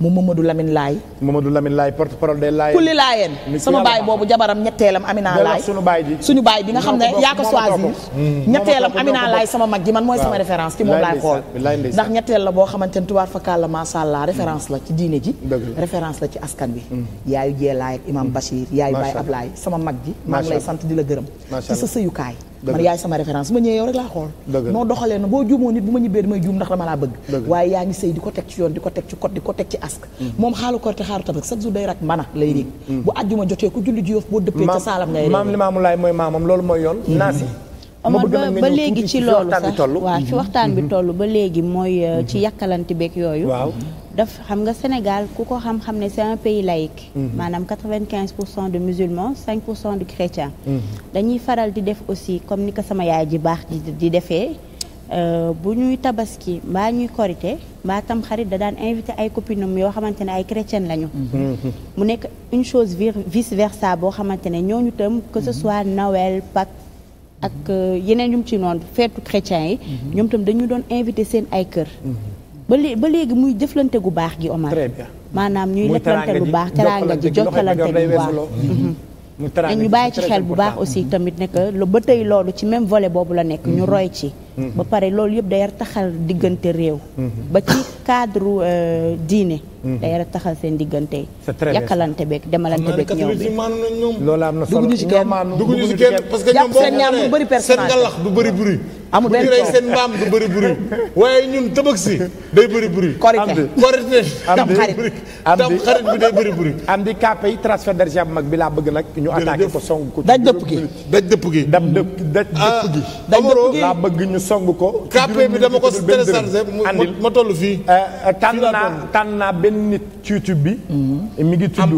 mu Mamadou Lamine Laay. Mamadou Lamine Laay porte parole des Laayeen. kulli Laayeen sama baay boobu jabaram ñetteelam Amina Laay suñu baay bi suñu baay bi nga xam ne yaa ko choisir. Mm-hmm. ñetteelam Amina Laay sama mag ji man mooy sama référence ci moom laay xool. ndax ñetteel la boo xamante ne tubaar fakàlla macha allah référence la ci diine ji. référence la ci askan wi. Mm-hmm. yaayu jee Laay ak Imam mm-hmm. Bachir. baay Baye laay sama mag ji. maa ngi lay sant di la gërëm. ci sa sëyukaay man yaay sama référence ma ñëwee yow rek laa xool noo doxalee na boo juumoo nit bu ma ñibbee damay juum ndax dama laa bëgg waaye yaa ngi sëy di ko teg ci ko teg ci code di ko teg ci ask mm-hmm. moom xaalu korte xaaru tabax chaque jour day rak mana lay dégg mm-hmm. bu àjjuma jotee ku julli ji yoof boo dëppee ca saalam ngay maam li maamu mooy maamam loolu mooy yoon naa si Omar ba léegi ci loolu sax waaw fi waxtaan bi mm-hmm. toll ba léegi mooy euh, ci yàkkalante beeg def xam nga Sénégal ku ko xam-xam ne c'est un pays laïque mhm. maanaam quatre-vingt-quinze pour cent de musulmans cinq pour cent de chrétiens mhm. dañuy faral di def aussi comme ni ko sama yaay ji baax di defee euh, bu ñuy tabaski mbaa ñuy korité mbaa tam xarit da daan invité ay copinam yoo xamante ne ay chrétienne lañu. Mhm. mu nekk une chose vice versa boo xamante ne ñooñu tam que ce soit Noël Pâques ak euh, yeneen ñum ci noonu feetu chrétiens yi ñoom tam dañu doon invité seen ay kër ba léegi ba léegi muy jëflante gu baax gi Omar. très maanaam ñuy lëkkalante lu baax teraanga ji jokkalante bu baax mhm. *laughs* mu ñu bàyyi ci xel bu baax aussi tamit ne que ba tey loolu ci même volet boobu la nekk ñu mhm. roy ci ba pare loolu yëpp day taxal diggante réew. Mm-hmm. ba ci cadre euh, diine. Mm-hmm. day taxal seen diggante. c'est très bien yàkkalante beeg demalante beeg ñëw bi loolu am na solo dugg ñu que ñoom boo mu bëri personnalité seen ngalax du bëri bruit. amul benn coow seen mbaam du bëri bruit waaye ñun si day bëri bëri am di kàppe yi transfert d'argent bu mag bi laa bëgg nag. ñu attaqué ko song ko. daj dëpp gi daj dëpp gi. daj dëpp gi. daj dëpp gi laa bëgg ñu song ko. kàppe bi dama ko téléchargé ma toll fii. Euh, tànn naa tànn naa benn nit ci YouTube bi. Mhm. mi ngi tudd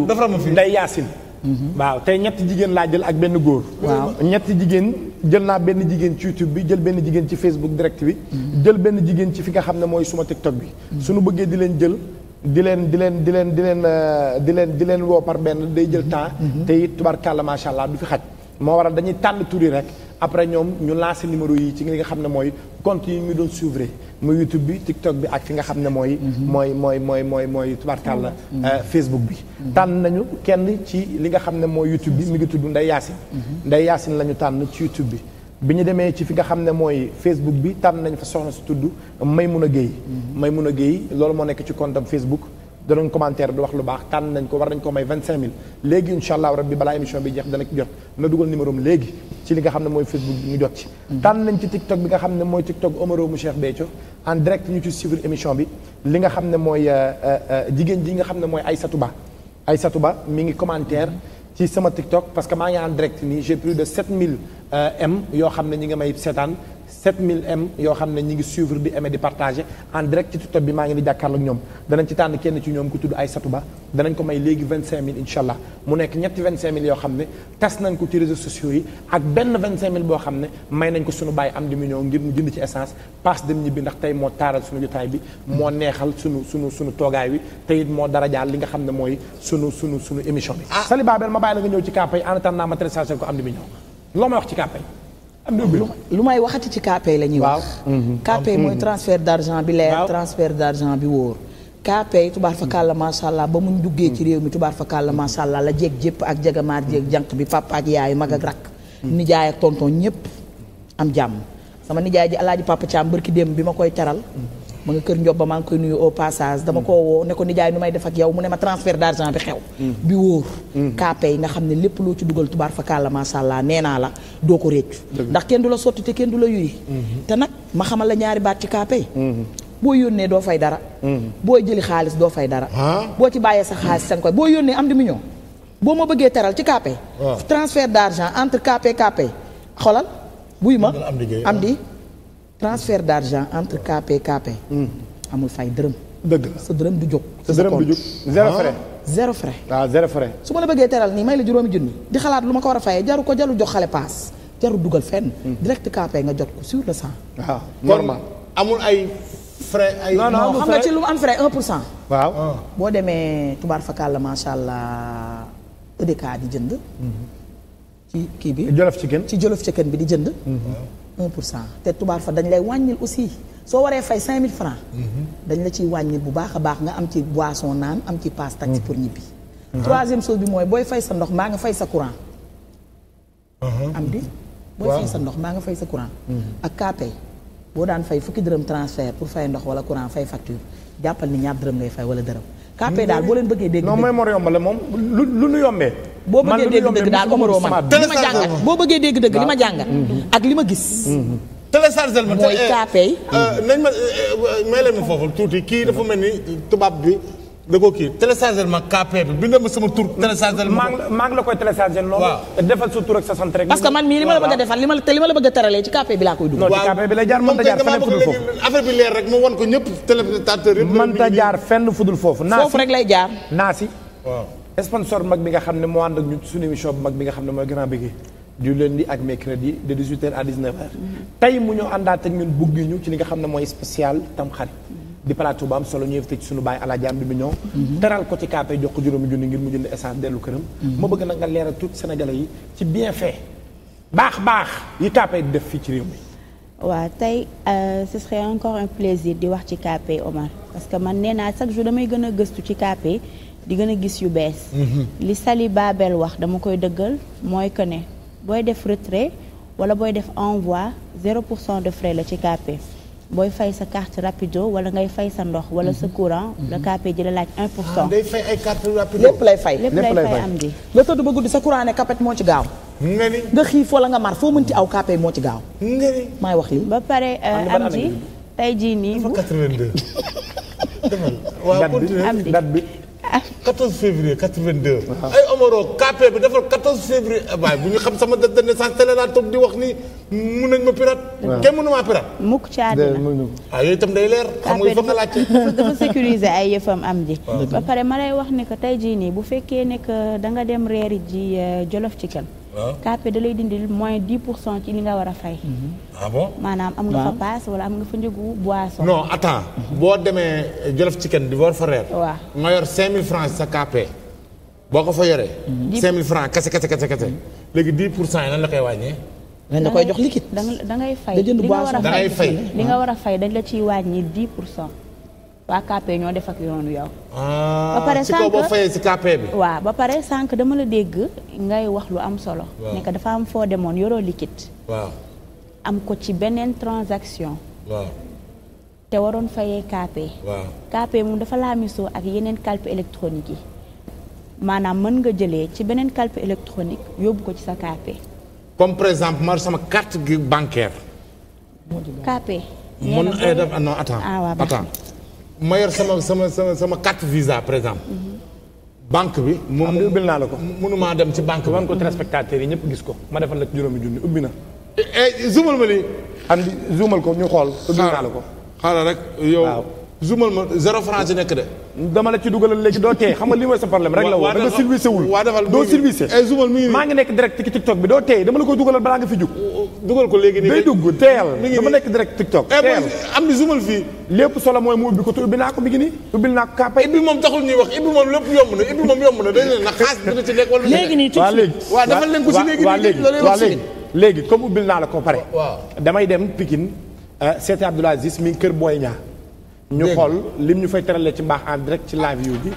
Ndeye Yacine. Mhm. waaw tey ñetti jigéen laa jël ak benn góor. waaw ñetti jigéen jël naa benn jigéen ci YouTube bi jël benn jigéen ci Facebook direct bi. Mhm. jël benn jigéen ci fi nga xam ne mooy suma TikTok bi. suñu bëggee di leen jël. di leen di leen di leen di leen euh, di leen di leen woo par benn day jël temps. te it tubarkalla macha allah du fi xaj. moo waral dañuy tànn tur yi rek. après ñoom ñu lancé numéro yi ci li nga xam ne mooy compte yi ñu doon suivre mu YouTube bi TikTok bi ak fi nga xam ne mooy. Mhm. mooy mooy mooy mooy mooy tubaarkàlla mhm. euh, Facebook bi. Mhm. tànn nañu kenn ci li nga xam ne mooy YouTube bi mi ngi tudd Ndeye Yacine. Ndeye Yacine la ñu tànn ci YouTube bi. bi ñu demee ci fi nga xam ne mooy Facebook bi tànn nañ fa soxna si tudd may mun a may mun a géey loolu moo nekk ci compte am Facebook. danañ commentaire di wax lu baax tànn nañ ko war nañ ko may vingt cinq mille léegi incha allah rabbi balaa émission bi jeex dana jot na dugal numéro léegi ci li nga xam ne mooy Facebook bi ñu jot ci mhm. tànn nañ ci TikTok nga xam ne mooy TikTok Omaro mu Cheikh Béthio en direct ñu ci suivre émission bi li nga xam ne mooy euh, euh, euh, jigéen ji nga xam ne mooy Aïssatou Ba Aïssatou Ba mi ngi commentaire mhm. ci sama TikTok parce que maa ngi en direct nii j'ai plus de 7000 m yoo xam ne ñi nga may seetaan 7000 m yoo xam ne ñi ngi suivre di aimer di partager en direct ci TikTok bi maa ngi di jàkkaarloo ak ñoom danañ ci tànn kenn ci ñoom ku tudd Aïssatou Ba danañ ko may léegi 25000 incha allah mu nekk ñetti 25000 yoo xam ne tas nañ ko ci réseaux sociaux yi ak benn 25000 boo xam ne may nañ ko suñu bàyyi am di million ngir mu jënd ci essence paas dem ñibbi ndax tey moo taaral suñu jotaay bi moo neexal suñu suñu toogaay wi te it moo darajaal li nga xam ne mooy su suñu suñu émission bi ah. Sali Babel ma ñëw ci kàppay en attendant ko am di lu may waxati ci KPay la ñuy wax. Mm-hmm. KPay mooy mm-hmm. transfert d' argent bi leer. transfert d' argent bi wóor. KPay tubaar fa kàlla macha allah ba mu duggee ci mm-hmm. réew mi tubaar fa kàlla allah la jeeg jépp ak jagamaar jeeg jànq bi papa ak yaayu mag ak rakk. nijaay ak tonton ñëpp am jàmm. sama nijaay ji alaaji papa Thiam barki démb bi ma koy teral ma nga kër Ndiob ba maa ngi koy nuyu au passage. dama ko woo ne ko nijaay nu may def ak yow mu ne ma transfert d'argent bi xew. Mm. bi wóor. Mm. kaape yi nga xam ne lépp loo ci dugal tubaar fa kàlla macha allah nee naa la doo ko réccu. ndax kenn du la sotti te kenn du la yuy. Mm-hmm. te nag ma xamal la ñaari baat ci kaape mm-hmm. boo yónnee doo fay dara. Mm-hmm. boo jëli xaalis doo fay dara. Ah? boo ci bàyyee sa xaalis sa nga koy boo yónnee am di mu ñëw. boo ma bëggee teral ci kaape. transfert d'argent entre kaape kaape xolal buy ma am di transfert d'argent entre KP KP. Hmm. amul fay dërëm. dëgg la sa dërëm du jóg. sa dërëm du jóg zéro ah. frais. zéro frais. waaw ah, zéro frais. su ma la bëggee teral nii may la juróomi junni. di xalaat lu ma ko war a fayee jaru ko jaru jox xale paas jaru dugal fenn. Hmm. direct KP nga jot ko sur le sang. Ah, waaw normal amul ay. frais ay non non xam nga ci lu am frais pour sant waaw boo demee tubaar fakal la macha allah EDK di jënd. Hmm. ci kii bi jolof ci kenn ci jolof ci bi di jënd. pour cent te tubaab fa dañ lay wàññil aussi soo waree fay cinq mille francs mhm. dañ la ciy wàññil bu baax a baax nga am ci boisson naan am ci passe taxi mhm. pour ñibbi mhm. troisième chose bi mooy booy fay sa ndox maa nga fay sa courant am di sa ndox maa nga fay sa courant ak kaapay boo daan fay fukki dërëm transfert pour fay ndox wala courant fay facture jàppal ni ñaar dërëm ngay fay wala dërëm KP daal boo leen bëggee dégg. non mooy moo yombale moom lu lu nu yombee. boo bëggee dégg dëgg daal Omaro man li ma jàngat boo bëggee dégg dëgg li ma jàngat. ak li ma gis. téléchargel ma mooy eh, KP. Euh, nañ ma may leen ma foofu tuuti kii dafa mel ni tubaab bi. da koo kii téléchargé ma KP bi bind ma sama tur. téléchargé ma maa ngi la koy téléchargé loolu. waaw defal sa tur ak sa man mii li ma la bëgg a defal li ma la bëgg a ci KP bi laa koy dugg. non bi lay jaar mën ta jaar fenn fudul foofu foofu. rek lay jaar. naasi. waaw mag bi nga xam ne moo ànd ak ñu suñu émission mag bi nga xam ne mooy grand bégué du lundi ak mercredi de 18h à mm-hmm. tey mu ñëw àndaat ñun bugg ñu ci li nga xam ne mooy spécial tam di plateau bu am solo ñu invité ci suñu bàyyi alaaji am di mu ñëw mhm. teral ko ci kaape jox ko juróomi junni ngir mu jënd essence dellu këram mhm. ma bëgg nag leeral tout sénégalais yi ci bienfait baax baax yi kaape di def fii ci réew mi waaw tey euh, ce serait encore un plaisir di wax ci kaape Omar parce que man nee naa chaque jour damay gën a gëstu ci kaape di gën a gis yu bees mhm. li Sali Babel wax dama koy dëggal mooy que ne booy def retrait wala booy def envoi zéro de frais la ci kaape booy fay sa carte rapido wala ngay fay sa ndox wala sa mhm. courant le mhm. KP di la laaj 1 pour cent ah, lépp lay fay lépp lay fay am di nga tëdd ba guddi sa courant ne kapet moo ci gaaw nga ni nga xiif wala nga mar foo mënti aw KP moo ci gaaw nga ni maay wax lii ba pare euh, am di tey jii nii bu 82 *laughs* waaw am bi 14 février 82. ay omoro KP bi defal 14 février waaye bu ñu xam sama date de naissance télé laa toog di wax ni mun nañ ma pirate. waaw kenn mënu maa pirate. mukk ci àddina ah yooyu day leer. xam nga fa nga laajte *laughs* dafa sécuriser ay yëfam am ji. ba pare ma lay wax ne que tey jii nii bu fekkee ne danga dem reeri ji euh, Jolof kenn KP da lay dindil moins pour cent ci li nga war a fay. Mm-hmm. ah bon maanaam am nga fa ah. paas wala am nga fa njëgu boisson. non attends mm-hmm. boo demee Jolof Chicken di war fa reer. waaw nga yor 5000 francs sa KP. boo ko fa yoree. 5000 mm-hmm. francs kese kese kese kese léegi 10 pour cent yi nan la koy wàññee. da koy jox liquide. da ngay fay da ngay fay li a dañ la ciy wàññi 10 pour cent. waa KP ñoo def ak yoonu yow. Ah, ba pare sànq bi. waaw ba pare sànq dama la dégg ngay wax lu am solo. waaw dafa am foo demoon yoroo liquide. am ko ci beneen transaction. waaw. te waroon fayee KP. waaw KP dafa laa misoo ak yeneen calpe électronique yi maanaam mën nga jëlee ci beneen calpe électronique yóbbu ko ci sa KP. comme par exemple ma sama carte bancaire. KP. mun ay def ah, non attends ah, ma yor sama sama sama sama carte visa par exemple. banque bi. moom ah, ubbil naa la ko mënumaa dem si banque bi. wan ko téléspectateurs yi ñëpp gis ko ma defal la juróomi junni ubbi na. Eh, eh, zoomal ma lii. andi zoomal ko ñu xool. ubbil naa la ko xaaral rek yow. zumal ma zéro franc ci nekk de. dama la ci dugalal léegi doo tee xam nga li mooy sa problème rek la woo. da nga service wul waa defal doo service. Eh, ci TikTok bi doo tee dama la koy dugalal balaa nga oh, oh, dugal ko léegi nii day dugg teel dama nekk direct TikTok. Eh, teel am na zumal fii. lépp solo mooy mu ubbi ko te ubbi naa ko mi ngi naa ko kaapay ubbi moom taxul yomb na ubbi moom yomb na la ko pare damay dem Pikine euh, seeti Abdoul Aziz kër Boy Niang ñu xool lim ñu fay teralee ci mbaax en direct ci live yu bi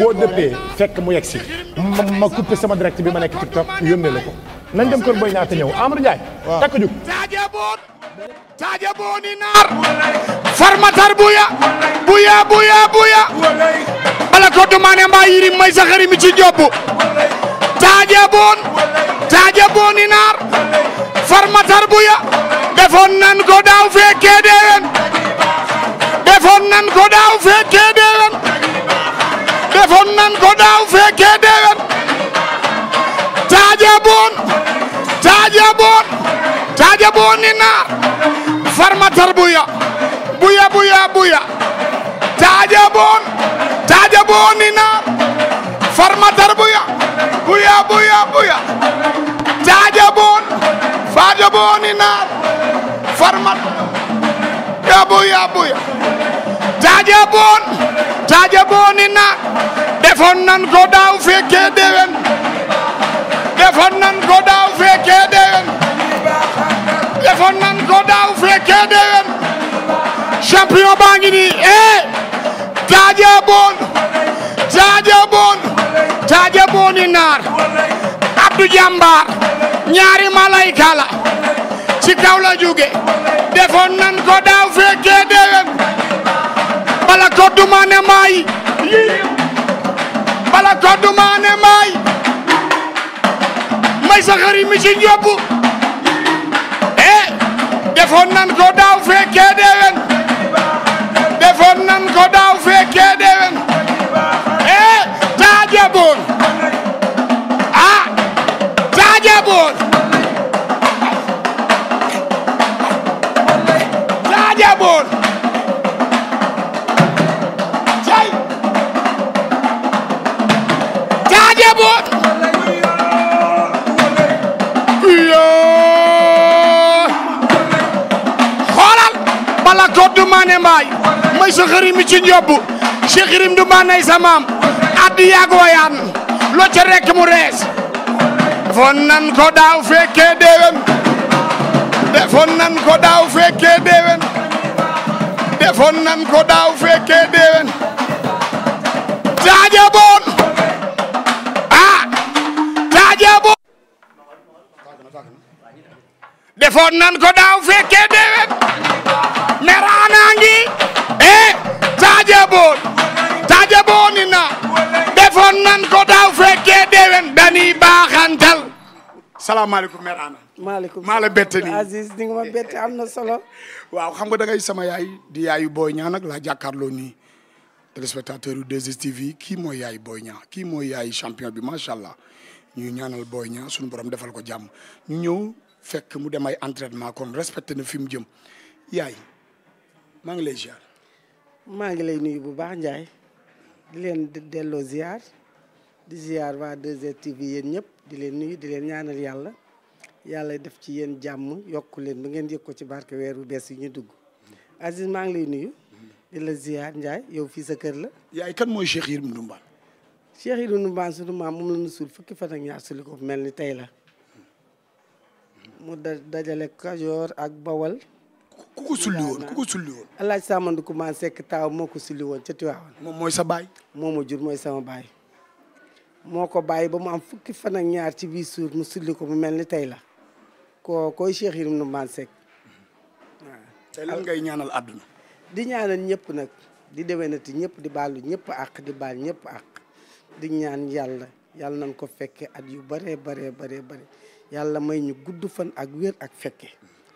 boo dëppee fekk mu yegg si ma coupé sama direct bi ma nekk TikTok yónnee la ko nañ dem kër Boy Niang te ñëw Amadou Ndiaye takk jug tajabon tajabon ni naar farmatar buya buya buya buya ala ko dumaane mbaa yirim may saxari mi ci jobu tajabon tajabon ni naar farmatar buya defoon nan ko daaw fekkee deeween defoon nan ko daaw fekkee déwén defoon nan ko daaw fekkee déwén taaja boon taaja boon taaja boon ni naar farmatar buya buya buya buya taaja boon taaja boon ni naar farmatar buya buya buya buya taaja boon faaja boon ni naar farmatar yabuya buya taaja boon taaja booni na defoon nan ko fekkee déwén defoon nan fekkee déwén champion baa ngi nii eh taaja boon taaja boon taaja naar Abdou ñaari malayka la ci kaw la jóge defoon nan ko daaw fekkee déwén bala ko duma ne maay bala ko duma maay may sa xarit mi eh, defoon nan ko daaw fekkee déwén defoon nan ko daaw fekkee déwén eh taajaboon ah taajaboon come on. wala doot du maane mbaay may sa xërim mi ci njobb si xërim du maanay sa maam addi yaagoyaan lo ca rek mu rees defoon nan ko daaw fekkee déewén defoon nan ko daaw fekkee déewén defoon nan ko daaw fekkee déwén taaja boon ah taaja boon defoon nan ko daaw fekkee déwén meraanaa ngi eh taaja boon salaamaaleykum mère Anna. maaleykum maa la bett nii Aziz di ma bett am na solo. *laughs* waaw xam nga da sama yaay di yaay Boy Niang nag laa jàkkaarloo nii téléspectateur yu 2STV kii mooy yaayu Boy Niang kii mooy yaay champion bi macha allah ñuy ñaanal Boy Niang suñu borom defal ko jàmm ñu ñëw fekk mu dem ay entraînement kon respecté na fi mu jëm yaay maa ngi lay ziar. maa ngi lay nuyu bu baax Ndiaye di leen delloo ziar di ziar waa 2STV yéen ñëpp. di leen nuyu di leen ñaanal yàlla yàlla def ci yéen jàmm yokk leen ba ngeen yëg ko ci barke weer bu bees yi ñu dugg Aziz maa ngi lay nuyu di la ziar Ndiaye yow fii sa kër la yaay kan mooy Cheikh Yérim Mbane Cheikh Yérim Mbane sunu maam moom la ñu suul fukki fan ak ñaar suli ko mel ni tey la mu da dajale Kajoor ak Bawal ku ko sulli woon ku ko sulli woon alaaj Samandu Kumaan Sekk taaw moo ko sulli woon ca Tiwaawan moom mooy sa baay moo ma jur mooy sama baay moo ko bàyyi ba mu am fukki fan ak ñaar ci biir suur mu sulli ko mu mel ni tey la ko koy Cheikh Yérim Ndoumane Seck tey lan ngay ñaanal àdduna. di ñaanal ñëpp nag di déwénati ñëpp di baalu ñëpp àq di baal ñëpp àq di ñaan yàlla yàlla nañ ko fekkee at yu baree baree baree bare yàlla may ñu gudd fan ak wér ak fekke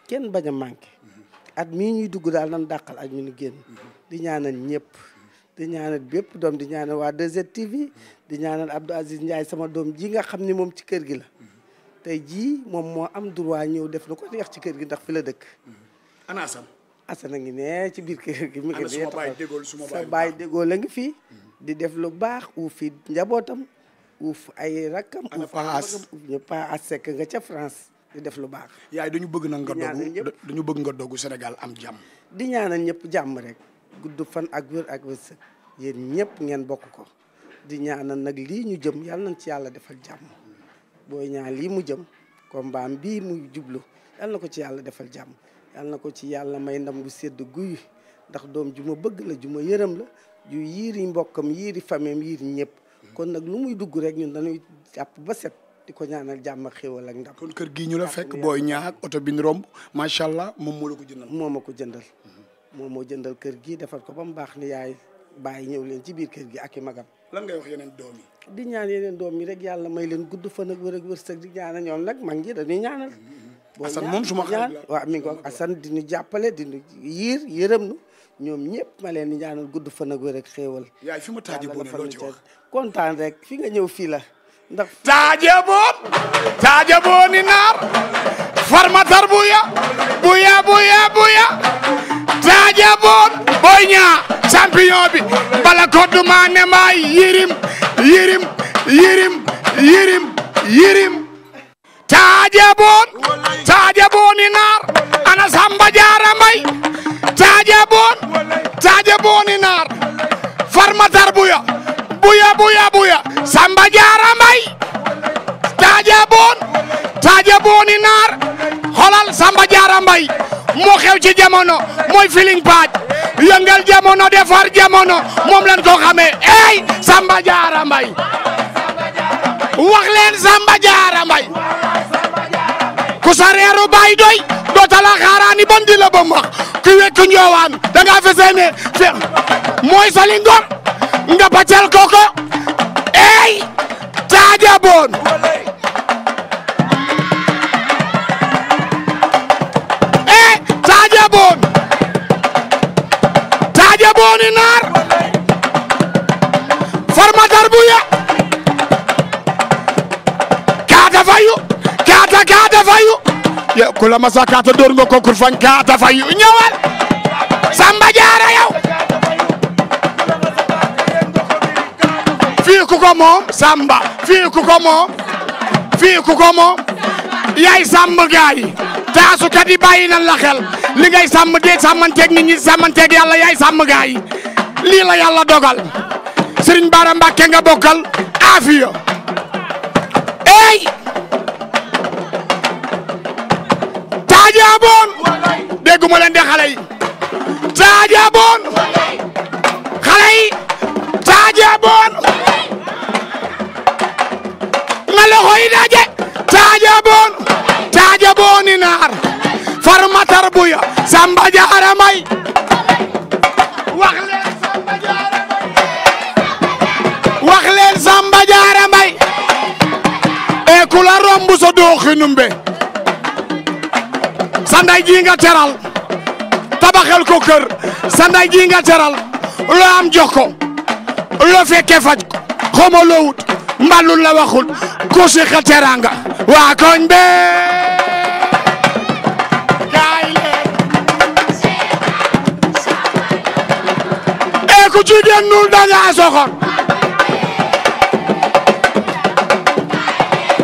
kenn bañ a manqué mm-hmm. at mii ñuy dugg daal nan dàqal ak ñu ni génn mm-hmm. di ñaanal ñëpp. di ñaanal bépp doom di ñaanal waa 2STV di ñaanal Abdou Aziz Ndiaye sama doom ji nga xam ni moom ci kër gi la tey jii moom moo am droit ñëw def na ko neex ci kër gi ndax fi la dëkk. ana Assane. Assane a ngi ne ci biir kër gi. mi ngi nii taxaw sa baay déggoo la ngi fi. di def lu baax uuf fi njabootam uuf ay rakkam. ana Paas uuf Paas sekk nga ca France. di def lu baax. yaay dañu bëgg na nga dogu dañu bëgg nga dogu Sénégal am jàmm. di ñaanal ñëpp jàmm rek. gudd fan ak wér ak wërsëg yéen ñëpp ngeen bokk ko di ñaanal nag lii ñu jëm yàlla nañ ci yàlla defal jàmm booy ñaan lii mu jëm combat bii mu jublu yàlla na ko ci yàlla defal jàmm yàlla na ko ci yàlla may ndam bu sedd guy ndax doom ju ma bëgg la juma ma yërëm la ju yiiri mbokkam yiiri famem yiiri ñëpp kon nag lu muy dugg rek ñun dañuy jàpp ba set di ko ñaanal jàmm ak xéwal ak ndam kon kër gii ñu la fekk booy ñaa ak oto bi ñu romb macha allah moom moo la ko jëndal moo ma ko jëndal moom moo jëndal kër gi defar ko ba mu baax ni yaay bàyyi ñëw leen ci biir kër gi ak i magam. lan ngay wax yeneen doom yi. di ñaan yeneen doom yi rek yàlla may leen gudd fan ak wër ak wërsëg di ñaanal ñoom nag mag ñi dañuy ñaanal. Mm-hmm. Assane moom suma xarit la waaw mi ngi ko Assane dinu ñu jàppale di ñu yiir yërëm nu ñoom ñëpp ma leen di ñaanal gudd fan ak wër ak yaay fi ma taaje boo ne loo ci wax kontaan rek fi nga ñëw fii la taajaboon taajabooni naar farmatar buya buya buya buya taajaboon boy ñaa champion bi bala koddu maa ne yirim yirim yirim yirim yirim taajaboon taajabooni naar ana samba jaara mbay taajaboon taajabooni naar farmatar buya buya buya buya samba jaara mbay taaja boon taaja booni naar xolal samba jaara mbay moo xew ci jamono mooy filing paaj yëngal jamono defar jamono moom lañ ko xamee ey samba jaara mbay wax leen samba jaara mbay ku sa reeru bay doy dootala xaaraani bam di la ba max ku wekku njoowaan da ngaa fesee ne mooy sali ngor nga bacal koko ey Thadia Bone ey Thadia Bone Thadia Bone naar farmatar buya kaata fayu kaata kaata fayu ye ku la masa kaata door nga konkur fañ kaata fayu ñëwal Samba Diarra yow fii ku ko moom Samba fii ku ko moom yaay sàmm gaay yi taasukat yi bàyyi nañ li ngay sàmm dee sàmmanteeg nit ñi sàmmanteeg yàlla yaay sàmm gaay yi lii la yàlla dogal Serigne Bara Mbacke nga bokkal aafiya ey taajaaboon dégguma leen de xale taajaaboon xale taajaaboon nga loxo yi daje taaja boon taaja booni naar farmatar buya samba may wax leen may wax leen e romb sa dooxinum be sa nday teral tabaxel ko kër sa nday teral loo am jox fekke faj xawma loo wut la waxul ku si xa teranga waa koñ bee eh, ku ci génnul da ngaa soxor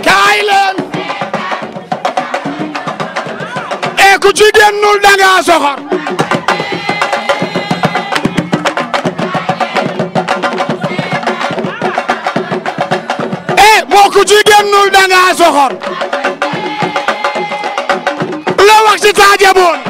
kaay leen e ku ci génnul soxor bokk ci génnul da ngaa soxor la ci Tadja Bone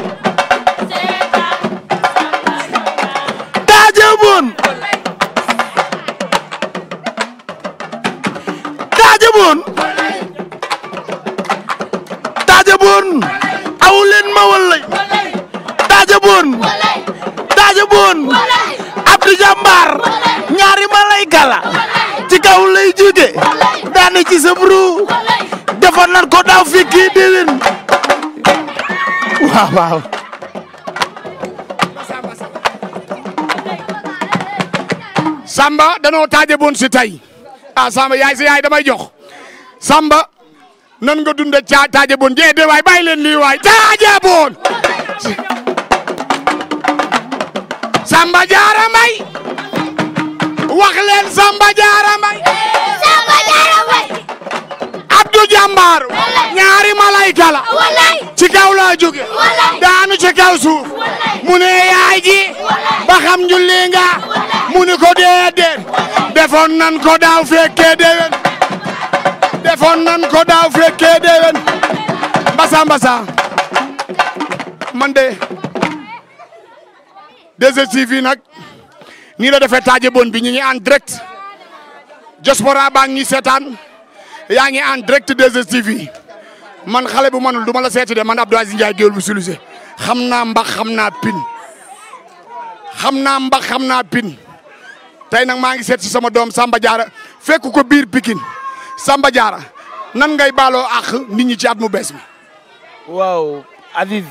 déwén waaw waaw Samba danoo taaja boon si tey ah Samba yaay si yaay damay jox Samba nan nga dunda caa taaje boon jee de waay leen lii waay taaje boon Samba Diarra Mbaye wax Samba Diarra Mbaye ci kaw laa jóge daanu ci kaw suuf mu ne yaay ji ba xam njulli nga mu ni ko déedéet defoon nan ko daaw fekkee déwén defoon nan ko daaw fekkee déwén mbasa mbasa man de 2STV nag nii la defee taaje bon bi ñu ngi en direct diaspora baa ngi seetaan yaa ngi en direct 2STV man xale bu manul du ma la seeti de man a Aziz Ndiaye géwél bu Sulucé xam naa mbax xam naa pin xam naa mbax xam naa pin tey nag maa ngi seet si sama doom Samba Diarra fekk ko biir Pikine Samba nan ngay baaloo àq nit ci at mu bees mi. waaw Aziz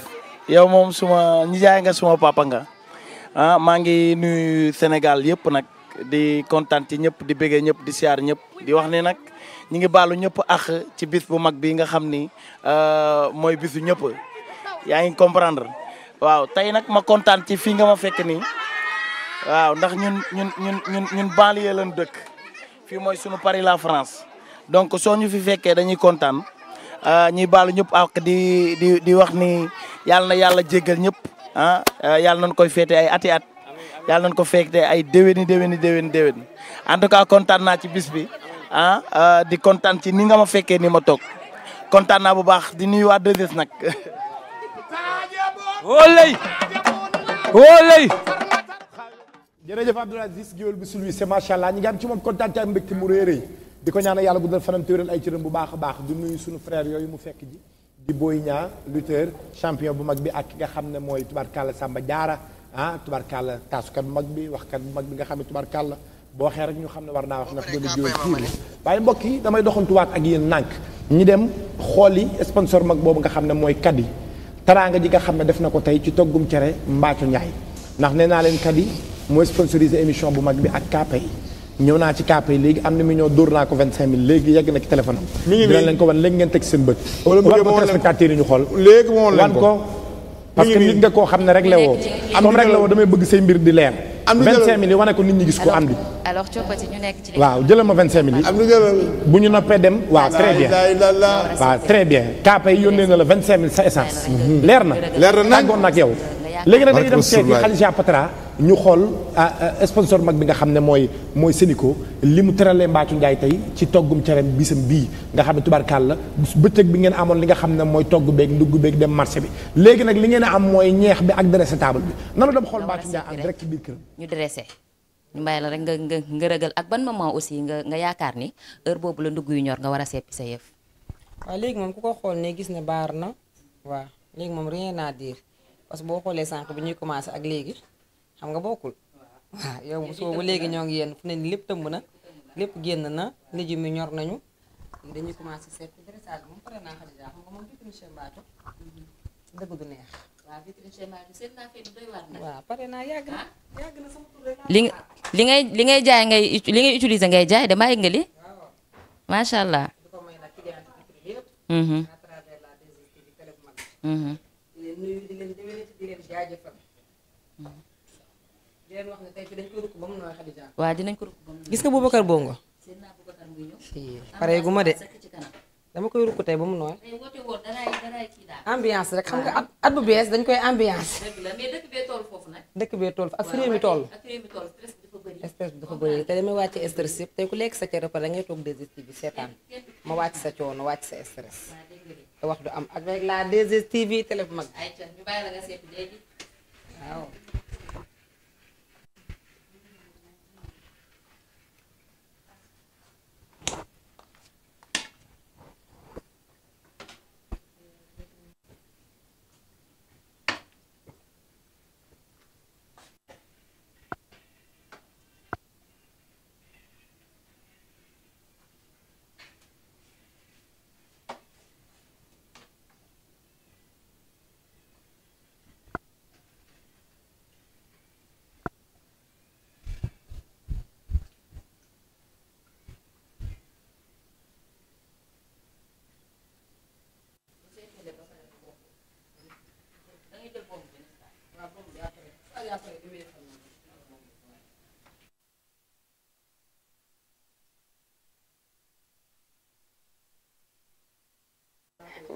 yow moom suma nijaay nga suma papa nga ah maa ngi nuyu Sénégal yëpp nag di kontaan ci ñëpp di bëggee ñëpp di siyaar ñëpp di wax ne nag. ñi ngi baalu ñëpp ak ci bis bu mag bi nga xam ni euh, mooy bisu ñëpp yaa ngi comprendre waaw tey nag ma kontaan ci fii nga ma fekk nii waaw ndax ñun ñun ñun ñun ñun banlieue lañ dëkk fii mooy sunu Paris la France donc soo ñu fi fekkee dañuy kontaan euh, ñuy baalu ñëpp ak di di di wax ni yàlla na yàlla jéggal ñëpp ah euh, yàlla nañ koy féete ay ati at yàlla nañ ko fekkte ay déwéni déwéni déwéni déwén en tout cas kontaan ci bis bi Ah, ah di kontaan ci ni nga ma fekkee ni ma toog kontaan naa bu baax di nuyu waa 2S nag. wóolay *laughs* wóolay. jërëjëf Abdoul Aziz géwél bi sulu c'est macha allah ñu ngi am ci moom kontaan ak mbégte mu rëy rëy di ko ñaanal yàlla guddal fanam téwéral ay cëram bu baax a baax di nuyu suñu frère yooyu mu fekk ji. di Boy Niang lutteur champion bu mag bi ak ki nga xam ne mooy sàmba jaara Diarra ah tubaarkàlla taasukat bu mag bi waxkat bu mag bi nga xam ne tubaarkàlla boo xee rek ñu xam ne war naa wax ndax dama jóge kii waaye mbokk yi damay doxantuwaat ak yéen nànk ñi dem xooli sponsor mag boobu nga xam ne mooy Kadi taraanga ji nga xam ne def na ko tey ci toggum cere Mbaacu Njaay ndax nee naa leen Kadi mooy sponsorisé émission bu mag bi ak kàppe yi ñëw naa ci kàppe yi léegi am na mu ñoo dóor naa ko 25000 léegi yegg na ci téléphone am. mi ngi leen ko wan léegi ngeen teg seen bët. wala mu ngi ñu xool léegi wan ko parce que koo xam ne rek la woo comme rek la woo damay bëgg say mbir di leer am na vingt cinq mille yi wane ko nit ñi gis ko am li alors coppati ñu nekk ci waaw jëlal ma vingt cinq mille yi am na jëlal bu ñu noppee dem waaw très bien waaw très bien kaapa yi yónnee na la vingt cinq mille sa essence leer na leer na tàggoon nag yow léegi nag dañuy dem seeti Alija Patra ñu xool ah, ah, sponsor mag bi nga xam ne mooy mooy Sénico li mu teralee Mbathio Ndiaye tey ci toggum cerem bisam bii nga xam ne tubaarkaal la bëccëg bi ngeen amoon li nga xam ne mooy togg beeg ndugg beeg dem marché bi léegi nag li ngeen a am mooy ñeex bi ak dressé table bi nanu dem xool Mbathio Ndiaye en direct ci biir këram ñu dressé ñu la rek nga nga nga rëgal ak ban moment aussi nga nga yaakaar ni heure boobu la ndugg yu ñor nga war a seppi sa yëf waaw léegi moom ku ko xool ne gis ne baar na waaw léegi moom rien à dire parce que boo xoolee sànq bi ñuy commencé ak léegi xam nga bokkul waaw *laughs* yow bu soo ba léegi ñoo ngi yéen fu ne lépp tëmb na lépp génn na légumes yi ñor nañu dañuy commencé seet nga mhm. neex waaw pare naa ah. li ngay li ngay jaay ngay li ngay utiliser ngay jaay damaa yëg nga li macha allah jaajëfal. di leen wax ne tey dañ ko rukk ba mu nooy Xadija. dinañ ko rukk ba mu nooy gis nga Boubacar Bongo. si ma dama koy rukk tey ba mu nooy. ambiance rek xam nga at at bu bees dañ koy ambiance. dëgg la mais dëkk bee toll foofu nag. dëkk bee ak réew mi toll. stress bi dafa bëri. te damay wàcce stress yëpp tey ku lekk sa cere pare da ngay toog des bi seetaan ma wàcc sa coono wàcc sa stress. te wax du am ak rek la 2STV télé bu mag. ayca ñu bàyyi la nga seeti léegi waaw.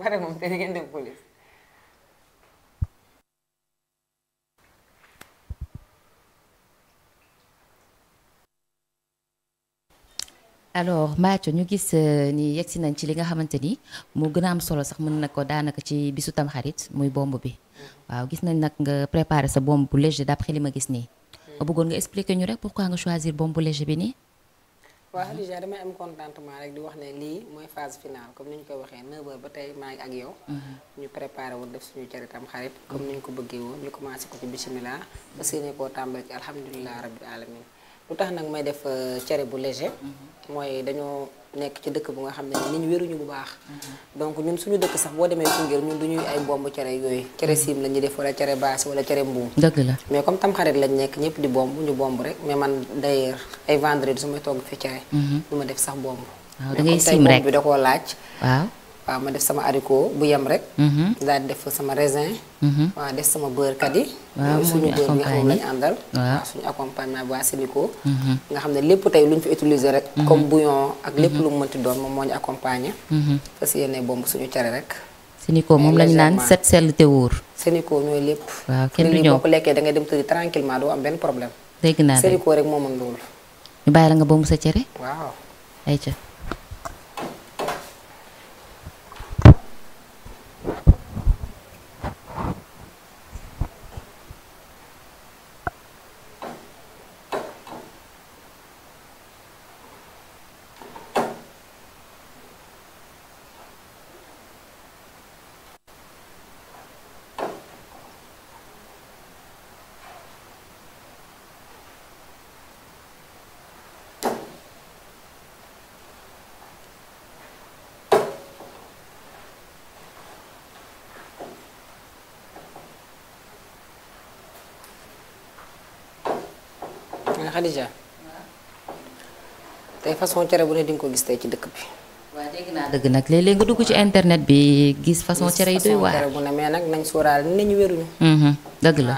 pare moom ñu gis euh, ni yegsi nañ ci li nga xamante ni moo gën a am solo sax mën na ko daanaka ci bisu tamxarit muy bomb bi waaw gis nañ nag nga préparé sa bomb bu léger d'après li ma gis nii. Hmm. bëggoon nga expliquer ñu rek pourquoi nga choisir bomb bu léger bi nii. waaw Khadija damay am contentement rek di wax ne lii mooy phase finale comme ni ñu koy waxee 9h ba tey maa ngi ak yow. Mm-hmm. ñu préparé woon def suñu caritam xarit. comme ni ñu ko bëggee woon ñu commencé ko ci bisimilah. ba mm-hmm. séenee koo tàmbali ci alhamdulilah rabbil alamin lu tax nag may def euh, cere bu léger. Mm-hmm. mooy dañoo. nekk ci dëkk bu nga xam ne nit ñi wéruñu bu baax mm-hmm. donc ñun suñu dëkk sax boo demee Koungheul ñun du ñuy ay bomb cere yooyu mm-hmm. cere siim la ñuy def wala cere baasi wala cere mbuum dëgg la mais comme tamxarit lañ nekk ñëpp di bomb ñu bomb rek mais man d'ailleurs ay vendredi su ma togg fi cere mm-hmm. du ma def sax bomb waaw da siim rek waaw ma def sama haricot bu yem rek. Mhm. daal di def sama raisin. Mhm. waaw def sama beurrekat yi. waaw suñu beurre bi nga xam ne lañu àndal. waaw suñu accompagnement mhm. nga xam ne lépp tey lu ñu fi utiliser rek. comme bouillon ak lépp lu mu mënti doon moom moo ñu accompagner. fas yéene bomb suñu cere rek. Sénico moom lañ naan set sell te wóor. Sénico ñooy lépp. waaw kenn du ñëw boo lekkee da ngay dem tëddi tranquillement doo am benn problème. dégg naa Sénico rek moo mën loolu. ñu bàyyi la nga bomb sa cere. waaw Khadija tey façon cere bu ne di ko gis tey ci dëkk bi. dëgg nag léeg-léeg nga dugg ci internet bi gis façon cere yi doy waar. bu ne mais nag nañ sóoraale ni ñu wéruñu. Mm-hmm. dëgg la.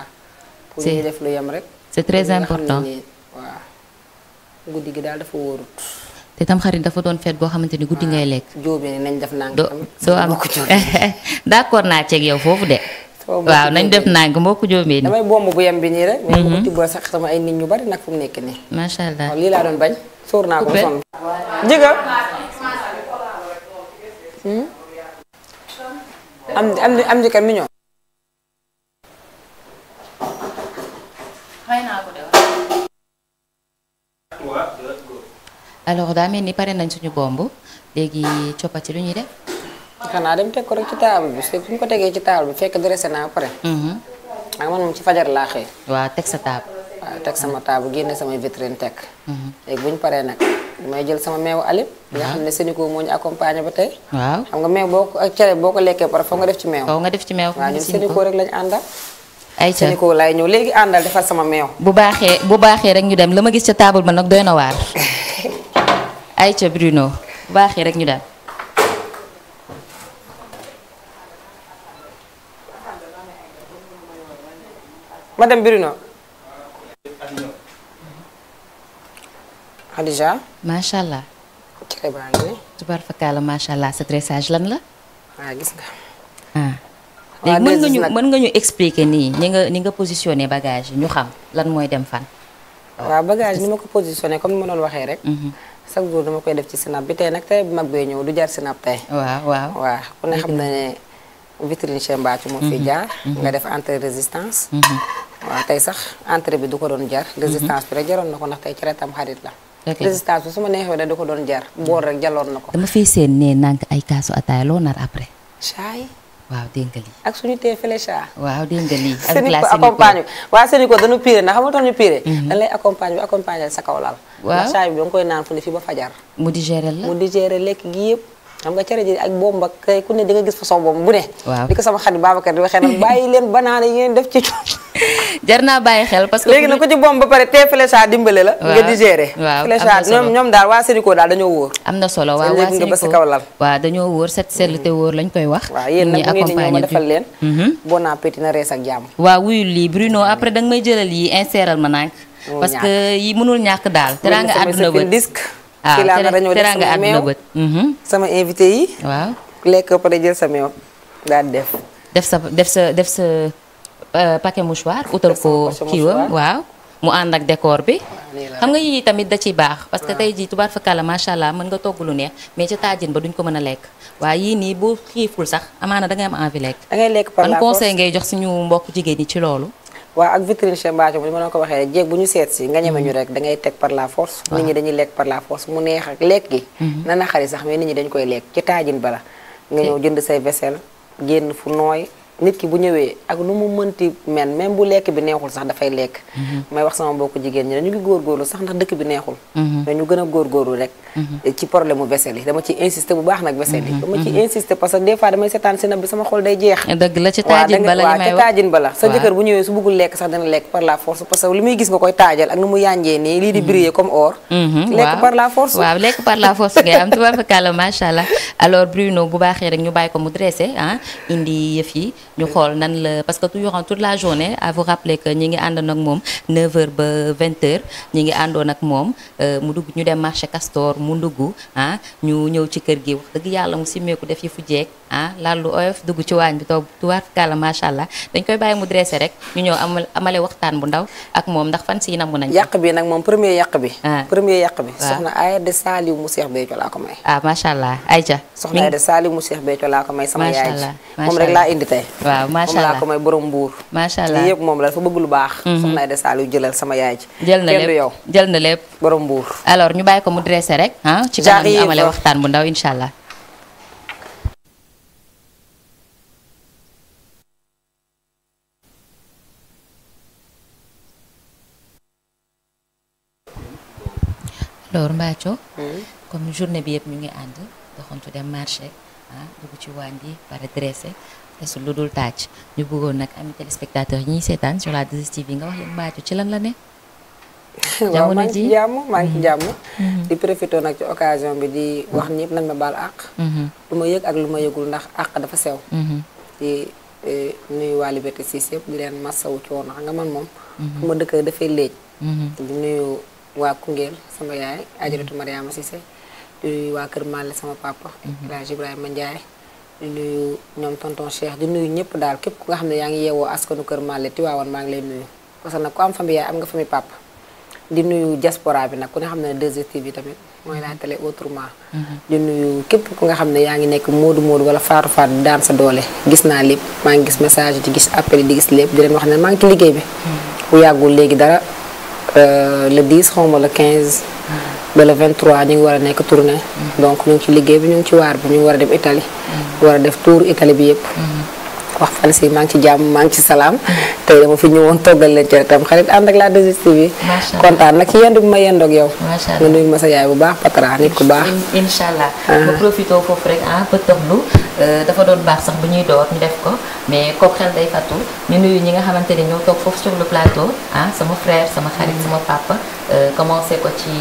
pour def lu yem rek. c'est très important waaw guddi gi daal dafa wóorut. te tam xarit dafa doon feet boo xamante ni guddi ngay lekk. jóobe nañ def nang. doo am *laughs* d'accord naa ceeg yow foofu de. waaw nañ def nànk mbokku joomee nii. damay bomb bu yem bi nii rek. Mhm. mais bu ko tibboo sax sama ay nit ñu bari nag fu mu nekk nii. macha allah lii laa naa ko ba sonn. jiga hmm? am daa mel ni pare nañ suñu bomb léegi coppati lu ñuy def. xanaa dem teg ko rek ci table bi su ñu ko tegee ci table bi fekk dressé naa pare. Mhm. ak ah, man moom ci fajar laa xëy. waaw teg sa table. waaw ah, teg sama table génne samay vitrine teg. Mhm. léegi bu ñu paree nag may jël sama meewu alim. nga xam ne Sénico moo ñu accompagné ba tey. waaw xam nga meew boo ko ak cere boo ko lekkee pare foog nga def ci meew. foog nga def ci meew waaw ñun Sénico rek lañ àndal. ayca Sénico laay ñëw léegi àndal defal sama meew. bu baaxee bu baaxee rek ñu dem la ma gis ca table ba nag doy na waar. ayca *laughs* Bruno bu baaxee rek ñu dem. ma dem Bruno. Khadija. macha allah. cere baa ngi nii. allah sa dressage lan la. waaw gis nga. Ah. léegi mën nga ñu mën nga ñu expliquer nii ni nga ni nga positionné bagage yi ñu xam lan mooy dem fan. waaw bagage ni ma ko positionné comme ni ma doon waxee rek. Mhm. chaque jour dama koy def ci Snap bi tey nag tey mag bee ñëw du jar Snap tey. waaw waaw waaw ku ne xam ne. vitrine Cheikh Mbathio moo fi mhm. jaar mhm. nga def entrée résistance mhm. waaw tey sax entrée bi du ko doon jar résistance bi rek jaroon na ko ndax tey cere tam xarit la résistance bi su ma neexee da du ko doon jar bool rek jaloon na ko dama fiy seen ne nank ay kaasu ataay loo nar après caay waaw dégg ak suñu tee fële chat waaw dégg nga ko accompagne bi waaw seen i ko dañu piré ndax nga sa kaw laal waaw chat bi ba koy naan fu ne fii ba fajar mu digéré la mu digéré lekk gi yëpp xam nga cere ji ak bomb ak kay ku ne di nga gis façon bomb bu ne. waaw di ko sama xarit Babacar di waxee *laughs* bàyyi leen banaana yi ngeen def ci. *laughs* jar naa bàyyi xel parce léegi nag ku ci bomb ba pare te flécha dimbale la. nga digéré. waaw flécha ñoom daal waa Sénico daal dañoo wóor. am na solo waaw dañoo wóor set sell te wóor lañ koy wax. waaw yéen nag bu ngeen di ñëw ma defal mhm. na rees ak jàmm. waaw wuyul lii Bruno mm-hmm. après danga may jëlal yi inséral ah teranga ak nëbët mhm. sama invité yi. waaw lekk ba pare jël sa meew daal def. def sa def sa def sa euh, paquet mouchoir utal ko kiiwam waaw. mu ànd ak décor bi. xam nga yii tamit da ciy baax. parce que tey jii tubaar fa kàlla macha allah mën nga togg lu neex mais ca taajin ba duñ ko mën a lekk. waaye yii nii boo xiiful sax amaana dangay am envie lekk. dangay lekk par la conseil ngay jox suñu mbokk jigéen ñi ci loolu. waaw ak vitrine Cheikh Mbathio li ma doon ko waxee rek jéeg bu ñu seet si nga ñeme ñu rek dangay ngay teg par la force nit ñi dañuy lekk par la force mu neex ak lekk gi mhm. na naqari sax mais nit ñi dañu koy lekk ci taajin bala nga ñëw jënd say vaisselle génn fu nooy nit ki bu ñëwee ak lu mu mënti men même bu lekk bi neexul sax dafay lekk mhm. may wax sama mbokku jigéen ñi dañu ngi góorgóorlu sax ndax dëkk bi neexul mais mhm. ñu gën a góorgóorlu rek mhm. eh, ci problème mu vaisselle bu baax nag vaisselle que des fois damay seetaan si na bi sama eh, sa jëkkër bu ñëwee su bëggul lekk sax dana lekk par la force parce que li ngay am tubaab kàlla macha allah alors bu baaxee rek ñu bàyyi ko mu dressé ah, indi yëf yi ñu xool nan la parce que toujours en toute la journée à vous que ñi ngi àndoon nag moom 9h ba 20h ñu ngi àndoon ak moom euh, mu dugg ñu dem marché Castor mu dugg ah ñu ñëw ci kër gi wax dëgg yàlla mu simmeeku def yi fu jeeg ah laal oyof dugg ci waañ bi toog tuwaat kàlla macha allah dañ koy bàyyi mu dressé rek ñu ñëw amal amale waxtaan bu ndaw ak moom ndax fan si namu nañ yàq bi nag moom premier yàq bi ah. premier yàq bi soxna Aida Saliou mu Cheikh Béthio laa ko may ah macha allah Aïcha soxna Aida Saliou mu Cheikh Béthio laa ko may sama yaay moom rek laa indi tey waaw macha allah moom laa moom la dafa bëgg lu baax. Mhm. soxna Aida Saliou jëlal sama yaay ji. jël na lépp yow na lépp. borom mbuur. alors ñu bàyyi ko mu dressé rek. ah ci kanam ñu amale waxtaan bu ndaw incha allah. alors Mbathio. Hmm? comme journée bi yëpp ñu ngi ànd doxantu dem marché dugg ci waañ bi pare dressé. desul lu dul tàcc ñu bëggoon nag ami téléspectateur yi ñuy seetaan sur la 2STV nga wax leen mbaaju ci lan la ne. *laughs* jamono ji waaw jàmm maa ngi ci mhm. jàmm. Mhm. di profité nag ci occasion bi di wax ñëpp nañ ma baal àq. Mhm. lu ma yëg ak lu ma yëgul ndax àq dafa sew. di eh, nuyu waa Liberté 6 yëpp di leen masawu coono xam nga man moom. fu ma dëkk dafay léej. nuyu waa Koungheul sama yaay Ajaratu Mariama Cissé di nuyu waa Kër Malle sama papa. El Hadj Ibrahima Ndiaye. di nuyu ñoom tonton Cheikh di nuyu ñëpp daal képp ku nga xam ne yaa ngi yeewoo askanu kër Malle Tiwaawan maa ngi lay nuyu parce que nag ku am famille yaay am famille papa di nuyu diaspora bi nag ku nga xam ne 2STV tamit mooy la télé autrement mm-hmm. di nuyu képp ku nga xam ne yaa ngi nekk Moodu Moodu wala Faatu Faatu di daan sa doole gis naa lépp maa ngi gis message di gis appel di gis lépp di leen wax ne maa ngi ci liggéey bi bu mm-hmm. yàggul léegi dara euh, le 10 xawma le 15 ba le 23 ñu war a nekk tournée. Mm-hmm. donc ñu ngi liggéey bi ñu ngi ci waar bi ñu ngi war a dem Italie. Mm-hmm. a bi yëpp. Mm-hmm. wax fan si maa ngi ci jàmm maa ngi ci salaam tey fi ñëwoon toggal leen ci tam xarit ànd ak la 2STV bi kontaan ma yendoog yow nga nuyu bu baax patra nit ku baax incha allah ma ah. profité foofu rek ah, euh, dafa doon baax sax bu ñuy door ñu def ko mais ko xel day fàttu ñu nuyu ñi nga xamante ni ñoo toog foofu sur le plateau ah, sama frère sama xarit sama papa euh, ko ci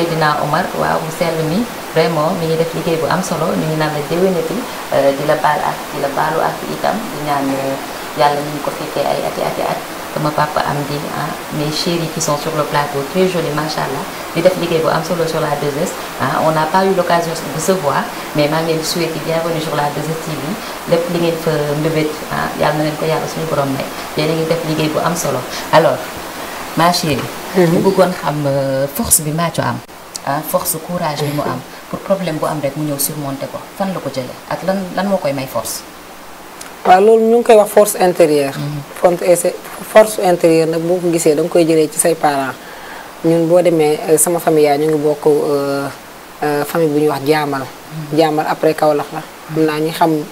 naa Omar waaw mu sell mi vraiment mi ngi def liggéey bu am solo mi ngi naan la déwénati euh, di la baal ak di la baalu ak itam di ñaan euh, yàlla ñu ngi ko fekkee ay ati ati at sama papa am di ah mes chéris qui sont sur le plateau très jolis macha allah di def liggéey bu am solo sur la 2S ah n'a pas eu l'occasion de se voir mais maa ngi leen di souhaiter bienvenue sur la 2STV lépp li ngeen fa mbébét ah, yàlla na leen ko yàlla suñu borom may yéen a ngi def liggéey bu am solo alors. ma chérie bu mhm. bëggoon xam euh, force bi Mathio am ah force courage bi mu am pour problème bu am rek mu ñëw surmonter ko fan la ko jëlee ak lan lan moo koy may force waaw loolu ñu ngi koy wax force intérieure mhm. force intérieure nag boo ko gisee da nga koy jëlee ci say parents ñun boo demee euh, sama famille yaa ñu ngi bokk euh, famille bu ñuy wax jaamal jaamal mhm. après Kaolack la xam naa ñi xam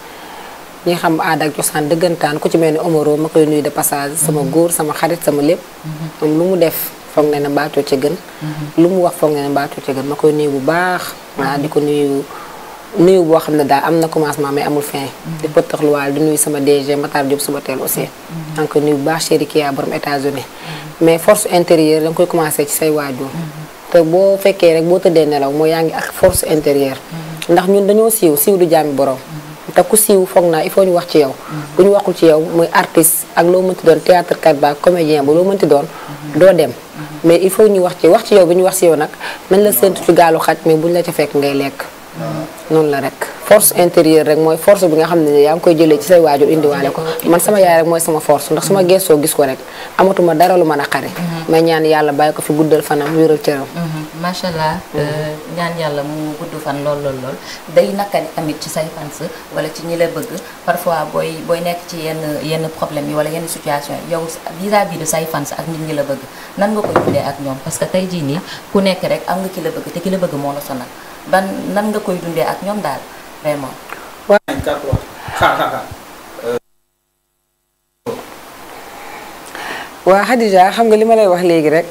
ñu xam aada ak cosaan dëggantaan ku ci mel ni Omaro ma koy nuyu de passage sama mm-hmm. góor sama xarit sama lépp mm-hmm. moom lu mu def foog ne na baatoo gën mm-hmm. lu mu wax foog ne baatoo ci gën ma koy nuyu bu baax waa di ko nuyu nuyu boo xam ne daal am na commencement mais amul fin di pëttaxluwaal di nuyu sama DG Matar Diop suba teel aussi da nga koy nuyu bu baax chéri Kia mais force intérieure da koy commencé ci say waajur te boo fekkee rek boo tëddee nelaw mooy yaa ngi ak force intérieure ndax ñun dañoo siiw siiw du jaami borom te ku siiw foog naa il faut ñu wax ci yow bu ñu waxul ci yow muy artiste ak loo mënti doon théâtre kat ba comédien ba loo mënti doon doo dem mm-hmm. mais il faut ñu wax ci wax ci yow bi ñu wax ci yow nag nañ la séentu ci gaalu xaj mais buñ la ca fekk ngay lekk noonu la rek force intérieure rek mooy force bi nga xam ne yaa ngi koy jëlee ci say waajur indiwaale ko man sama yaay rek mooy sama force ndax su ma gëstoo gis ko rek amatuma dara lu mën a xare mhm. may ñaan yàlla bàyyi ko fi guddal fanam wéral cëram mhm. macha allah mhm. euh, ñaan yàlla mu gudd fan lool lool lool day naka amit ci say fans wala ci ñi la bëgg parfois booy booy nekk ci yenn yenn problème yi wala yenn situation yi yow vis-à-vis de say fans ak nit ñi la bëgg nan nga koy ak ñoom parce que tey jii nii ku nekk rek am nga ki la bëgg te ki la bëgg moo la sonal ban nan nga koy dundee ak ñoom daal vraiment. waaw. Euh. waa Khadija xam nga li ma lay wax léegi rek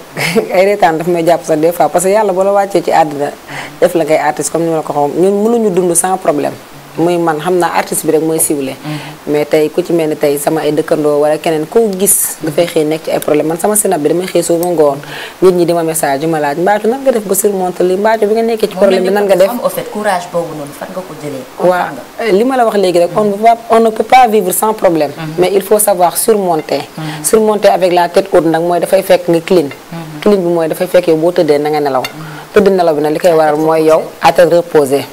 *laughs* ay reetaan daf may jàpp sax des fois parce que yàlla boo la wàccee ci àddina mm-hmm. def la ngay artiste comme ni ma la ko xam ñun ñu dund sans problème. muy man xam naa artiste bi rek mooy siwle mm-hmm. mais tey ku ci mel ni tey sama ay dëkkandoo wala keneen koo gis dafay xëy nekk ci ay problème man sama sinab bi damay xëy suba ngoon nit ñi di ma message di ma laaj mbaaju nan def ba surmonter li mbaaju bi nga nekkee ci problème bi nan euh, ma la wax léegi rek on on ne peut pas vivre sans problème mm-hmm. mais il faut savoir surmonter mm-hmm. surmonter avec la tête haute nag mooy dafay fekk nga clean clean bi mooy dafay fekk yow boo tëddee na nga nelaw tëdd nelaw bi nag li koy waral mooy yow à te reposer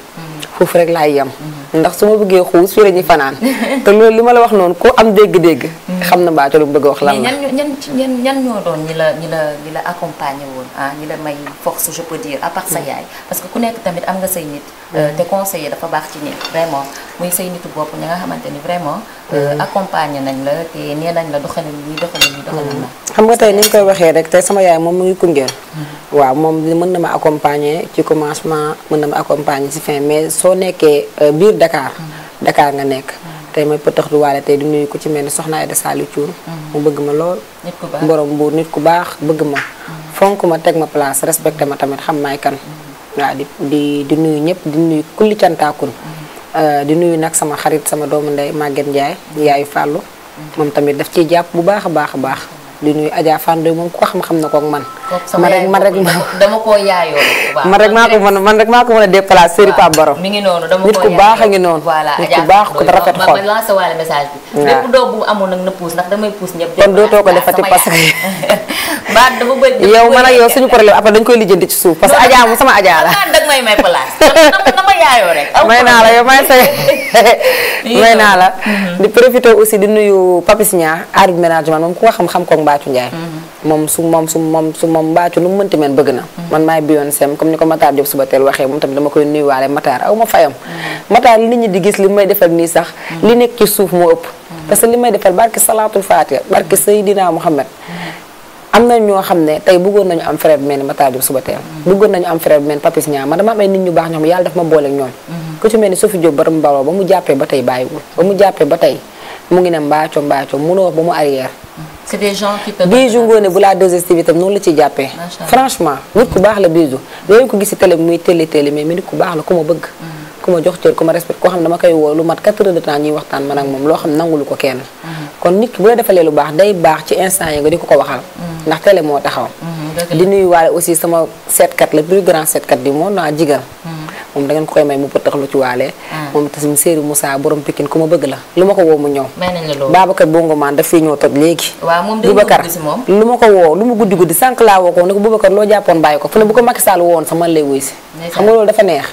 rek laay yem ndax su ma bëggee xuus fii la ñuy fanaan *laughs* te loolu li ma la wax noonu ko am dégg-dégg mm. xam na mbaaco lu mu bëgg a wax la ñan ñan ñan ñoo doon ñi la la ñi la accompagné woon ah ñi la may force je peux dire à sa mm. yaay parce que ku nekk tamit am nga say nit mm. euh, te conseiller dafa baax ci nit vraiment muy say nitu bopp ña nga xamante ni vraiment euh, accompagné nañ la te nee nañ la doxalin ñi doxalin ñi doxalin la xam nga tey ni ñu koy waxee rek tey sama yaay moom mu ngi Koungheul waaw moom mën na ma accompagner ci commencement mën na ma accompagner ci fin mais soo nekkee euh, biir dakaar mm-hmm. dakaar nga nekk. Mm-hmm. tey may pëtax du waale tey di nuyu ku ci mel ni soxnaa Aida Saliou Thioune. Mm-hmm. mu bëgg ma lool. nit borom buur nit ku baax bëgg ma. fonk ma teg ma place respecte ma tamit xam maay kan. waaw di di di nuyu ñëpp di nuyu kulli cantaakun. Euh, di nuyu nag sama xarit sama doomu ndey màgget Ndiaye yaayu Fallou. moom tamit daf ciy jàpp bu baax a baax a baax. di nuyu ajaa Fandoy moom ku ko xam na ko man. man rek man rek dama koo yaayoo man rek maa ko mën man rek maa ko mën a déplacé Serigne Pape Baro mi ngi noonu dama nit ku baax a ngi noonu nit ku baax ku rafet xol ma lancé waale na damay puus ñëpp kon dootoo ko defati parce que *laughs* ba dafa bëri yow man ak yow suñu problème après dañ koy lijjanti ci suuf parce que Adja moom sama Adja la dag may may naa la yow may say *laughs* may naa la mm-hmm. di profité aussi di nuyu Papis Nia Arbi Ménagement moom ku ko xam-xam koog Mbathio Ndiaye mm-hmm. moom su moom su moom su moom mu mënti meen bëgg na man maay biyoon sem comme ni ko Matar Diop suba teel waxee moom tamit dama koy nuyuwaale Matar aw ma fayam mm. Matar li nit ñi di gis li may defal nii sax mm. li nekk ci suuf moo ëpp mm. parce li may defal barki salaatul faatiha barki Seydina Muhammad am na ñoo xam ne tey bëggoon nañu am frère bu mel ni Matar Diop suba teel bëggoon nañu am frère bu mel Papis Niang man dama am ay nit ñu baax ñoo xam yàlla daf ba mu jàppee ba tey bàyyiwul ba ba tey mu ngi c'est des gens bu laa 2STV noonu la ciy jàppee. franchement nit ku baax la Bijou. dañu ko gis si muy télé télé mais nit ku baax la ku ma bëgg. Mm. ku ma jox cër ku ma respect koo xam dama koy woo lu mat 4 de temps ñuy waxtaan man ak moom loo xam nangulu ko kenn. Mm. kon nit ki bu la defalee lu baax day baax ci instant yi nga di ko ko waxal. Mm. ndax télé moo taxaw. di nuyuwaale aussi sama seetkat la plus grand seetkat du monde naa ah, jigal moom da ngeen ko koy may mu pëtaxlu ci waale mm. moom tasim Serigne Moussa borom Pikine ku ma bëgg la lu ma ko woo mu ñëw Babacar Bongoman daf fii ñëw toj léegi Boubacar lu ma ko woo lu mu guddi guddi sànq laa woo ko ne ko Boubacar loo jàppoon bàyyi ko fu ne bu ko Macky Sall woon sax lay wuy si xam nga loolu dafa neex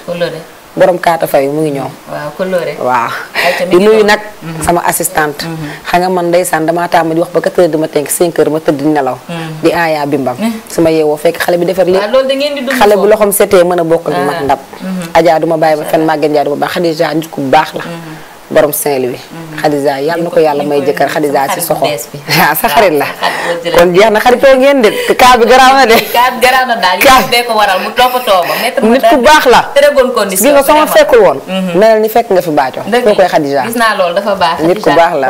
borom kaata fay mu ngi ñëw. waaw coloré. waaw di nuyu nag. Mhm. sama assistante. Mhm. xam nga man ndeysaan damaa taamu di wax ba 4 heures du matin 5 heures ma tëdd di nelaw. Mhm. di aayaa bimbam. Eh. su ma yeewoo fekk xale bi defar lépp. da ngeen di dund xale bu loxoom setee mën a bokk ak ah. mag ndab. Adja du bàyyi ba fenn Maguette Ndiaye du ma baax Khadija nit ku baax la. borom Saint-Louis. Khadija yàlla na ko yàlla may jëkkër Khadija si soxo waaw *laughs* ah, sa xarit la kon jeex na xaritoo ngeen de kaa bi garaaw na de kaa bi na daal yéen bee ko waral mu toppatoo ma nit ku baax la mhm. nit ku baax la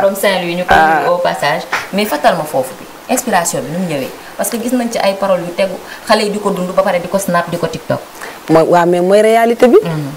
ah. mais fatal ma foofu bi inspiration bi nu ñëwee parce que gis nañ ci ay paroles yu tegu xale yi di ko dund ba pare di ko snap di ko tiktok mooy waaw mais mooy réalité bi mhm.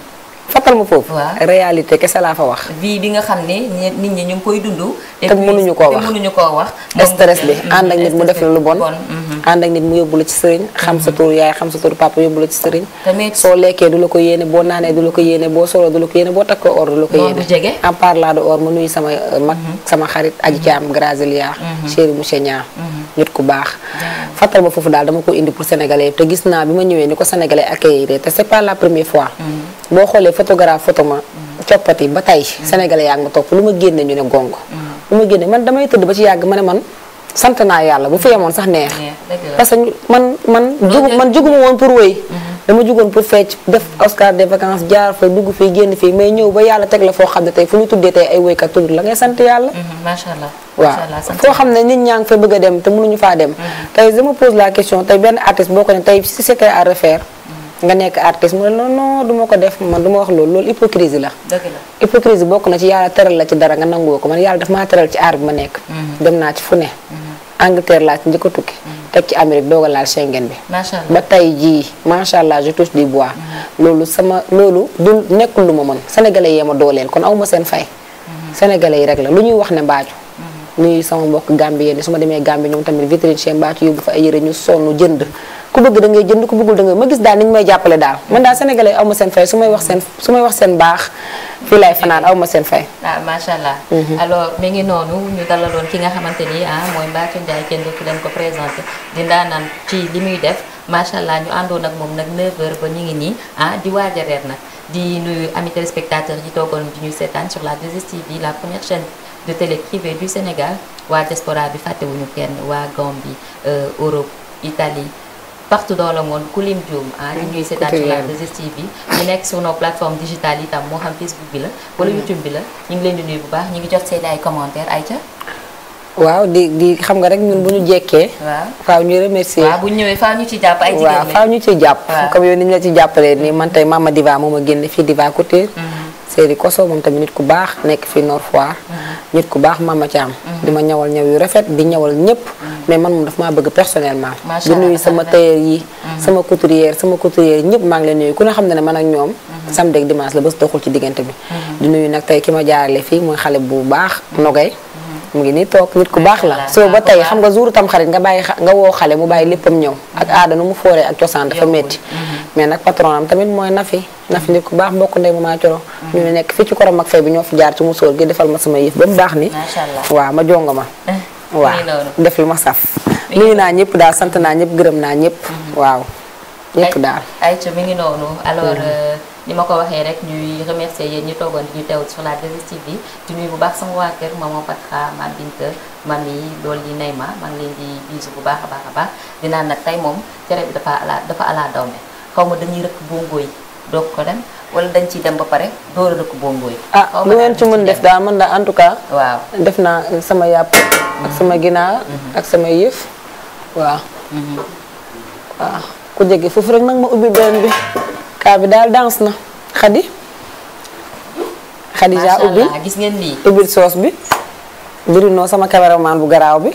fokkal ma foofu. réalité kese laa fa wax. vie bi nga xam ne nit ñi ñu ngi koy dund. te mënuñu koo wax te mënuñu wax. stress bi euh, ànd ak nit mu def la lu bon. Mhm. ànd ak nit mu yóbbu la ci sëriñ. xam sa mhm. tur yaay xam sa tur papa yóbbu la ci sëriñ. soo lekkee du la ko yéene boo naanee du la ko yéene boo solo du la ko yéene boo takkoo or du la ko yéene. en parlant de or ma nuyu sama mag mhm. sama xarit aji caam Grazilia. chéri monsieur Niang. nit ku baax Fatal ma foofu daal dama ko indi pour sénégalais te gis naa bi ma ñëwee ni ko sénégalais accueillir te c'est pas la première fois mm. boo xoolee photographe photo ma mm. coppati ba tey mm. sénégalais yaa ngi ma topp lu ma génne ñu ne gong lu ma génne man damay tëdd ba ci yàgg ma ne man sant naa yàlla bu fi yemoon sax neex parce que man man jugu man juguma woon pour wéy mm-hmm. dama jugoon pour fecc def Oscar des vacances jaar fa dugg fii génn fii mais ñëw ba yàlla teg la foo xam ne tey fu ñu tuddee tey ay woykat tudd la ngay sant yàlla. Mhm, macha allah waaw foo xam ne nit ñaa ngi fa bëgg a dem te mënuñu faa dem. Mhm. tey je me pose la question tey benn artiste boo ko ne tey si secret à refaire. Mhm. nga nekk artiste mu ne non non du ma ko def man du ma wax loolu loolu hypocrisie la. dëgg bokk na ci yàlla teral la ci dara nga nangoo ko man yàlla daf maa teral ci aar bi ma naa Angleterre laa ci njëkk a tukki. Mm-hmm. teg ci Amérique doog a Schengen bi. macha allah ba tey jii macha allah je touche du bois. Mm-hmm. loolu sama loolu du nekk lu ma mën sénégalais yee ma dooleel kon aw ma seen fay. Mm-hmm. sénégalais yi rek la lu ñuy wax ne mbaaju. nuyu sama mbokk Gambien yi su ma demee Gambie ñoom tamit vitrine chez mbaaju yóbbu fa ay yére ñu sonn jënd. ku bëgg da ngay jënd ku bëggul da ma gis daal ni ñu may jàppale daal man daal sénégalais aw ma seen fay su may wax seen su may wax seen baax. fii laay fanaan aw ma seen fay. ah macha allah. Mhm. alors mi ngi noonu ñu dalaloon ki nga xamante ni ah mooy Mbathio Ndiaye kenn dootu leen ko présenté di ndaanaan ci li muy def macha allah ñu àndoon ak moom nag 9 ba ñu ngi nii ah di waaj a reer nag di nuyu amis téléspectateurs yi toogoon di ñu seetaan sur la 2STV la première chaîne de télé privée du Sénégal waa diaspora bi fàttewuñu kenn waa Gambie euh, Europe Italie. partout dans le monde ku lim juum ah ñu ñuy seetaan sur la 2STV nekk sur nos plateformes digitales itam moo xam Facebook bi la wala mm. YouTube bi la ñu ngi leen di nuyu bu baax ñu ngi jot seen ay commentaires Aïcha waaw di di xam nga rek ñun bu ñu jekkee. waaw faaw ñu remercier. waaw bu ñu ñëwee ñu ci jàpp ay ñu ci jàpp. comme yow ni ñu la ci jàppalee nii man tey Mama Diva moom a génn fii Diva Couture. Mm-hmm. Koso moom tamit nit ku baax nekk fii Nord mm-hmm. nit ku baax Mama mm-hmm. di ma ñawal ñaw yu rafet di ñawal ñëpp mm-hmm. mais man moom dafa maa bëgg personnellement di nuyu sama tailleur yi sama couturière sama couturière ñëpp maa ngi leen nuyu ku ne xam ne ne man ak ñoom samedi ak dimanche la bés doxul ci diggante bi di nuyu nag tey ki ma jaarale fii mooy xale bu baax Nogay mu ngi nii toog nit ku baax la soo ba tey xam nga jour tam xarit nga bàyyi nga woo xale mu bàyyi léppam ñëw ak mm-hmm. aada nu mu fooree ak cosaan dafa metti mm-hmm. mais nag patron am tamit mooy Nafi Nafi nit ku baax mbokk ndey mu maa coro mm-hmm. ñu ne nekk fii ci korom ak bi ñoo fi jaar ci musóor gi defal ma sama yëf ba mu baax ni waaw ma jongo ma *laughs* waaw def lu ma saf nuyu naa ñëpp daal sant naa ñëpp gërëm naa ñëpp waaw ñëpp daal ni ma ko waxee rek ñuy remercier yéen ñu toogoon di ñu teew sur la 2STV bi di nuyu bu baax sama waa kër maman Patra maam ma mami loolu yi Neyma maa ngi leen di bisu bu baax a baax a baax di naan nag tey moom cere bi dafa ala dafa ala dawme xaw ma dañuy rëkk bongo yi doog ko dem wala dañ ciy dem ba pare door a rëkk bongo yi. ah lu ngeen ci mën def daal mën naa en tout cas. waaw def naa sama yàpp. ak sama ginaar. Mhm. ak sama yëf waa mhm. ku jege foofu rek nag ma ubbi benn kaa bi daal danse na xadi xadija ubbil gis ubbil soos bi noo sama caméraman bu garaaw bi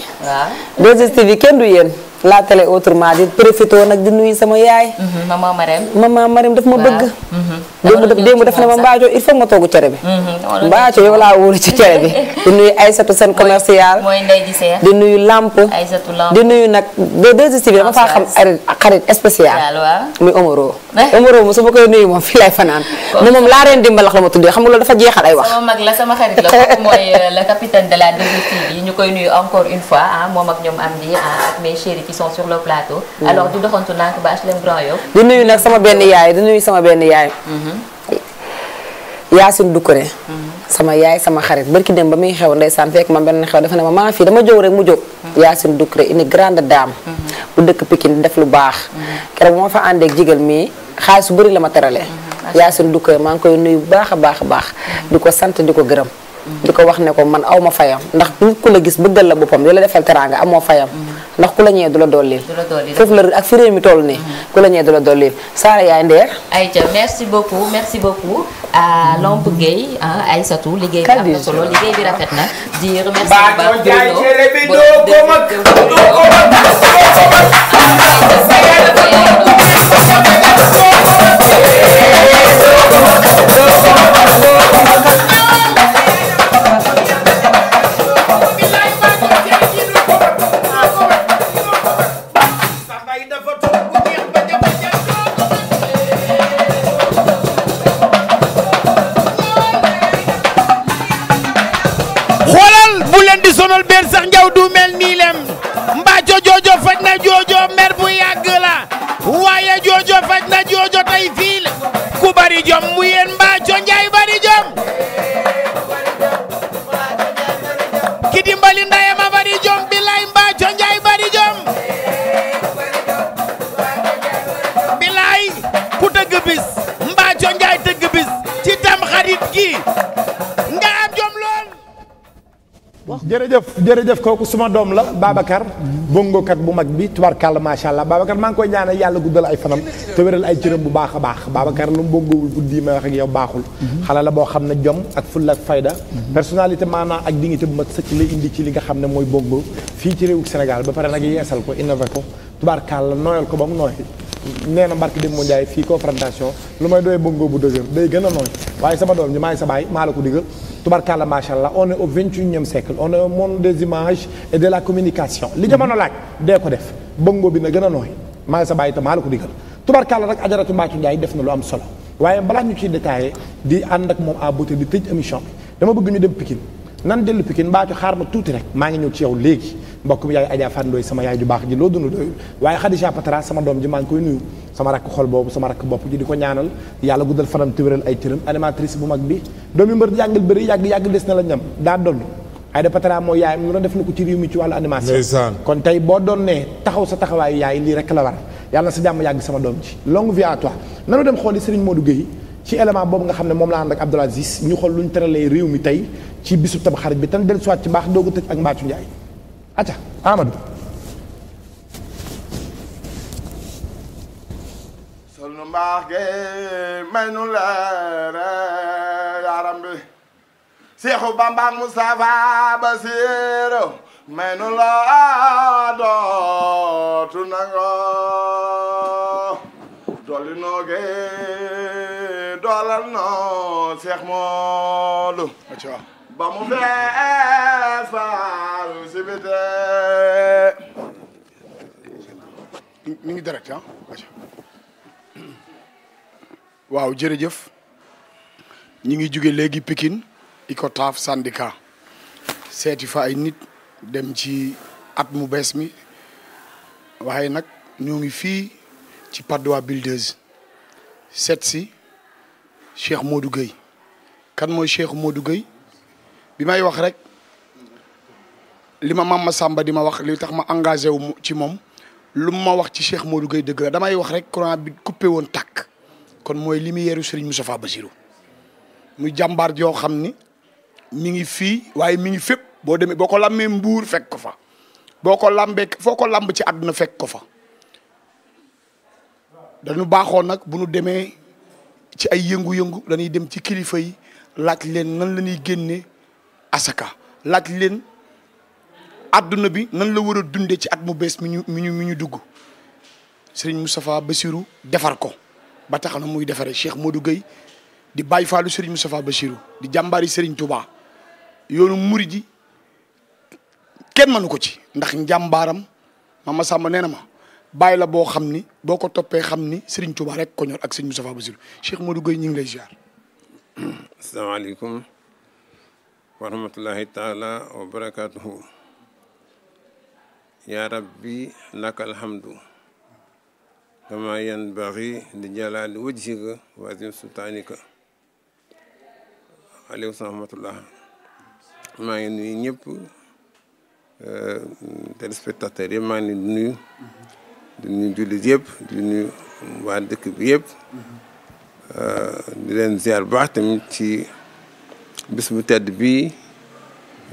2STV bi kenn du yéen la télé autrement di profité nag di nuyu sama yaay. Mm-hmm. maman Marème. maman Marème daf ma bëgg. Mm-hmm. démb daf démb daf ne ma Mbaajo il faut nga toogu cere bi. Mm-hmm. Mbaajo yow laa wóolu ci cere bi. di nuyu Aïssatou seen commercial. mooy Ndeye Gisère. di nuyu Lamp. di nuyu nag de deux civils dama faa xam xarit spécial. muy Omoro. *laughs* Omoro moom su ma koy nuyu moom fii lay fanaan. ne moom laa reen dimbalax la ma tuddee xam dafa jeexal ay wax. sama mag la sama xarit la kooku mooy euh, koy nuyu encore une fois ah, moom ak ñoom ah, sont sur le plateau. alors di doxantu ndànk nuyu nag sama benn yaay di nuyu sama benn yaay. Mm-hmm. Yacine Doucouré. Mm-hmm. sama yaay sama xarit barki dem ba muy xew ndeysaan fekk ma benn xew dafa ne ma maa fii dama jóg rek mu jóg. Mm-hmm. Yacine Doucouré une grande dame. bu dëkk Pikine def lu baax. keroog bu ma fa àndeek ak mii xaalis bu bëri la ma teralee. Yacine Doucouré maa ngi koy nuyu bu baax a baax a baax. di ko sant di ko gërëm. di ko wax ne ko man aw ma fayam ndax nit ku la gis bëggal la boppam di la defal teraanga amoo fayam. ndax ku la ñee du la dollil foofu la ak fi mi toll nii mm-hmm. ku la ñee du la dollil Sara yaay ndeer Aïcha merci beaucoup merci beaucoup à Lamp Gueye Aïssatou liggéey bi am na solo liggéey bi rafet na di xoolal benn sax njaw du joojo faj na joojo mer bu yàgg la waaye joojo faj na joojo tey fii ku bari jom mu yéen jërëjëf jërëjëf kooku suma doom la Babacar bongokat bu mag bi tubarkàlla macha allah Babacar maa ngi koy ñaanal yàlla guddal ay fanam te wéral ay cëram bu baax a baax Babacar lu mu bongowul guddi ma wax ak yow baaxul xale la boo xam ne jom ak fulla ak fayda personnalité maanaa ak dignité bu mag sëcc la indi ci li nga xam ne mooy bongo fii ci réewu Sénégal ba pare nag yeesal ko innové ko tubaar la nooyal ko ba mu nooy nee na mbarki dem mu Ndiaye fii confrontation lu may doy bëngoo bu dëgër day gën a nooy waaye sama doom ji maay sa baay maa la ko digal tubarkàlla macha allah on est au vingt et unième siècle on est au monde des images de la communication. li jamono laaj dee ko def bëngoo bi na gën a nooy maay sa baay te maa la ko digal tubarkàlla rek ajaratu Mbathio Ndiaye def na lu am solo waaye balaa ñu ciy détaillé di ànd ak moom à beauté di tëj émission bi dama bëgg ñu dem Pikine nan dellu Pikine Mbathio xaar ma tuuti rek maa ngi ñëw ci yow léegi mbokk mi yaay Adja Fandooy sama yaay ju baax ji loo dund doyul waaye Khadija Patra sama doom ji maa ngi koy nuyu sama rakk xol boobu sama rakk bopp ji di ko ñaanal yàlla guddal fanam téwéral ay cëram animatrice bu mag bi doomi mbër jàngal yàgg yàgg des na la ñam daa doll Aïda Patra mooy yaayam lu na def na ko ci réew mi ci wàllu animation kon tey boo doon ne taxaw sa taxawaayu yaay lii rek la war yàlla sa jàmm yàgg sama doom ji longue vie à toi nanu dem xooli nga xam ne moom la ak Abdoul lu ñu teralee réew mi tey ci bisu Tamxarit bi tan dellu siwaat ci baax doogu acca Amadou. sunu mbaax gi may nu leere yaram bi Seexu Bamba Mustafa Basiiru may nu la dootu nangoo dolli noo gi doolal noo Seex Moodu acca ba mu fee faalu si bite mi ngi direct ah waaw jërëjëf ñi ngi jóge léegi Pikine Icotaf syndicat seeti fa ay nit dem ci at mu bees mi waaye nag ñoo ngi fii ci Patte d'Oie Builders seet si Cheikh Modou Gueye kan mooy Cheikh Modou Gueye bi may wax rek li ma Mama Samba di ma wax li tax ma engagé wu ci moom lu ma wax ci Cheikh Modou Gueye dëgg la damay wax rek courant bi coupé woon tàkk kon mooy lumière Serigne Moustapha Bassirou muy jàmbaar joo xam ni mi ngi fii waaye mi ngi fépp boo demee boo ko làmbee mbuur fekk ko fa boo ko làmbee foo ko làmb ci àdduna fekk ko fa danu baaxoo nag bu ñu demee ci ay yëngu-yëngu dañuy dem ci kilifa yi laaj leen nan la génne asaka laaj leen àdduna bi nan la war a dundee ci at mu bees mi ñu mi ñu mi ñu dugg sëriñ Moustapha defar ko ba tax na muy defaree Cheikh Modou Gueye di bàyyi faalu sëriñ Moustapha basiru di jàmbaari sëriñ Touba yoonu murid ji kenn mënu ko ci ndax njàmbaaram mama Samba nee na ma bàyyi la boo xam ni boo ko toppee xam ni sëriñ Touba rek ko ñor ak sëriñ Moustapha Bassirou Cheikh Modou Gueye ñu ngi lay ziar. asalaamaaleykum. wa rahmatullahi taala wa barakatuhu yaa rabbi laka alhamdu kama yanbaghi li jalaali wajhika wa azim sultaanika aleykum salaam maa ngi nuyu ñëpp euh, téléspectateurs yëpp maa ngi leen di nuyu di nuyu jullit yëpp di nuyu waa dëkk bi euh, leen ziar baax ci bis bu tedd bii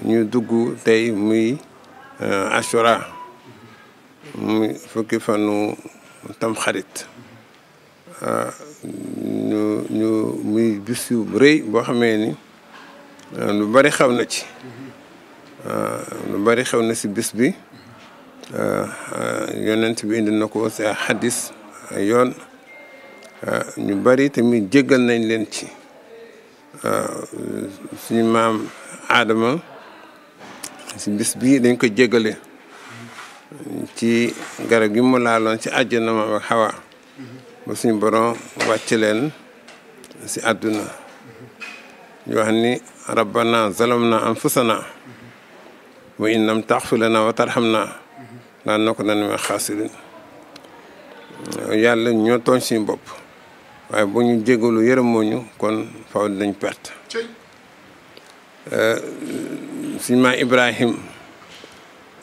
ñu dugg tey muy euh, Ashura muy fukki fanu tamxarit euh, ñu ñu muy bis yu rëy boo xamee ni euh, lu bari xew na ci lu bari xew na si bis bi yonent bi indi na ko sa xadis yoon ñu bari tamit jéggal nañ leen ci Euh, suñu maam Adama si bis bii dañ ko jégale ci garab gi mu laaloon ci àjjana moom ak Hawa ba suñu borom wàcc leen si àdduna ñu wax ni rabbana zalamna anfusana wa in lam taxfir lana wa laa nokk na ne ma xaasirin yàlla ñoo tooñ suñu bopp waaye bu ñu jégalu yërëmoo ñu kon faw dañ perte euh, suñ maa Ibrahim bi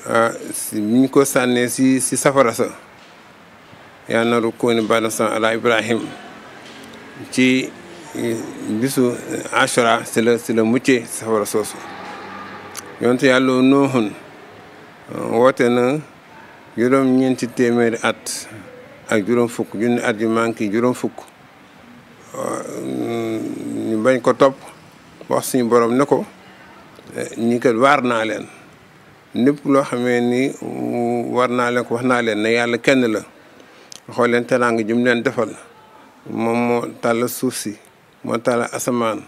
euh, ñu ko sànnee si si safara sa yaa naru kooni badasan ala Ibrahim ci euh, bisu ashura si la si la muccee safara soosu yonte yàlla nooxun woote na juróom ñeenti téeméeri at ak juróom fukk junni at yu manqué juróom fukk ñu bañ ko topp wax suñu boroom ne ko ñi kat waar naa leen lépp loo xamee ni war naa leen ko wax naa leen ne yàlla kenn la waxoo leen teraanga jum leen defal moom moo tàll suuf si moo tàlla asamaan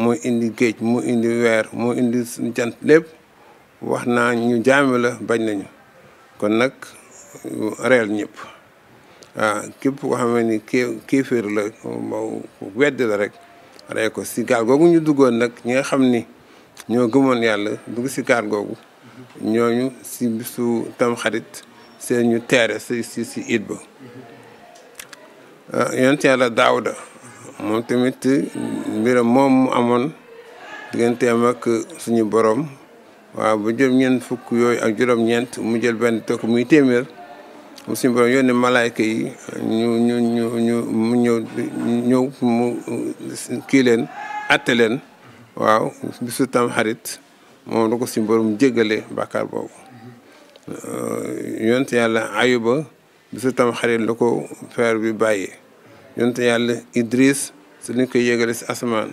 moo indi géej moo indi weer moo indi jant lépp wax naa ñu jaami la bañ nañu kon nag reel ñépp ah képp koo xam ni kii kéeféer la wedd la rek rey ko si gaal googu ñu duggoon nag ñi nga xam ni ñoo gëmoon yàlla dugg si gaal googu ñooñu si bisu tamxarit seen ñu teere si si it ba ah, yonent yàlla daawuda moom tamit mbiram moom mu amoon digganteem ak suñu boroom waaw ba juróom-ñeent fukk yooyu ak juróom-ñeent mu jël benn tokk muy téeméer suñu borom yónni malaayka yi ñu ñu ñu ñu mu ñëw ñëw mu kii leen atte leen waaw bisu tam xarit moom la ko suñu borom jéggale bàkkaar boobu euh, yonte yàlla ayuba bisu tam xarit la ko feer bi bàyyi yonte yàlla idris si lañ koy yégale si asamaan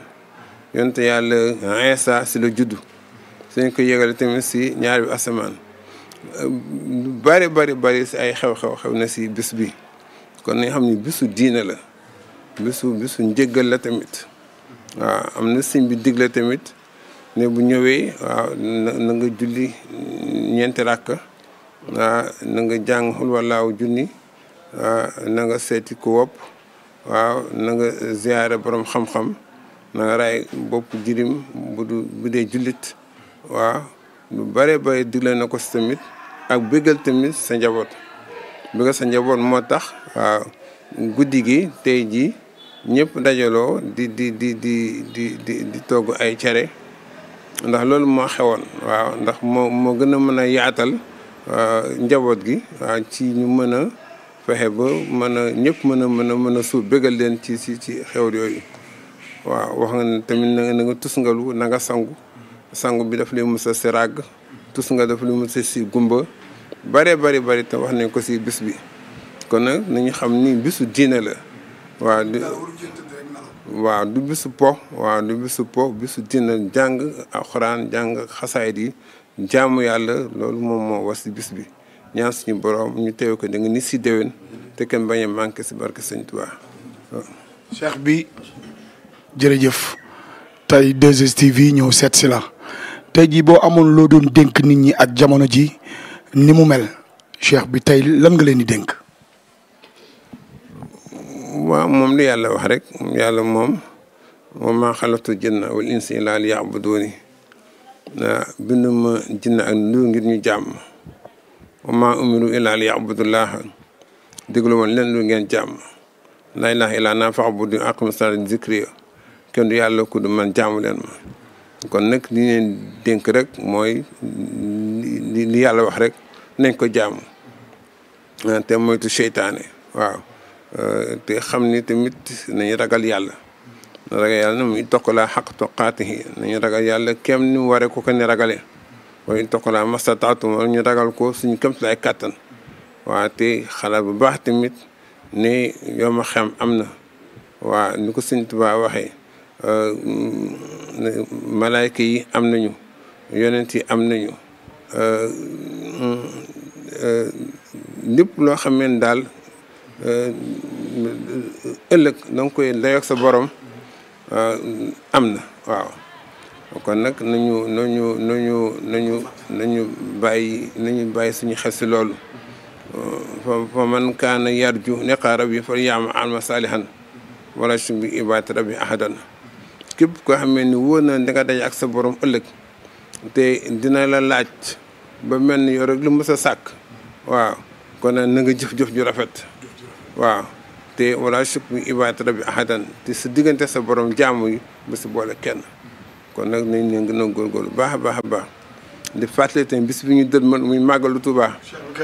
yonte yàlla insa si la juddu si lañ koy yégale tamit si ñaar bi asamaan bari bari bari si ay xew-xew xew na si bés bi kon ni xam ni bésu diine la bisu bésu njëggal la tamit waaw am na sëñ bi digle tamit ne bu ñëwee waaw na nga julli ñeenti ràkk waaw na nga jàng xul walaaw junni waaw na nga seeti ko wopp waaw na nga ziyaare boroom xam-xam na nga raay bopp jirim bu dee jullit waaw lu bare bare digle na ko si tamit ak bëggal tamit sa njaboot bëggal sa njaboot moo tax waaw guddi gi tey jii ñëpp dajaloo di di di di di di di togg ay cere ndax loolu moo xewoon waaw ndax moo moo gën a mën a yaatal njaboot gi waaw ci ñu mën a fexe ba mën a ñëpp mën a mën a mën a suuf bëggal leen ci ci ci xew yooyu waaw wax nga tamit na nga tusngalu nanga nga sangu sangu bi daf lay musa si ràgg tus nga daf lay musa si gumba bare bari bari te wax nañ ko si bis bi kon nag nañu xam ni bisu diine la waaw du waaw du bisu po waaw du bisu po bisu diine jàng alxuraan jàng xasaayit yi jaamu yàlla loolu moom moo war si bis bi ñaan suñu borom ñu teew ko da nga si déwén te kenn bañ a manqué si barke Sëñ Tuubaa cheikh bi jërëjëf tey 2STV ñëw seet si la tey jii boo amoon loo doon dénk nit ñi ak jamono ji ni mu mel cheikh bi tey lan nga leen di dénk. waaw moom lu yàlla wax rek yàlla moom wa maa xalaqtu jinna wal insa illaa liya'buduuni binduma jinna ñu jàmm wa maa leen lu ngeen jàmm laa ilaaha illaa ana fa'budu aqimu salaata zikri kenn du yàlla ku man jàmm leen ma. kon nag li dénk rek mooy li yàlla wax rek nañ ko jaamu ah, te moytu seytaane waaw ah, te xam ni tamit nañu ragal yàlla ragal yàlla na muy tokkalaa xaq toqaatihi nañu ragal yàlla kem ni mu waree ko ko ragale ragalee waaye tokkalaa mastataatum war ñu ragal ko suñu kam lay kàttan waa te xalaat bu baax tamit ne yow xem am na waa nu ko Sëñ Tuubaa waxee Euh, malaayka yi am nañu yonent yi am nañu lépp euh, euh, loo xam ne daal ëllëg da nga koy dayoog sa borom am na waaw kon nag nañu nañu nañu nañu nañu bàyyi nañu bàyyi suñu xel si loolu fa man kaana yarju liqaa rabbi fal ya'mal amalan saalihan wala yushrik bi ibaadati rabbi ahadan képp koo xamee ni wóor na danga daje ak sa borom ëllëg te dina la laaj ba mel ni yow rek lu mës a sàkk waaw kon nag na jëf-jëf ju rafet waaw te wala sukk ibaat rabbi ahadan te si diggante sa borom jaamu yi ba si boole kenn kon nag nañ ne gën a góorgóorlu baax a baax a baax di fàttali tamit bis bi ñu dët man muy màggalu Tuubaa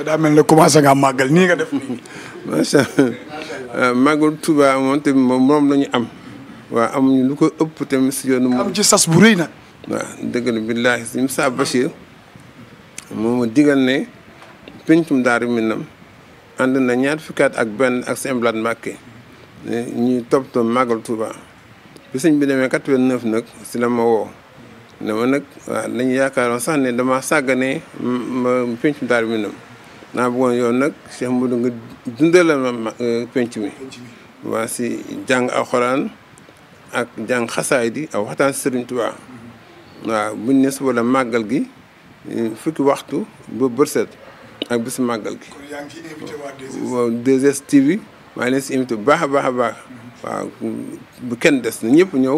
daa mel ne commencé nga màggal nii nga def *laughs* macha allah màggalu Tuubaa moom lañu am waaw amuñu lu ko ëpp tamit si yoonu. am ci sas bu rëy nag. waaw dëgg la billaahi si Moussa Bachir moo ma digal ne pencum daaru Minam ànd na ñaar fukki ak benn ak Sëñ Blaat Mbàkke ñuy màggal Touba bi sëñ bi demee nag si la ma woo ne ma nag waaw dañu yaakaaroon sax ne dama sàgganee ma pencum daaru Minam naa bëggoon yow nag Cheikh Modou nga dundalal ma euh, penc mi waa si jàng alxuraan ak jàng xasaay di ak waxtaan sëriñ Tuubaa waaw buñ ne suba la màggal gi eh, fukki waxtu ba bërset ak bisu màggal gi. TV maa ngi si invité bu baax a baax a baax. waaw bu kenn des na ñëpp ñëw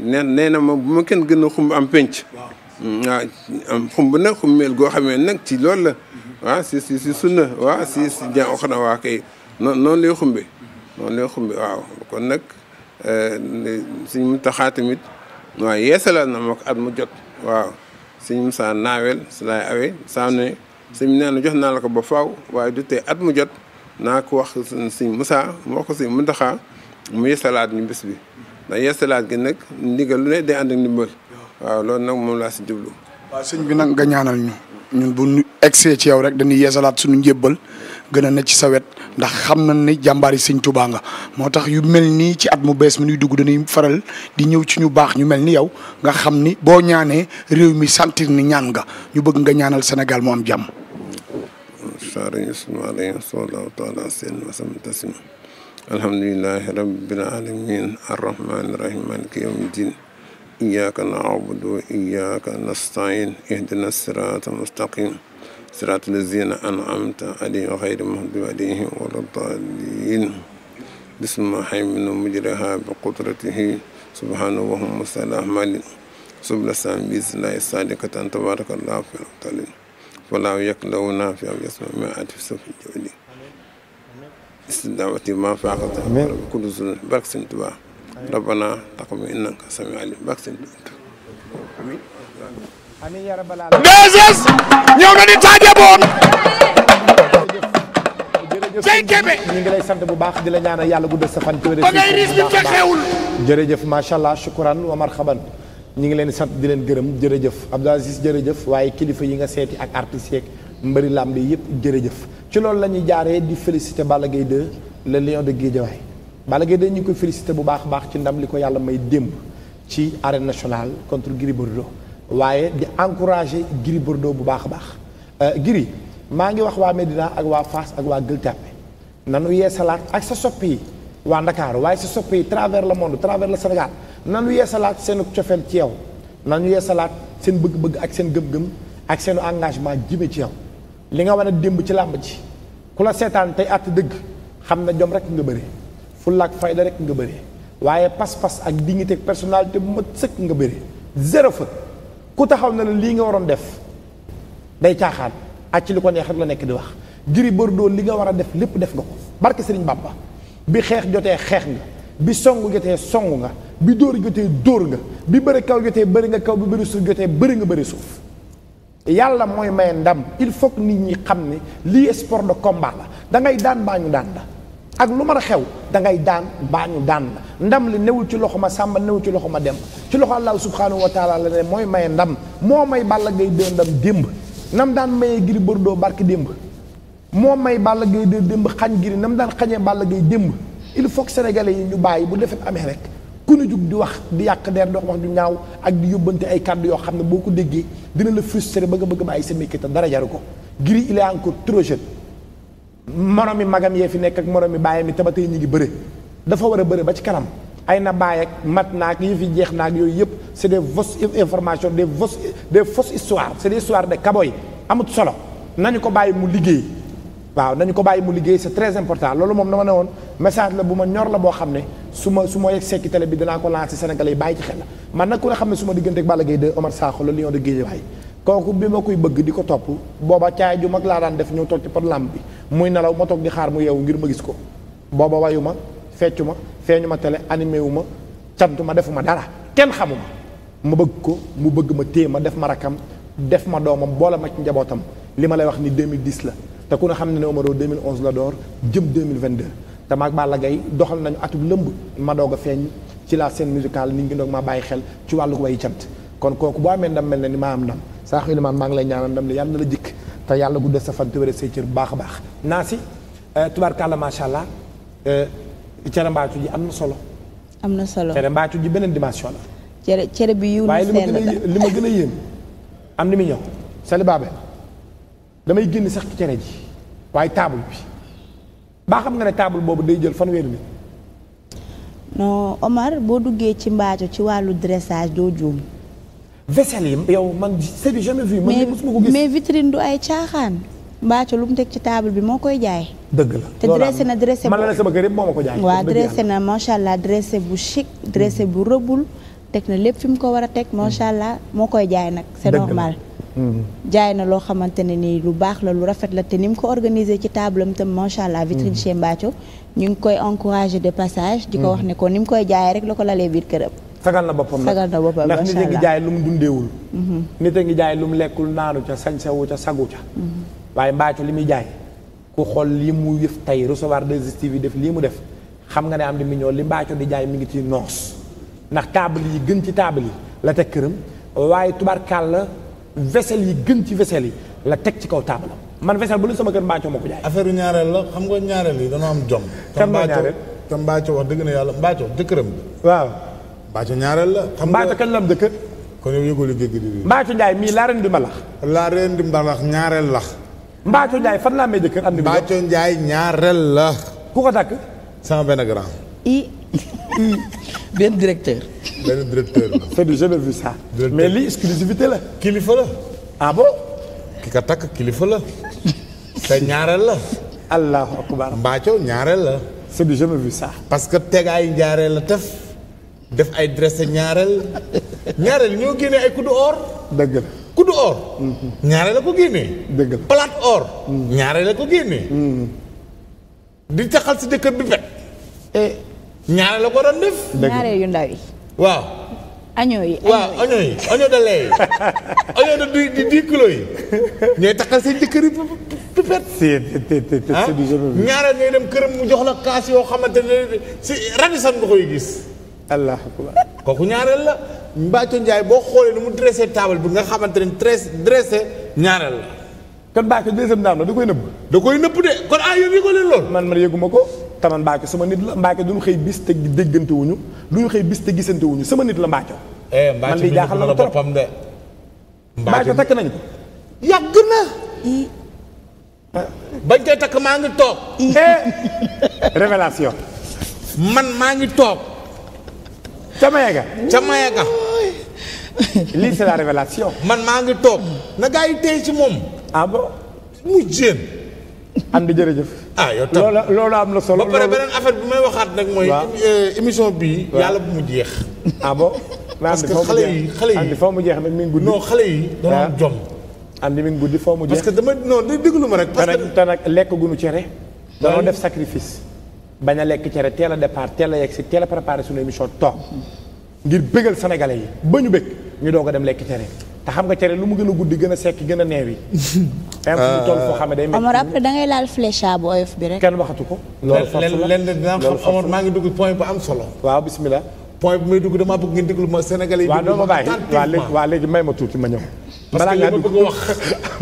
nee nee na ma bu ma kenn gën a xumb am penc. waaw mm, am xumb nag xummeel goo xamee nag ci loolu la. waaw si si si sunna si jàng wax waa kay noonu lay xumbe noonu lay xumbe waaw kon nag. Euh, sëñ Muntaxa tamit waaw yeesalal na mu jot waaw sëñ Musaa naawel si laay awee saa ne sëñ nee na jox naa la ko ba faw waaye du tee at mu jot naa ko wax sëñ Musaa moo ko sëñ Muntaxa mu yeesalaat ñu bés bi ndax yeesalaat gi nag ndigal ne day ànd ndimbal waaw loolu nag moom laa si jublu waaw sëñ bi nag nga ñu ñun bu ñu egsee ci yow rek dañuy yeesalaat suñu njébbal gën na ci sawet ndax xam na ni jàmbaar yi sëñ Tuubaa nga moo tax yu mel nii ci at mu bees mi nuy dugg dañuy faral di ñëw ci ñu baax ñu mel ni yow nga xam ni boo ñaanee réew mi sentir ni ñaan nga ñu bëgg nga ñaanal Sénégal mu am jàmm sariñ sumariñ sallahu taala seen wasam tasima alhamdulilahi rabbil alamin arrahmani rahim maliki yawmi din iyyaka mustaqim siraat lazina an'amta alayhim xayri maxdubi alayhim wala daalin bisma xayminu mujraha bi qudratihi subhanahu wa hum musal ahmalin subla sam bismillahi sadikatan tabarakallahu fi talin falaaw yekk law naa fi am yasma ma ati safi jawli istidawati ma faaxata rabbi kulli zulun barke Sëñ Tuubaa rabbana taqabbal innaka samiul alim barke Sëñ Tuubaa amin DSS ñëw na di taaje boon. Dieye ñu ngi lay sant bu baax di la ñaanal yàlla guddal sa fan. ba ngay riis bi jërëjëf macha allah shukran wa marhaban ñu ngi leen sant di leen gërëm jërëjëf Abdou Aziz jërëjëf waaye kilifa yi nga seeti ak artistes yeeg mbëri làmb yi yëpp jërëjëf ci loolu la ñuy jaaree di féliciter Balla Gaye 2 le lion de Guédiawaye Balla Gaye ñu koy féliciter bu baax a baax ci ndam li ko yàlla may démb ci arène nationale contre Gris Bordeaux waaye di encourager Gris Bordeaux bu baax a baax euh, Gris maa ngi wax waa Médina ak waa Fass ak waa Gueule Tapée nanu yeesalaat ak sa soppi yi waa Ndakaaru waaye sa soppi yi travers le monde travers le Sénégal nanu yeesalaat seen cofeel ci yow nanu yeesalaat seen bëgg-bëgg ak seen gëm-gëm ak seenu engagement jime ci yow li nga wane démb ci làmb ji ku la seetaan tey àtt dëgg xam na jom rek nga bëri fulla ak fayda rek nga bëri waaye pas-pas ak dignité ak personnalité bu ma sëkk nga bëri zéro ku taxaw na la lii nga waroon def day caaxaan ak li ko neex rek la nekk di wax Gris doo li nga war a def lépp def nga ko barke Sëriñ Bàmba bi xeex jotee xeex nga bi song jotee song nga bi dóor jotee dóor nga bi bëri kaw jotee bëri nga kaw bi bëri suuf jotee bëri nga bëri suuf yàlla mooy may ndam il faut que nit ñi xam ne lii sport de combat la da ngay daan baa ñu daan la ak lu man a xew da ngay daan mbaa ñu daan la ndam li newul ci loxo ma sàmba newul ci loxo ma dem ci loxo allah subhanahu wa taala la mooy maye ndam moo may Balla gay 2 ndam démb nam daan mayee Gris Bordeaux barki démb moo may Balla Gaye 2 démb xañ Gris nam daan xañee Balla Gaye démb il faut que sénégalais yi ñu bàyyi bu defet amee rek ku nu jug di wax di yàq der di wax wax du ñaaw ak di yóbbante ay kàddu yoo xam ne boo ko déggee dina la frustré ba nga bëgg bàyyi sa métier te dara ko encore trop moromi magam yee fi nekk ak moromi baayam yi tabatay ñu ngi bëre dafa war a bëre ba ci kanam ay na baay ak mat naag yi fi jeex naag yooyu yëpp c'est des fausses information des fausses des fausses histoires c'est des histoires de kaboy amut solo nañu ko bàyyi mu liggéey waaw nañu ko bàyyi mu liggéey c'est très important loolu moom dama ne woon message la bu ma ñor la boo xam ne su ma su ma yegg sekki télé bi dinaa ko lancé Sénégalais yi bàyyi ci xe la man nag ku xam ne su ma diggante ak Balla Gaye 2 Omar Sakho le lion de Guédiawaye kooku bi ma koy bëgg di ko topp booba caay ju mag laa daan def ñëw toog ci pot làmb bi muy nelaw ma toog di xaar mu yeewu ngir ma gis ko booba wayu ma feccu ma feeñu ma télé animé wu ma cantu ma defu ma dara kenn xamu ma ma bëgg ko mu bëgg ma téye ma def ma rakkam def ma doomam boole ma ci njabootam li ma lay wax ni 2010 la te ku ne xam ne ne Omaro 2011 la door jëm 2022 te maag Balla Gaye doxal nañu atub lëmb ma doog a feeñ ci la scène musicale nit ngi doog ma bàyyi xel ci wàllu way cant kon kooku boo amee ndam mel na ni maa am ndam Sakho Elimane maa ngi lay ñaanal ndam li yàlla na la jikk te yàlla guddal sa fan te wéral say cër bu baax a baax naa si euh, tubaarkàlla macha allah euh, cere mbaatu ji am na solo. am na solo cere mbaatu ji beneen dimension la. cere cere bi yiw na seen la waaye li ma gën a yéem am ni mu ñëw Sali damay génn sax cere ji waaye taabul bi baa xam nga ne taabul boobu day jël fanweeri nit. non Omar boo duggee ci mbaaju ci wàllu dressage doo juum. vaisselle yow man c'est jamais vu. mais vitrine du ay caaxaan. mbaaco lu mu teg ci taable bi moo koy jaay. dëgg la te dressé na dressé bu man la sama kër yëpp moo ko jaay. waaw dressé na macha allah dressé bu chic dressé bu rëbbul teg na lépp fi mu ko war a teg macha allah moo koy jaay nag. c'est normal. Hmm. jaay na loo xamante ne nii lu baax la lu rafet la te ni mu ko organisé ci table am tam macha allah. vitrine hmm. chez Mbathio ñu ngi koy encouragé de passage. di ko hmm. wax ne ko ni mu koy jaayee rek la ko lalee biir këram. sagal na boppam sagal na boppam ndax nit a ngi jaay lu mu dundeewul mhm. nit a ngi jaay lu mu lekkul naanu ca sañsewu ca sagu ca mhm. waaye mbaaco li muy jaay ku xool li mu yëf tey recevoir digestive yi def lii mu def xam nga ne am di million li mbaaco di jaay mi ngi ci noos ndax taabal yi gën ci taabal yi la teg këram waaye tubaarkàl la vaisselle yi gën ci vaisselle yi la teg ci kaw taabalam man vaisselle bu lu sama kër mbaaco moo ko jaay affaire ñaareel la xam nga ñaareel yi dañoo am jom te mbaaco te mbaaco wax yàlla mbaaco jëkkëram Bathio ñaareel la. xam nga Bathio kañ la am dëkk. kon yow yëgul géej gi di. Bathio Ndiaye mii laa reen di mbalax. laa reen di mbalax ñaareel la. Bathio Ndiaye fan laa Ndiaye ñaareel la. ku ko takk. directeur. benn directeur mais lii la. kilifa la. ah bon. ki ka takk kilifa la. te ñaareel la. allahu ñaareel la. c'est du jamais vu parce que tegaay ñaareel la tef. def ay dressé ñaareel ñaareel ñoo génnee ay kuddu or. dëgg la kuddu or. Mm-hmm. ñaareel la ko génnee. dëgg la or. Mm-hmm. ñaareel la ko génnee. Mm-hmm. di taxal si dëkk bi pet. Eh. ñaareel la ko doon def. ñaareel yu ndaw yi. waaw. añoo yi waaw añoo yi añoo de lait yi añoo *laughs* de dix di dix kilos yi ñooy taxal seen jëkkër yi pipet ah ñaareel ngay dem këram mu jox la kaas yoo xamante ne si radisan nga gis. allah akbar kooku ñaareel la Mbathio njaay boo xoolee nu mu dressé table bi nga xamante ne dressé dressé ñaareel la. kon Mbathio deuxième dame la koy nëbb. da koy nëbb de kon man man yëguma ko te man sama nit la Mbathio duñu xëy bis te déggante wuñu duñu xëy bis te gisante wuñu sama nit la Mbathio. Eh, man li jaaxal na ma trop boppam de. Mbathio takk nañ ko. yàgg na. bañ koy takk maa ngi toog. Eh. *laughs* révélation man maa ngi toog. ca maye ga ca maye lii c'est la révélation man maa ngi toog nagaa gaa yi ci moom ah mu jéem Amdi jërëjëf ah yow tam loolu am na solo ba pare beneen affaire bi may waxaat nag mooy euh, émission bii yàlla bu mu jeex ah bon *laughs* parce que xale yi xale yi foo mu jeex nag mi ngi guddi xale yi dañoo ah. jom Amdi mi ngi guddi foo mu jeex parce que dama non déglu ma rek parce que te nag lekk gunu cere dañoo def sacrifice bañ a lekk cere teel a départ teel a yegg si teel a préparé suñu émission toog ngir bégal sénégalais yi ba ñu bég ñu doog a dem lekk cere te xam nga cere lu mu gën a guddi gën a sekk gën a neewi. même fu mu toll foo xam ne day. Omar après da ngay laal flécha bu oyof bi rek. kenn waxatu ko. loolu foofu la lenn xam Omar maa ngi dugg point bu am solo. waaw bismillah point bu muy dugg dama bëgg ngeen déglu ma sénégalais yi. déglu ma attentivement waaw léegi may ma tuuti ma ñëw. *laughs* balaa ngaa dugg li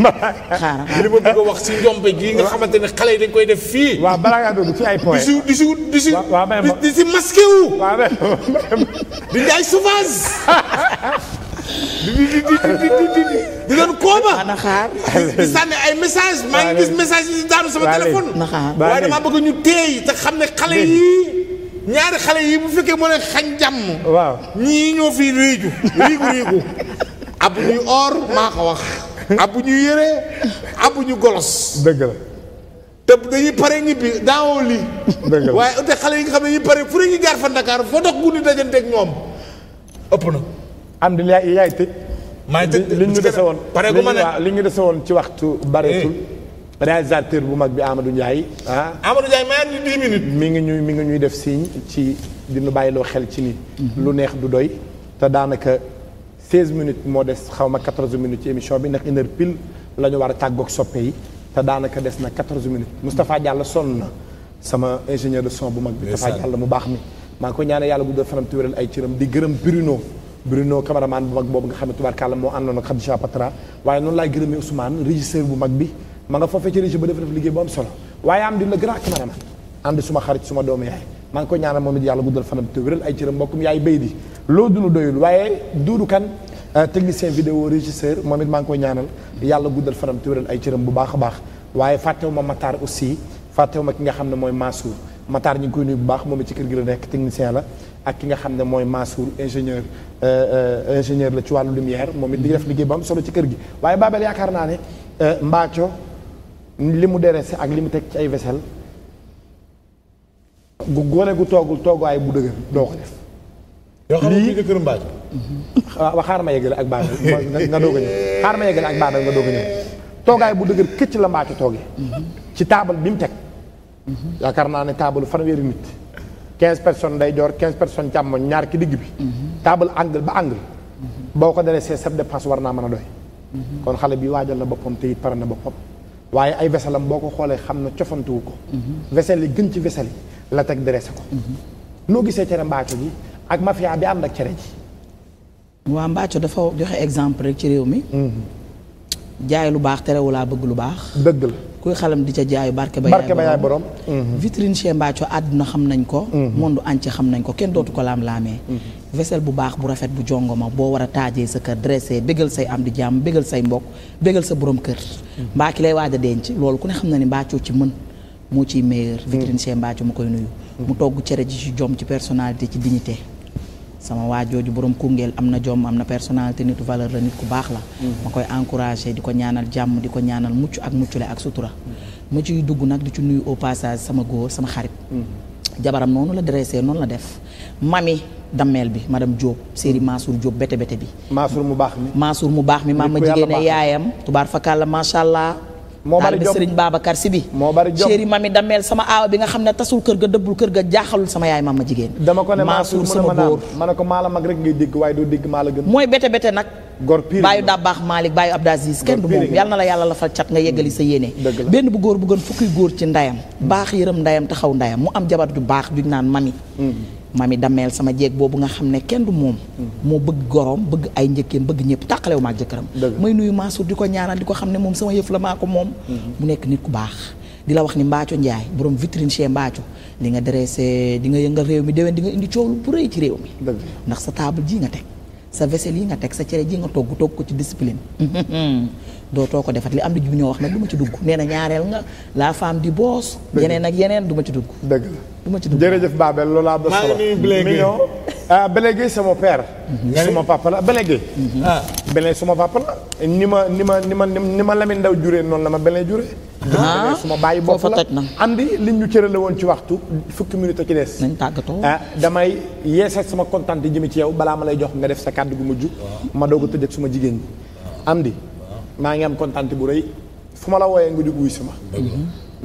ma bëgg a wax. xaaral li ma bëgg a wax si njombe gi nga xamante ne xale yi dañ koy def fii. waaw balaa ngaa dugg ci ay point. di si di si di si di si masqué wu. waaw di jaay sauvage. di doon kooba. di sànni ay message maa ngi gis message yi daanu sama téléphone. na waaye damaa bëgg ñu teey te xam ne xale yii. ñaari xale yi bu fekkee mën a xañ jàmm. waaw ñii ñoo fii riigu riigu riigu. abu ñuy or maa ko wax abu ñu yére abu ñu golos dëgg la te dañuy pare ñibbi daawoo lii waaye ute xale yi nga xam ne ñu pare fu ñu jaar fa Dakar foo tax guddi dajanteeg ñoom ëpp na am di yaay yaay tëj maa ngi tëj li ñu dese woon pare ma li ñu dese woon ci waxtu bareetul eh. réalisateur bu mag bi Amadou Ndiaye ah Amadou Ndiaye mayaat mi ngi ñuy mi ngi ñuy def signe ci bàyyi loo xel ci nii mhm. lu neex du doy te daanaka 16 minutes moo des xaw ma 14 minutes ci émission bi ndax une heure pile la ñu war a tàggoog soppe yi te daanaka des na 14 minutes Moustapha Diallo sonn na sama ingénieur de son bu mag bi mu baax mi maa ngi ko ñaane yàlla guddal fanam te wéral ay cëram di gërëm Bruno Bruno cameraman bu mag boobu nga xam ne tubaarkàlla moo àndoon ak Khadija Patra waaye noonu laay gërëmee Ousmane régisseur bu mag bi ma nga foofee ci régie ba def def liggéey bu solo waaye am di la grand cameraman ànd suma xarit suma doomu yaay maa ngi ko ñaanal moom it yàlla guddal fanam te ay cëram mbokkum yaay béy di loo dunu doyul waaye duudu kan euh, technicien vidéo régisseur moom it maa ngi koy ñaanal yàlla guddal fanam te wéral ay cëram bu baax a baax waaye fàttewu ma aussi fàttewu ma ki nga xam ne mooy Mansour Matar ñu ngi koy nuyu bu baax moom it ci kër gi la nekk technicien la ak ki nga xam ne mooy Mansour ingénieur euh, euh, ingénieur la ci wàllu lumière moom it di def liggéey ba am solo ci kër gi waaye Babel yaakaar ne Mbaaco li mu derese ak li mu teg ci ay vaisselle gu gone gu toogul toogaay bu dëgër doo ko def. yoo xam ne kër Mbaaj. Mm-hmm. Ah, waaw xaar ma yeggale ak baax nga doog a ñëw nga doog a toogaay bu dëgër këcc la Mbacke toogee. Mm-hmm. ci taabal bi mu teg. Mm-hmm. yaakaar naa ne taabalu fanweeri nit. 15 personnes nday joor 15 personnes càmmoñ ñaar ki digg bi. taabal angle ba angle. boo ko dresee sa dépense war naa mën a doy. kon xale bi waajal na boppam te it pare na boppam. waaye ay veselam boo ko xoolee xam na cofantewu ko. vesel yi gën ci vesel la teg dressé ko. noo gisee cere mbaaco bi ak mafia bi am nag cere ji. waa mbaaco dafa joxe exemple rek ci réew mi. Hmm. jaay lu baax terewu laa bëgg lu baax. dëgg la kuy xalam di ca jaayu barke ba. yaay borom hmm. vitrine chez Mbaaco àdduna xam nañ ko. Hmm. monde entier xam nañ ko kenn dootu ko laam-laamee. vaisselle bu baax bu rafet bu jongoma boo war a taajee sa kër dressé bégal say am di jàmm bégal say mbokk bégal sa borom kër. mbaa ki lay waaj denc loolu ku ne xam na ne Mbaaco ci mën. moo ciy meilleur mm. vitrine chez Mbathio mu koy nuyu mu mm. togg cere ji ci jom ci personnalité ci dignité sama waa jooju borom Koungheul am na jom am na personnalité nitu valeur la nit ku baax la mm. ma koy encouragé di ko ñaanal jàmm di ko ñaanal mucc ak la ak sutura ma ciy dugg nag di ci nuyu au passage sama góor sama xarit jabaram noonu la dressé noonu la def mami dammeel bi madame Diop série Mansour Diop bete bete bi Mansour mu baax mi Mansour mu baax mi ma jigéen moo bari jom Serigne Babacar si bi moo bari jom chéri mami dameel sama aawa bi nga xam ne tasul kër ga dëbbul kër ga jaaxalul sama yaay ma jigéen dama ko ne sama góor ma ne ko maa la mag rek ngay dégg waaye doo dégg maa la gën mooy bete bete nag gor pire baayu Dabbaax Malick baayu Abdou Aziz kenn du moom yal na la yàlla la fal cat nga yeggali sa yéene benn bu góor bu gën fukki góor ci ndayam baax yërëm ndayam taxaw ndayam mu am jabar ju baax juñ naan mami mm. mami dameel sama jeeg boobu nga xam ne kenn du moom moo bëgg goroom bëgg ay njëkkeen bëgg ñëpp tàqalewu maag jëkkëram mooy nuyu Mansour di ko ñaanal di ko xam ne moom sama yëf la maa ko moom mhm. mu nekk nit ku baax di la wax ni Mbaaco Ndiaye borom vitrine chez Mbaaco li nga dressé di nga yëngal réew mi déwén di nga indi coow lu bu rëy ci réew mi ndax sa table ji nga teg sa vaisselle yi nga teg sa cere ji nga togg togg ko ci discipline *laughs* dootoo ko defat li am di jub ñoo wax nag du ma ci dugg nee na ñaareel nga la femme du boss. yeneen ak yeneen du ma ci dugg. dëgg la du ma ci dugg jërëjëf Babel loolu laa doon solo maa ngi sama père. sama papa la Bélé Guèye. ah Bélé sama mhm. papa la mhm. ah. ah. ni ma ni ma ni ma ni ma Lamine Ndaw juree noonu la ma Bélé juree. ah sama bàyyi bopp la andi li ñu cërale woon ci waxtu fukki minute ci des. nañ tàggatoo ah damay yeesal sama kontaan jëmi ci yow balaa ma lay jox nga def sa kàddu gu mujj. ma doog a tëj ak suma jigéen ñi. am di maa ngi am kontaan bu rëy fu ma la wooyee nga jóg wuy si ma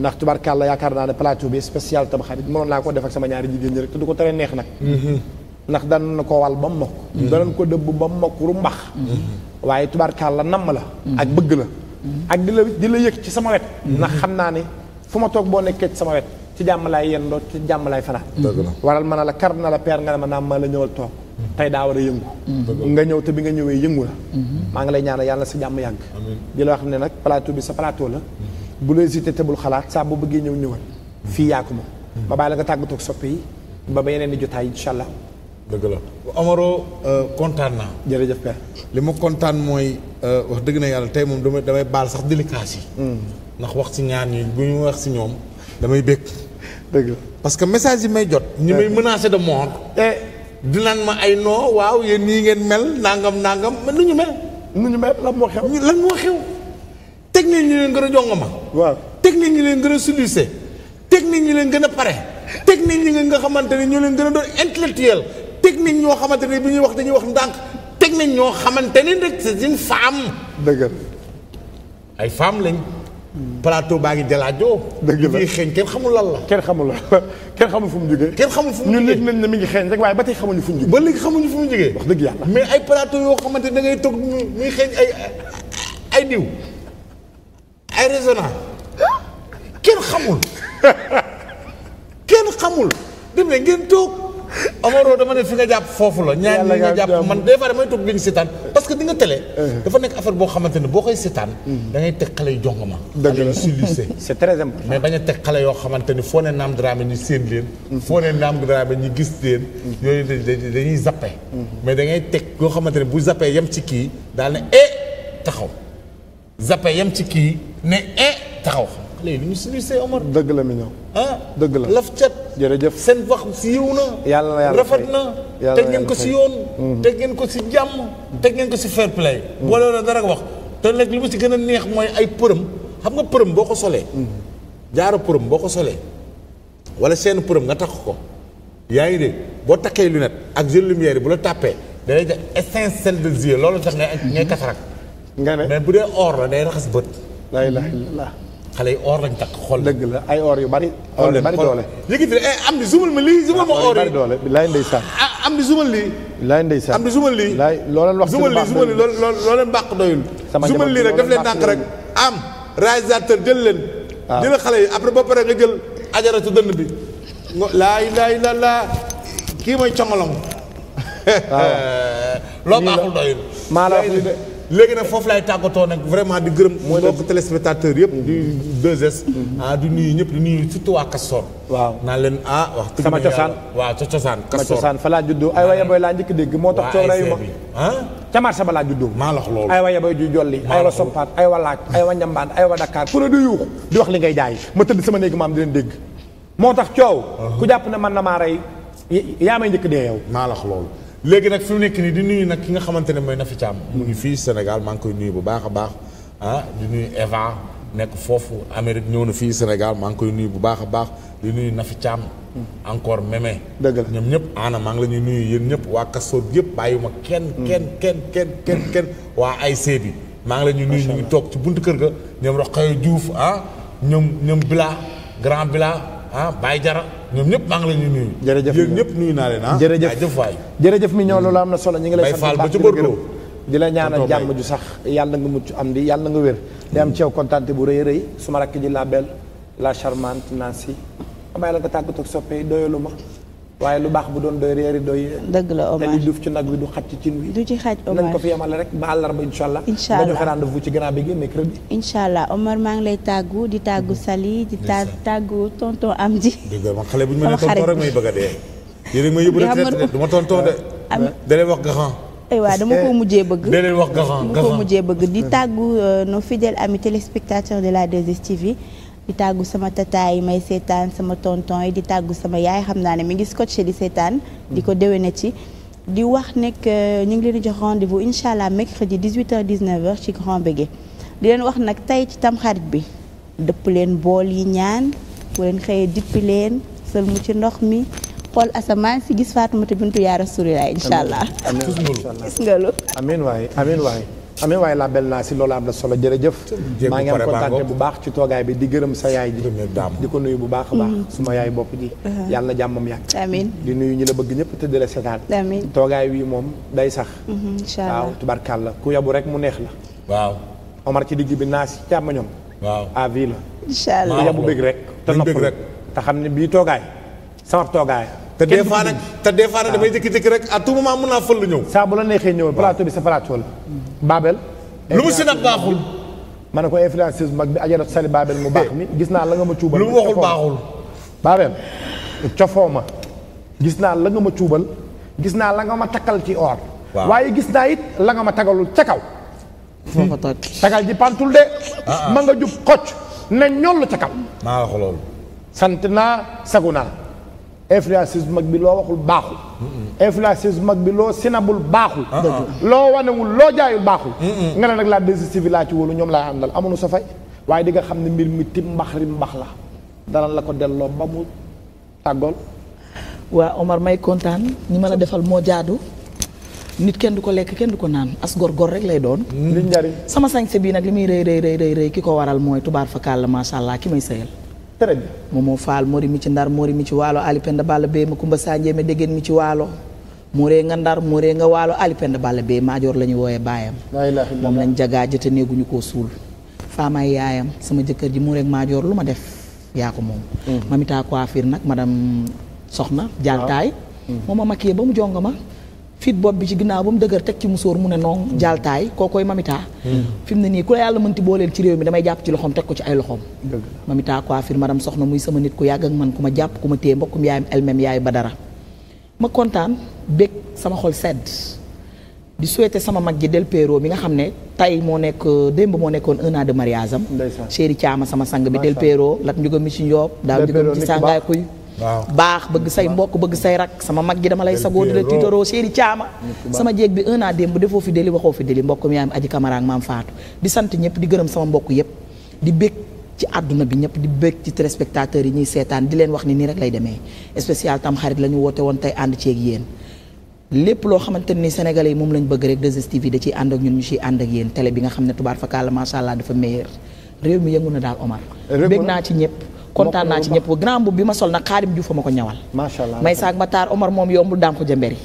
ndax tubaarkàlla yaakaar naa ne plateau bi spécial tamxarit mënoon naa ko def ak sama ñaari jigéen ñi rek te du ko tere neex nag ndax na ko wal ba mu mokk danañ ko dëbb ba mu mokk ru mbax waaye tubaarkàlla namm la ak bëgg la ak di la di la yëg ci sama wet ndax xam naa ne fu ma toog boo nekkee ci sama wet ci jàmm laay yendoo ci jàmm laay fanaan waral ma a la kar na la peer nga ne ma naam ma la ñëwal toog tey daa war a yëngu nga ñëw te bi nga ñëwee yëngu la mhm. maa ngi lay ñaanal yàlla sa jàmm yàgg di la xam ne nag plateau bi sa plateau la mhm. bu la hésité te bul xalaat saa boo bëggee ñëw ñëwal fii yaa ko moom ma mhm. bàyyi la nga tàggatoo ak soppe yi ba ba yeneen di jotaay incha allah dëgg la Amaro euh, kontaan naa jërëjëf père li ma kontaan mooy euh, wax dëgg na yàlla tey moom damay damay baal sax délicace yi ndax wax ci ñaar ñi bu ñu wax ci ñoom damay bëgg dëgg la parce que dinaan ma ay noo waaw yéen nii ngeen mel nangam ndàngam nu ñu mel. nu ñu mel lan moo xew. lan moo xew. technique ñu leen gën a jongoma. waaw technique ñi leen gën a solucé. technique ñu leen gën a pare. technique ñi nga xamante ne ñoo leen gën a doon intellectuel. technique ñoo xamante ne bi ñuy wax dañuy wax ndànk. technique ñoo xamante ne rek si une femme. dëgg ay femme lañ. plateau baa ngi jalaajoo. dëgg la xeeñ kenn xamul lan la. kenn xamul lan la *laughs* kenn xamul fu mu jógee. kenn xamul fu mu jógee ñun léegi nañ ne mi ngi xeeñ rek waaye ba tey xamuñu fu mu jógee. ba léegi xamuñu fu mu jógee. wax dëgg yàlla mais ay plateau yoo xamante ne gay ngay toog muy xeeñ ay ay diw ay résonance *gasps* kenn xamul *laughs* kenn xamul dem ne ngeen toog. Omaro dama ne fi nga jàpp foofu la. ñaan ñi nga jàpp man des fois may toog bi ñu seetaan parce que di nga télé. Eh. dafa nekk affaire boo xamante ne boo koy seetaan. Mm. da ngay teg xale yu jongoma. dëgg la *laughs* c'est très important. mais bañ a teg xale yoo xamante ni foo ne naam Dramé ñu séen leen. Mm. foo ne naam Dramé ñu gis leen. Mm. yooyu dañuy zappe. mais da ngay teg yoo xamante ne bu zappe yem ci kii daal ne eh taxaw zappe yem ci kii ne eh taxaw. léegi ñu silice Omar. dëgg la mi ñëw. ah la laf cat. jërëjëf seen wax si yiw na. yàlla rafet na. teg ngeen ko si yoon. Mhm. teg ngeen ko si jàmm. teg ngeen ko si fair play. Mhm. boole la dara wax te nag li mu si gën a neex mooy ay përëm xam nga përëm boo ko solee. Mhm. jaaro përëm boo ko solee. wala seen përëm nga takk ko. yaa ngi boo takkee lunette ak jël lumière bu la tàppee da lay def de yeux loolu tax ngay ngay katarak nga ne mais bu dee or la day raxas bët. la xale yi or lañ takk xol. dëgg la ay or yu bari. or yu bari doole yëkkati eh, am di zumal ma lii zumal ma or yi bari doole laay ah, ndeysaan am di zumal lii. laay ndeysaan am di zumal lii. laay loo leen wax ci lu baax zumal lii zumal lii loo leen bàq doyul. sama zumal lii rek daf leen nànk rek am réalisateur leen. waaw ah. jël xale yi après ba pare nga jël ajaratu dënn bi. nga laay laay la laa kii mooy congolong. *laughs* Ah. *laughs* loo baaxul doyul. maa la wax léegi nag foofu laay tàggatoo nag vraiment di gërëm. mooy mbokk téléspectateur yëpp. di 2S. ah di nuyu ñëpp di nuyu surtout waa Kastor. waaw naan leen ah wax. tëgg sama cosaan waaw ca cosaan. Kastor sama cosaan fa laa juddoo ay waaye booy laa njëkk dégg moo tax. coow rayu ma ah. ca marché ba laa juddoo. maa lox loolu ay waaye booy ju jolli. ay wa soppaat wa laaj ay wa wa Dakar pour di yuux di li ngay jaay ma tëdd sama néeg maam di leen dégg. moo tax coow. Uh-huh. ku jàpp na man na maa rey yaa may njëkk dee yow. maa lox loolu léegi nag fi mu nekk nii di nuyu nag ki nga xamante ne mooy Nafi Thiam mu ngi fii Sénégal maa ngi koy nuyu bu baax a baax ah di nuyu Eva nekk foofu Amérique ñëw na fii Sénégal maa ngi koy bu baax a baax di nuyu Nafi Thiam encore Mémé dëgg ñoom ñëpp ana maa ngi la ñuy nuyu yéen ñëpp waa Kastoor yëpp bàyyiwuma kenn mm. kenn kenn kenn kenn kenn waa ay bi maa ngi la ñuy nuyu ñu ngi toog ci buntu kër ga ñoom Roqaye Diouf ah ñoom ñoom Bila grand Bila ah Baye Jara ñoom ñëpp maa ngi la nuyu. jërëjëf yéen ñëpp nuyu naa leen ah. jërëjëf waay jërëjëf mi ñoo loolu am na solo ñu ngi lay. sant baax di la ñaanal jàmm ju sax yàlla nga mucc am di yàlla nga wér. di am ci yow kontaan bu rëy rëy suma rakk ji la belle la charmante Nancy. bàyyi la nga tàggatoo ak soppe doyalu ma waaye lu baax bu doon doy réeri doy. dëgg la Omar ci nag du xaj ci cin ci xaj Omar rek ba àllarba incha allah. incha allah ba ci grand bi gi mercredi. incha allah Omar maa ngi lay tàggu di tàggu Sali di tàggu tonton Amdi. am la man xale bu ñu mënee tonton rek may bëgg a dee. yéen a ngi may yóbbu de wax gaxan. waaw dama ko mujjee bëgg dama ko mujjee bëgg di tàggu euh, no fidèles amis téléspectateurs de la 2STV di tàggu sama tata yi may seetaan sama tonton yi di tàggu sama yaay xam naa ne mi ngi scotché di seetaan di ko dewee hmm. déwéne ci di wax nekk ñu ngi leen di jox rendez-vous incha allah mercredi 18h 19h ci Grand Bégué di leen wax nag tey ci tamxarit bi dëpp leen bool yi ñaan bu leen xëyee dippi leen sël ci ndox mi xool asamaan si gis Faatumata bintu yaa Rasulilaay incha allah gis nga lu amiin waay amee waaye la bel naa si loolu am na solo jërëjëf maa ngi am kontaan bu baax ci toogaay bi di gërëm sa yaay ji di ko nuyu bu baax a baax mm-hmm. suma yaay bopp ji uh-huh. yàlla na jàmmam yàgg di nuyu ñu la bëgg ñëpp te di la seetaan toogaay wi moom day sax mm-hmm, waaw la ku yabu rek mu neex la Omar ci digg bi naa si càmmañom waaw avi la incha allah yabu bëgg rek te nopp rek te xam ne bii toogaay sama toogaay te des fois nag te des fois nag damay jékki-jékki rek à tout moment mun naa fël lu ñëw. saa bu la neexee ñëw plateau bi sa plateau la. Babel. lu mu si nag baaxul. ma ne ko influenceuse mag bi ajaratu Sali Babel mu baax mi gis naa la nga ma cuubal. lu mu waxul baaxul. Babel ma gis naa la nga ma cuubal gis naa la nga ma takkal ci or. waaye gis naa it la nga ma tagalul ca kaw. foofa toj tagal ji pantul de. Ah, ah. ma nga jub xocc na ñoll ca kaw. maa wax loolu. sant naa sagu influenceuse bu mag bi loo waxul baaxul. influenceuse bu mag bi loo sinabul baaxul. Ah, ah. loo wanewul loo jaayul baaxul. Mm, mm. nga ne nag laa dégestive laa ci wóolu ñoom laa àndal amuñu sa fay. waaye di nga xam ne mbir mi tim mbax ri mbax la dana la ko delloo ba mu tàggool. waa Omar may kontaan ñi ma la defal moo jaadu. nit kenn du ko lekk kenn du ko naan as gor gor rek lay doon. Mm. liñ njariñ sama sañse bii nag li muy rëy rëy rëy rëy ki ko waral mooy tubaar fa kàll macha allah ki may sëyal. très bien moomoo faal mori mi ci ndar mori mi ci waalo alipenda balla bee ma kumba sanjee ma déggéen mi ci waalo mooree nga ndar mooree nga waalo alipenda balla bee maajoor la ñu wooyee baayam moom lañ jagaa jëte néeguñu koo suul faamaay yaayam sama jëkkër ji mooree ak maajoor lu ma def yaa ko moom mm. mamita coiffure nag madame soxna jaltaay ah. mm. moom ma makkiyee ba mu jonga fit bopp bi ci ginnaaw ba mu dëgër teg ci musóor mu ne noon hmm. jaaltaay kookoy mamita hmm. fi mu ne nii ku la yàlla mënti booleel ci réew mi damay jàpp ci loxoom teg ko ci ay loxoom mamita coiffure madame soxna muy sama nit ku yàgg ak man ku ma jàpp ku ma téye mbokkum yaayam elmem yaayu Badara ma kontaan bég sama xol sedd di souhaité sama mag ji del Péro mi nga xam ne tey moo nekk démb moo nekkoon un an de mariage am chéri sama sang bi del Péro lat waaw baax bëgg say mbokk bëgg say rak sama mag ji dama lay sagoo di la tiitaroo séeri caama sama jéeg bi un an démb defoo fi deli waxoo fi deli mbokk mi yaayam aji kamara ak maam faatu di sant ñëpp di gërëm sama mbokk yëpp di bég ci àdduna bi ñëpp di bég ci téléspectateurs yi ñuy seetaan di leen wax ni nii rek lay demee spécial tam xarit la ñu woote woon tey ànd ci ceeg yéen lépp loo xamante ni sénégalais yi moom lañ bëgg rek 2STV da ciy ànd ak ñun ñu ciy ànd bi nga xam ne tubaar fa kaala macha allah dafa meilleur mi yëngu na daal Omar bég naa ci ñëpp kontaan naa ci ñëpp grand mbubb bi ma sol nag xaadim Juuf ma ko ñawal macha allah may saag ma taar Omar moom yombul daam ko jëmberi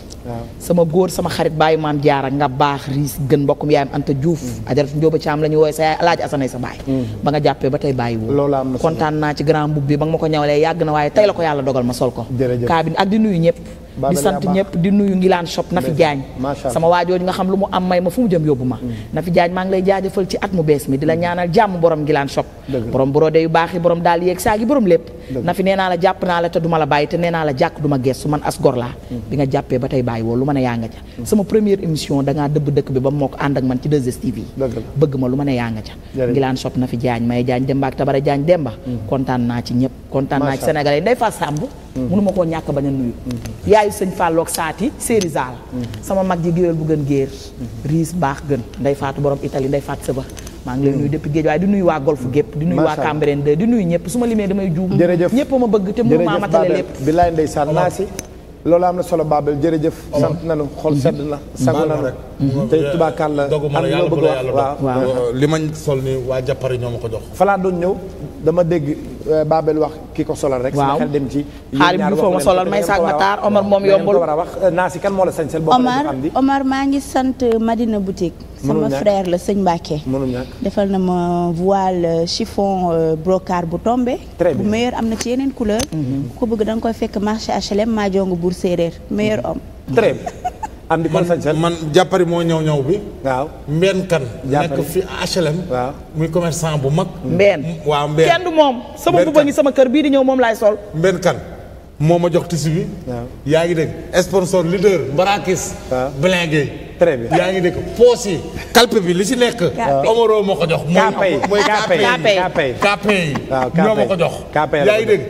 sama góor sama xarit bàyyi maam jaara nga baax riis gën mbokkum yaayam Anta Diouf mm. ajaratu Njóoba Caam la ñu wooye sa yaay alaaji asanay sa baay mm. ba nga jàppee ba tey bàyyi woo kontaan naa ci grand mbubb bi ba nga ma ko ñawalee yàgg na waaye tey la ko yàlla dogal ma sol ko kaabin ak di nuyu ñëpp di sant ñëpp di nuyu ngilaan shop na jaañ sama waajooju nga xam lu mu am may ma fu mu jëm yóbbu ma mm. na fi jaañ maa ngi lay jaajëfal ci at mu bees mi di la mm. ñaanal jàmm borom ngilaan shop borom brodé yu baax yi borom daal yeeg saagi borom lépp na fi ma la bàyyi te nee naa la jàkk du ma geestu man as gor laa mm. bi nga jàppee ba tey bàyyi woo lu ko ànd ak man ci 2STV yi bëgg ma lu ma ne yaa may jaañ demba tabara jaañ demba kontaan ci ñëpp kontaan ci sénégalais nday faa sàmb mënu koo ñàkk bañ a nuyu jataayu sëñ Fallook saati séeri zaal mhm. sama mag ji géwél bu gën géer mhm. riis baax gën nday faatu borom Italie nday faat sëba maa ngi lay mhm. nuyu depuis géej waaye di nuy waa golf gépp di nuyu waa Cambérène 2 di nuyu ñëpp su ma limee damay juum jërëjëf ñëpp ma bëgg te mënu maa matale lépp bilaay ndeysaan naa si loolu am na solo Babel jërëjëf sant nañu xol sedd na sangu nañu rek te tubaakaal la am loo bëgg wax waaw li mañ sol ni waa jàppari ñoo ma ko jox falaa doon ñëw dama Euh, Babel wax ki ko solal rek. waaw xel dem ci. xaalis bu foo ma solal may saag Matar Omar euh, moom yombul. Omar maa ngi sant euh, Madina Boutique. sama frère la sëñ Mbacke. defal na ma voile chiffon brocart bu tombé. très bien meilleur am na ci yeneen couleur. Mhm. ku ko bëgg da koy fekk marché HLM ma jongu buur séeréer meilleur homme. très am di ko man jàppari moo ñëw ñaw bi. waaw mbenn kan. nekk fi HLM. waaw muy commerçant bu mag. Mm. mbenn mm, waaw mbenn kenn moom. sama buba ngi sama kër bii di ñëw moom laay sol. mbenn kan moo ma jox tissu bi. waaw yaa ngi dégg sponsor leader Mbarakis. waaw Blingué. très bien yaa ngi dégg poos yi. calpe bi li si nekk. Omaro moo ko jox. mooy mooy kaape yi kaape yi kaape yi. ñoo ma ko jox. yaa ngi dégg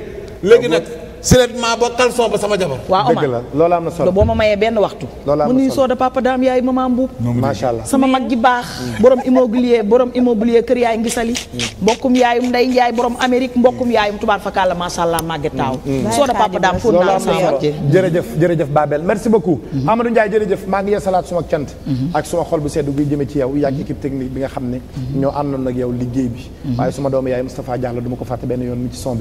léegi nag. sëleet maa ba caleçon ba sama jabar. waaw la loolu ma mayee benn waxtu. loolu am na solo mu nuyu Soda papa daam yaay maman Mbuub. macha allah sama mag ji baax. borom immobilier borom immobilier kër yaay ngi mbokkum yaayum nday njaay borom Amérique mbokkum yaayum tubaar fakalla macha allah màgge taaw. Mm, mm. Soda papa Babel merci beaucoup. Mm-hmm. Amadou Ndiaye jërëjëf maa ngi yasalaat suma cant. Mm-hmm. ak suma xol bu sedd guy jëme ci yow yàgg équipe technique bi nga xam ne. Mm-hmm. ñoo àndoon ak yow liggéey bi. waaye suma doomu yaay Moustapha Diallo du ko fàtte benn yoon mi ci son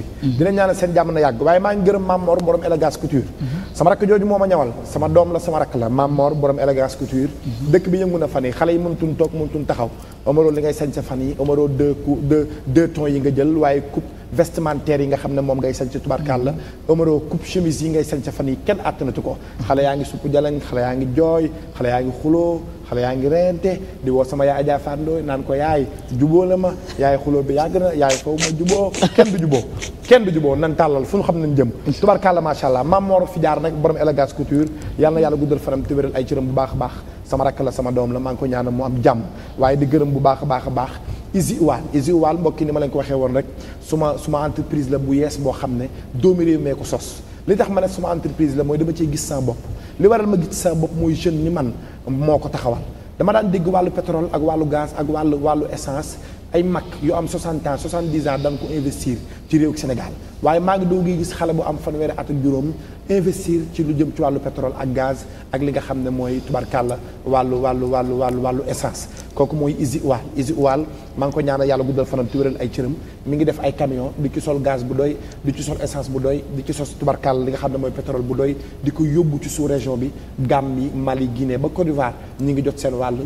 gërëm Mam Mor borom élégance couture. sama rakk jooju moo a ñawal sama doom la sama rakk la Mam Mor borom dëkk bi yëngu na fan yi xale yi mëntuñ toog mëntuñ taxaw. Omaro li ngay sañ sa fan yi Omaro deux cou deux deux tons yi nga jël waaye coupe vestimentaire yi nga xam ne moom ngay sañ sa tubarkaal la. Omaro coupe chemise yi ngay sañ sa fan yi kenn àttanatu ko. xale yaa ngi supp jalañ xale yaa ngi jooy xale yaa ngi xuloo xale yaa ngi reyante di woo sama yaay Adja Fando naan ko yaay juboo la ma yaay xuloo bi yàgg na yaay foofu ma juboo kenn du juboo kenn du juboo nan tàllal fu ñu xam nañ jëm tubarkàlla macha allah maam Mor fi jaar nag borom élégance couture yal na yàlla guddal faram te wéral ay cëram bu baax a baax sama rakk la sama doom la maa ngi ko ñaanal mu am jàmm waaye di gërëm bu baax a baax a baax Isi Waal Isi Waal mbokki ni ma leen ko waxee woon rek suma suma entreprise la bu yees boo xam ne doomi réew mee ko sos li tax ma ne suma entreprise la mooy dama cee gis sama bopp li waral ma gis sama bopp mooy jeune ni man moo ko taxawal dama daan dégg wàllu pétrole ak wàllu gaz ak wàllu wàllu essence ay mag yu am 60 ans 70 ans da nga ko investir ci réew Sénégal waaye maa ngi doogee gis xale bu am fanweeri at ak juróom investir ci lu jëm ci wàllu pétrole ak gaz ak li nga xam ne mooy tubarkàlla wàllu wàllu wàllu wàllu wàllu essence kooku mooy Isi Oual Isi Oual maa ngi ko ñaanal yàlla guddal fanam ci wéral ay cëram mi ngi def ay camion di ci sol gaz bu doy di ci sol essence bu doy di ci sos tubarkàlla li nga xam ne mooy pétrole bu doy di ko yóbbu ci sous région bi Gambie Mali Guinée ba Côte d'Ivoire ñi ngi jot seen wàll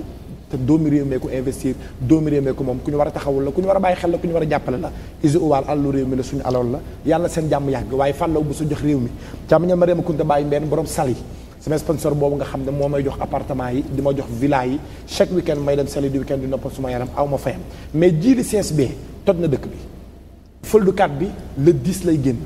te doomi réew mee ko investir doomi réew mee ko moom ku ñu war a taxawul la ku ñu war a bàyyi xel la ku ñu war a jàppale la isi uwaal àllu réew mi la suñu alal la yàlla seen jàmm yàgg waaye fàllaw bu sa jox réew mi càmmañal ma réema kunta bàyyi mbenn borom sali sama sponsor boobu nga xam ne moo may jox appartement yi di ma jox villa yi chaque week may dem sali di week-end di noppal suma yaram aw fayam mais jiili CSB toj na dëkk bi fëldu kat bi le 10 lay génn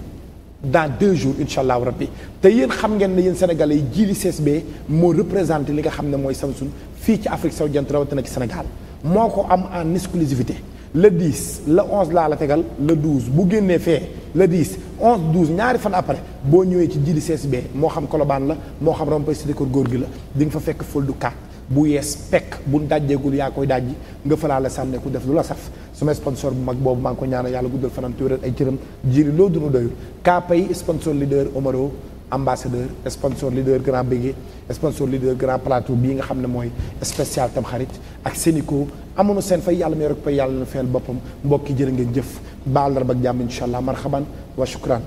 dans deux jours incha allahu rabbi te yéen xam ngeen ne yéen sénégalais yi jiili CSB moo représenté li nga xam ne mooy Samsung fii ci Afrique sowu jant na ci Sénégal moo ko am en exclusivité le 10 le 11 laa la tegal le douze bu génnee fee le 10 11 12 ñaari fan après boo ñëwee ci jiidi CSB moo xam kolobaan la moo xam Rompé Cité góor gi la dinga fa fekk fël du kat bu yees pekk bu dajjeegul yaa koy dajji nga falaa la sànne ku def lu la saf suma sponsor bu mag boobu maa ngi ko ñaanal yàlla guddal fanam ci wéral ay cëram jiri loo dunu doyul kaa pay sponsor leader ambassadeur sponsor leader grand bégué sponsor leader grand plateau bii nga xam ne mooy spécial Tamxarit ak Sénico amoon seen fay yàlla may rek pay yàlla na fayal boppam mbokki jërë ngeen jëf ba àllarba ak jàmm incha allah marhaban wa shukran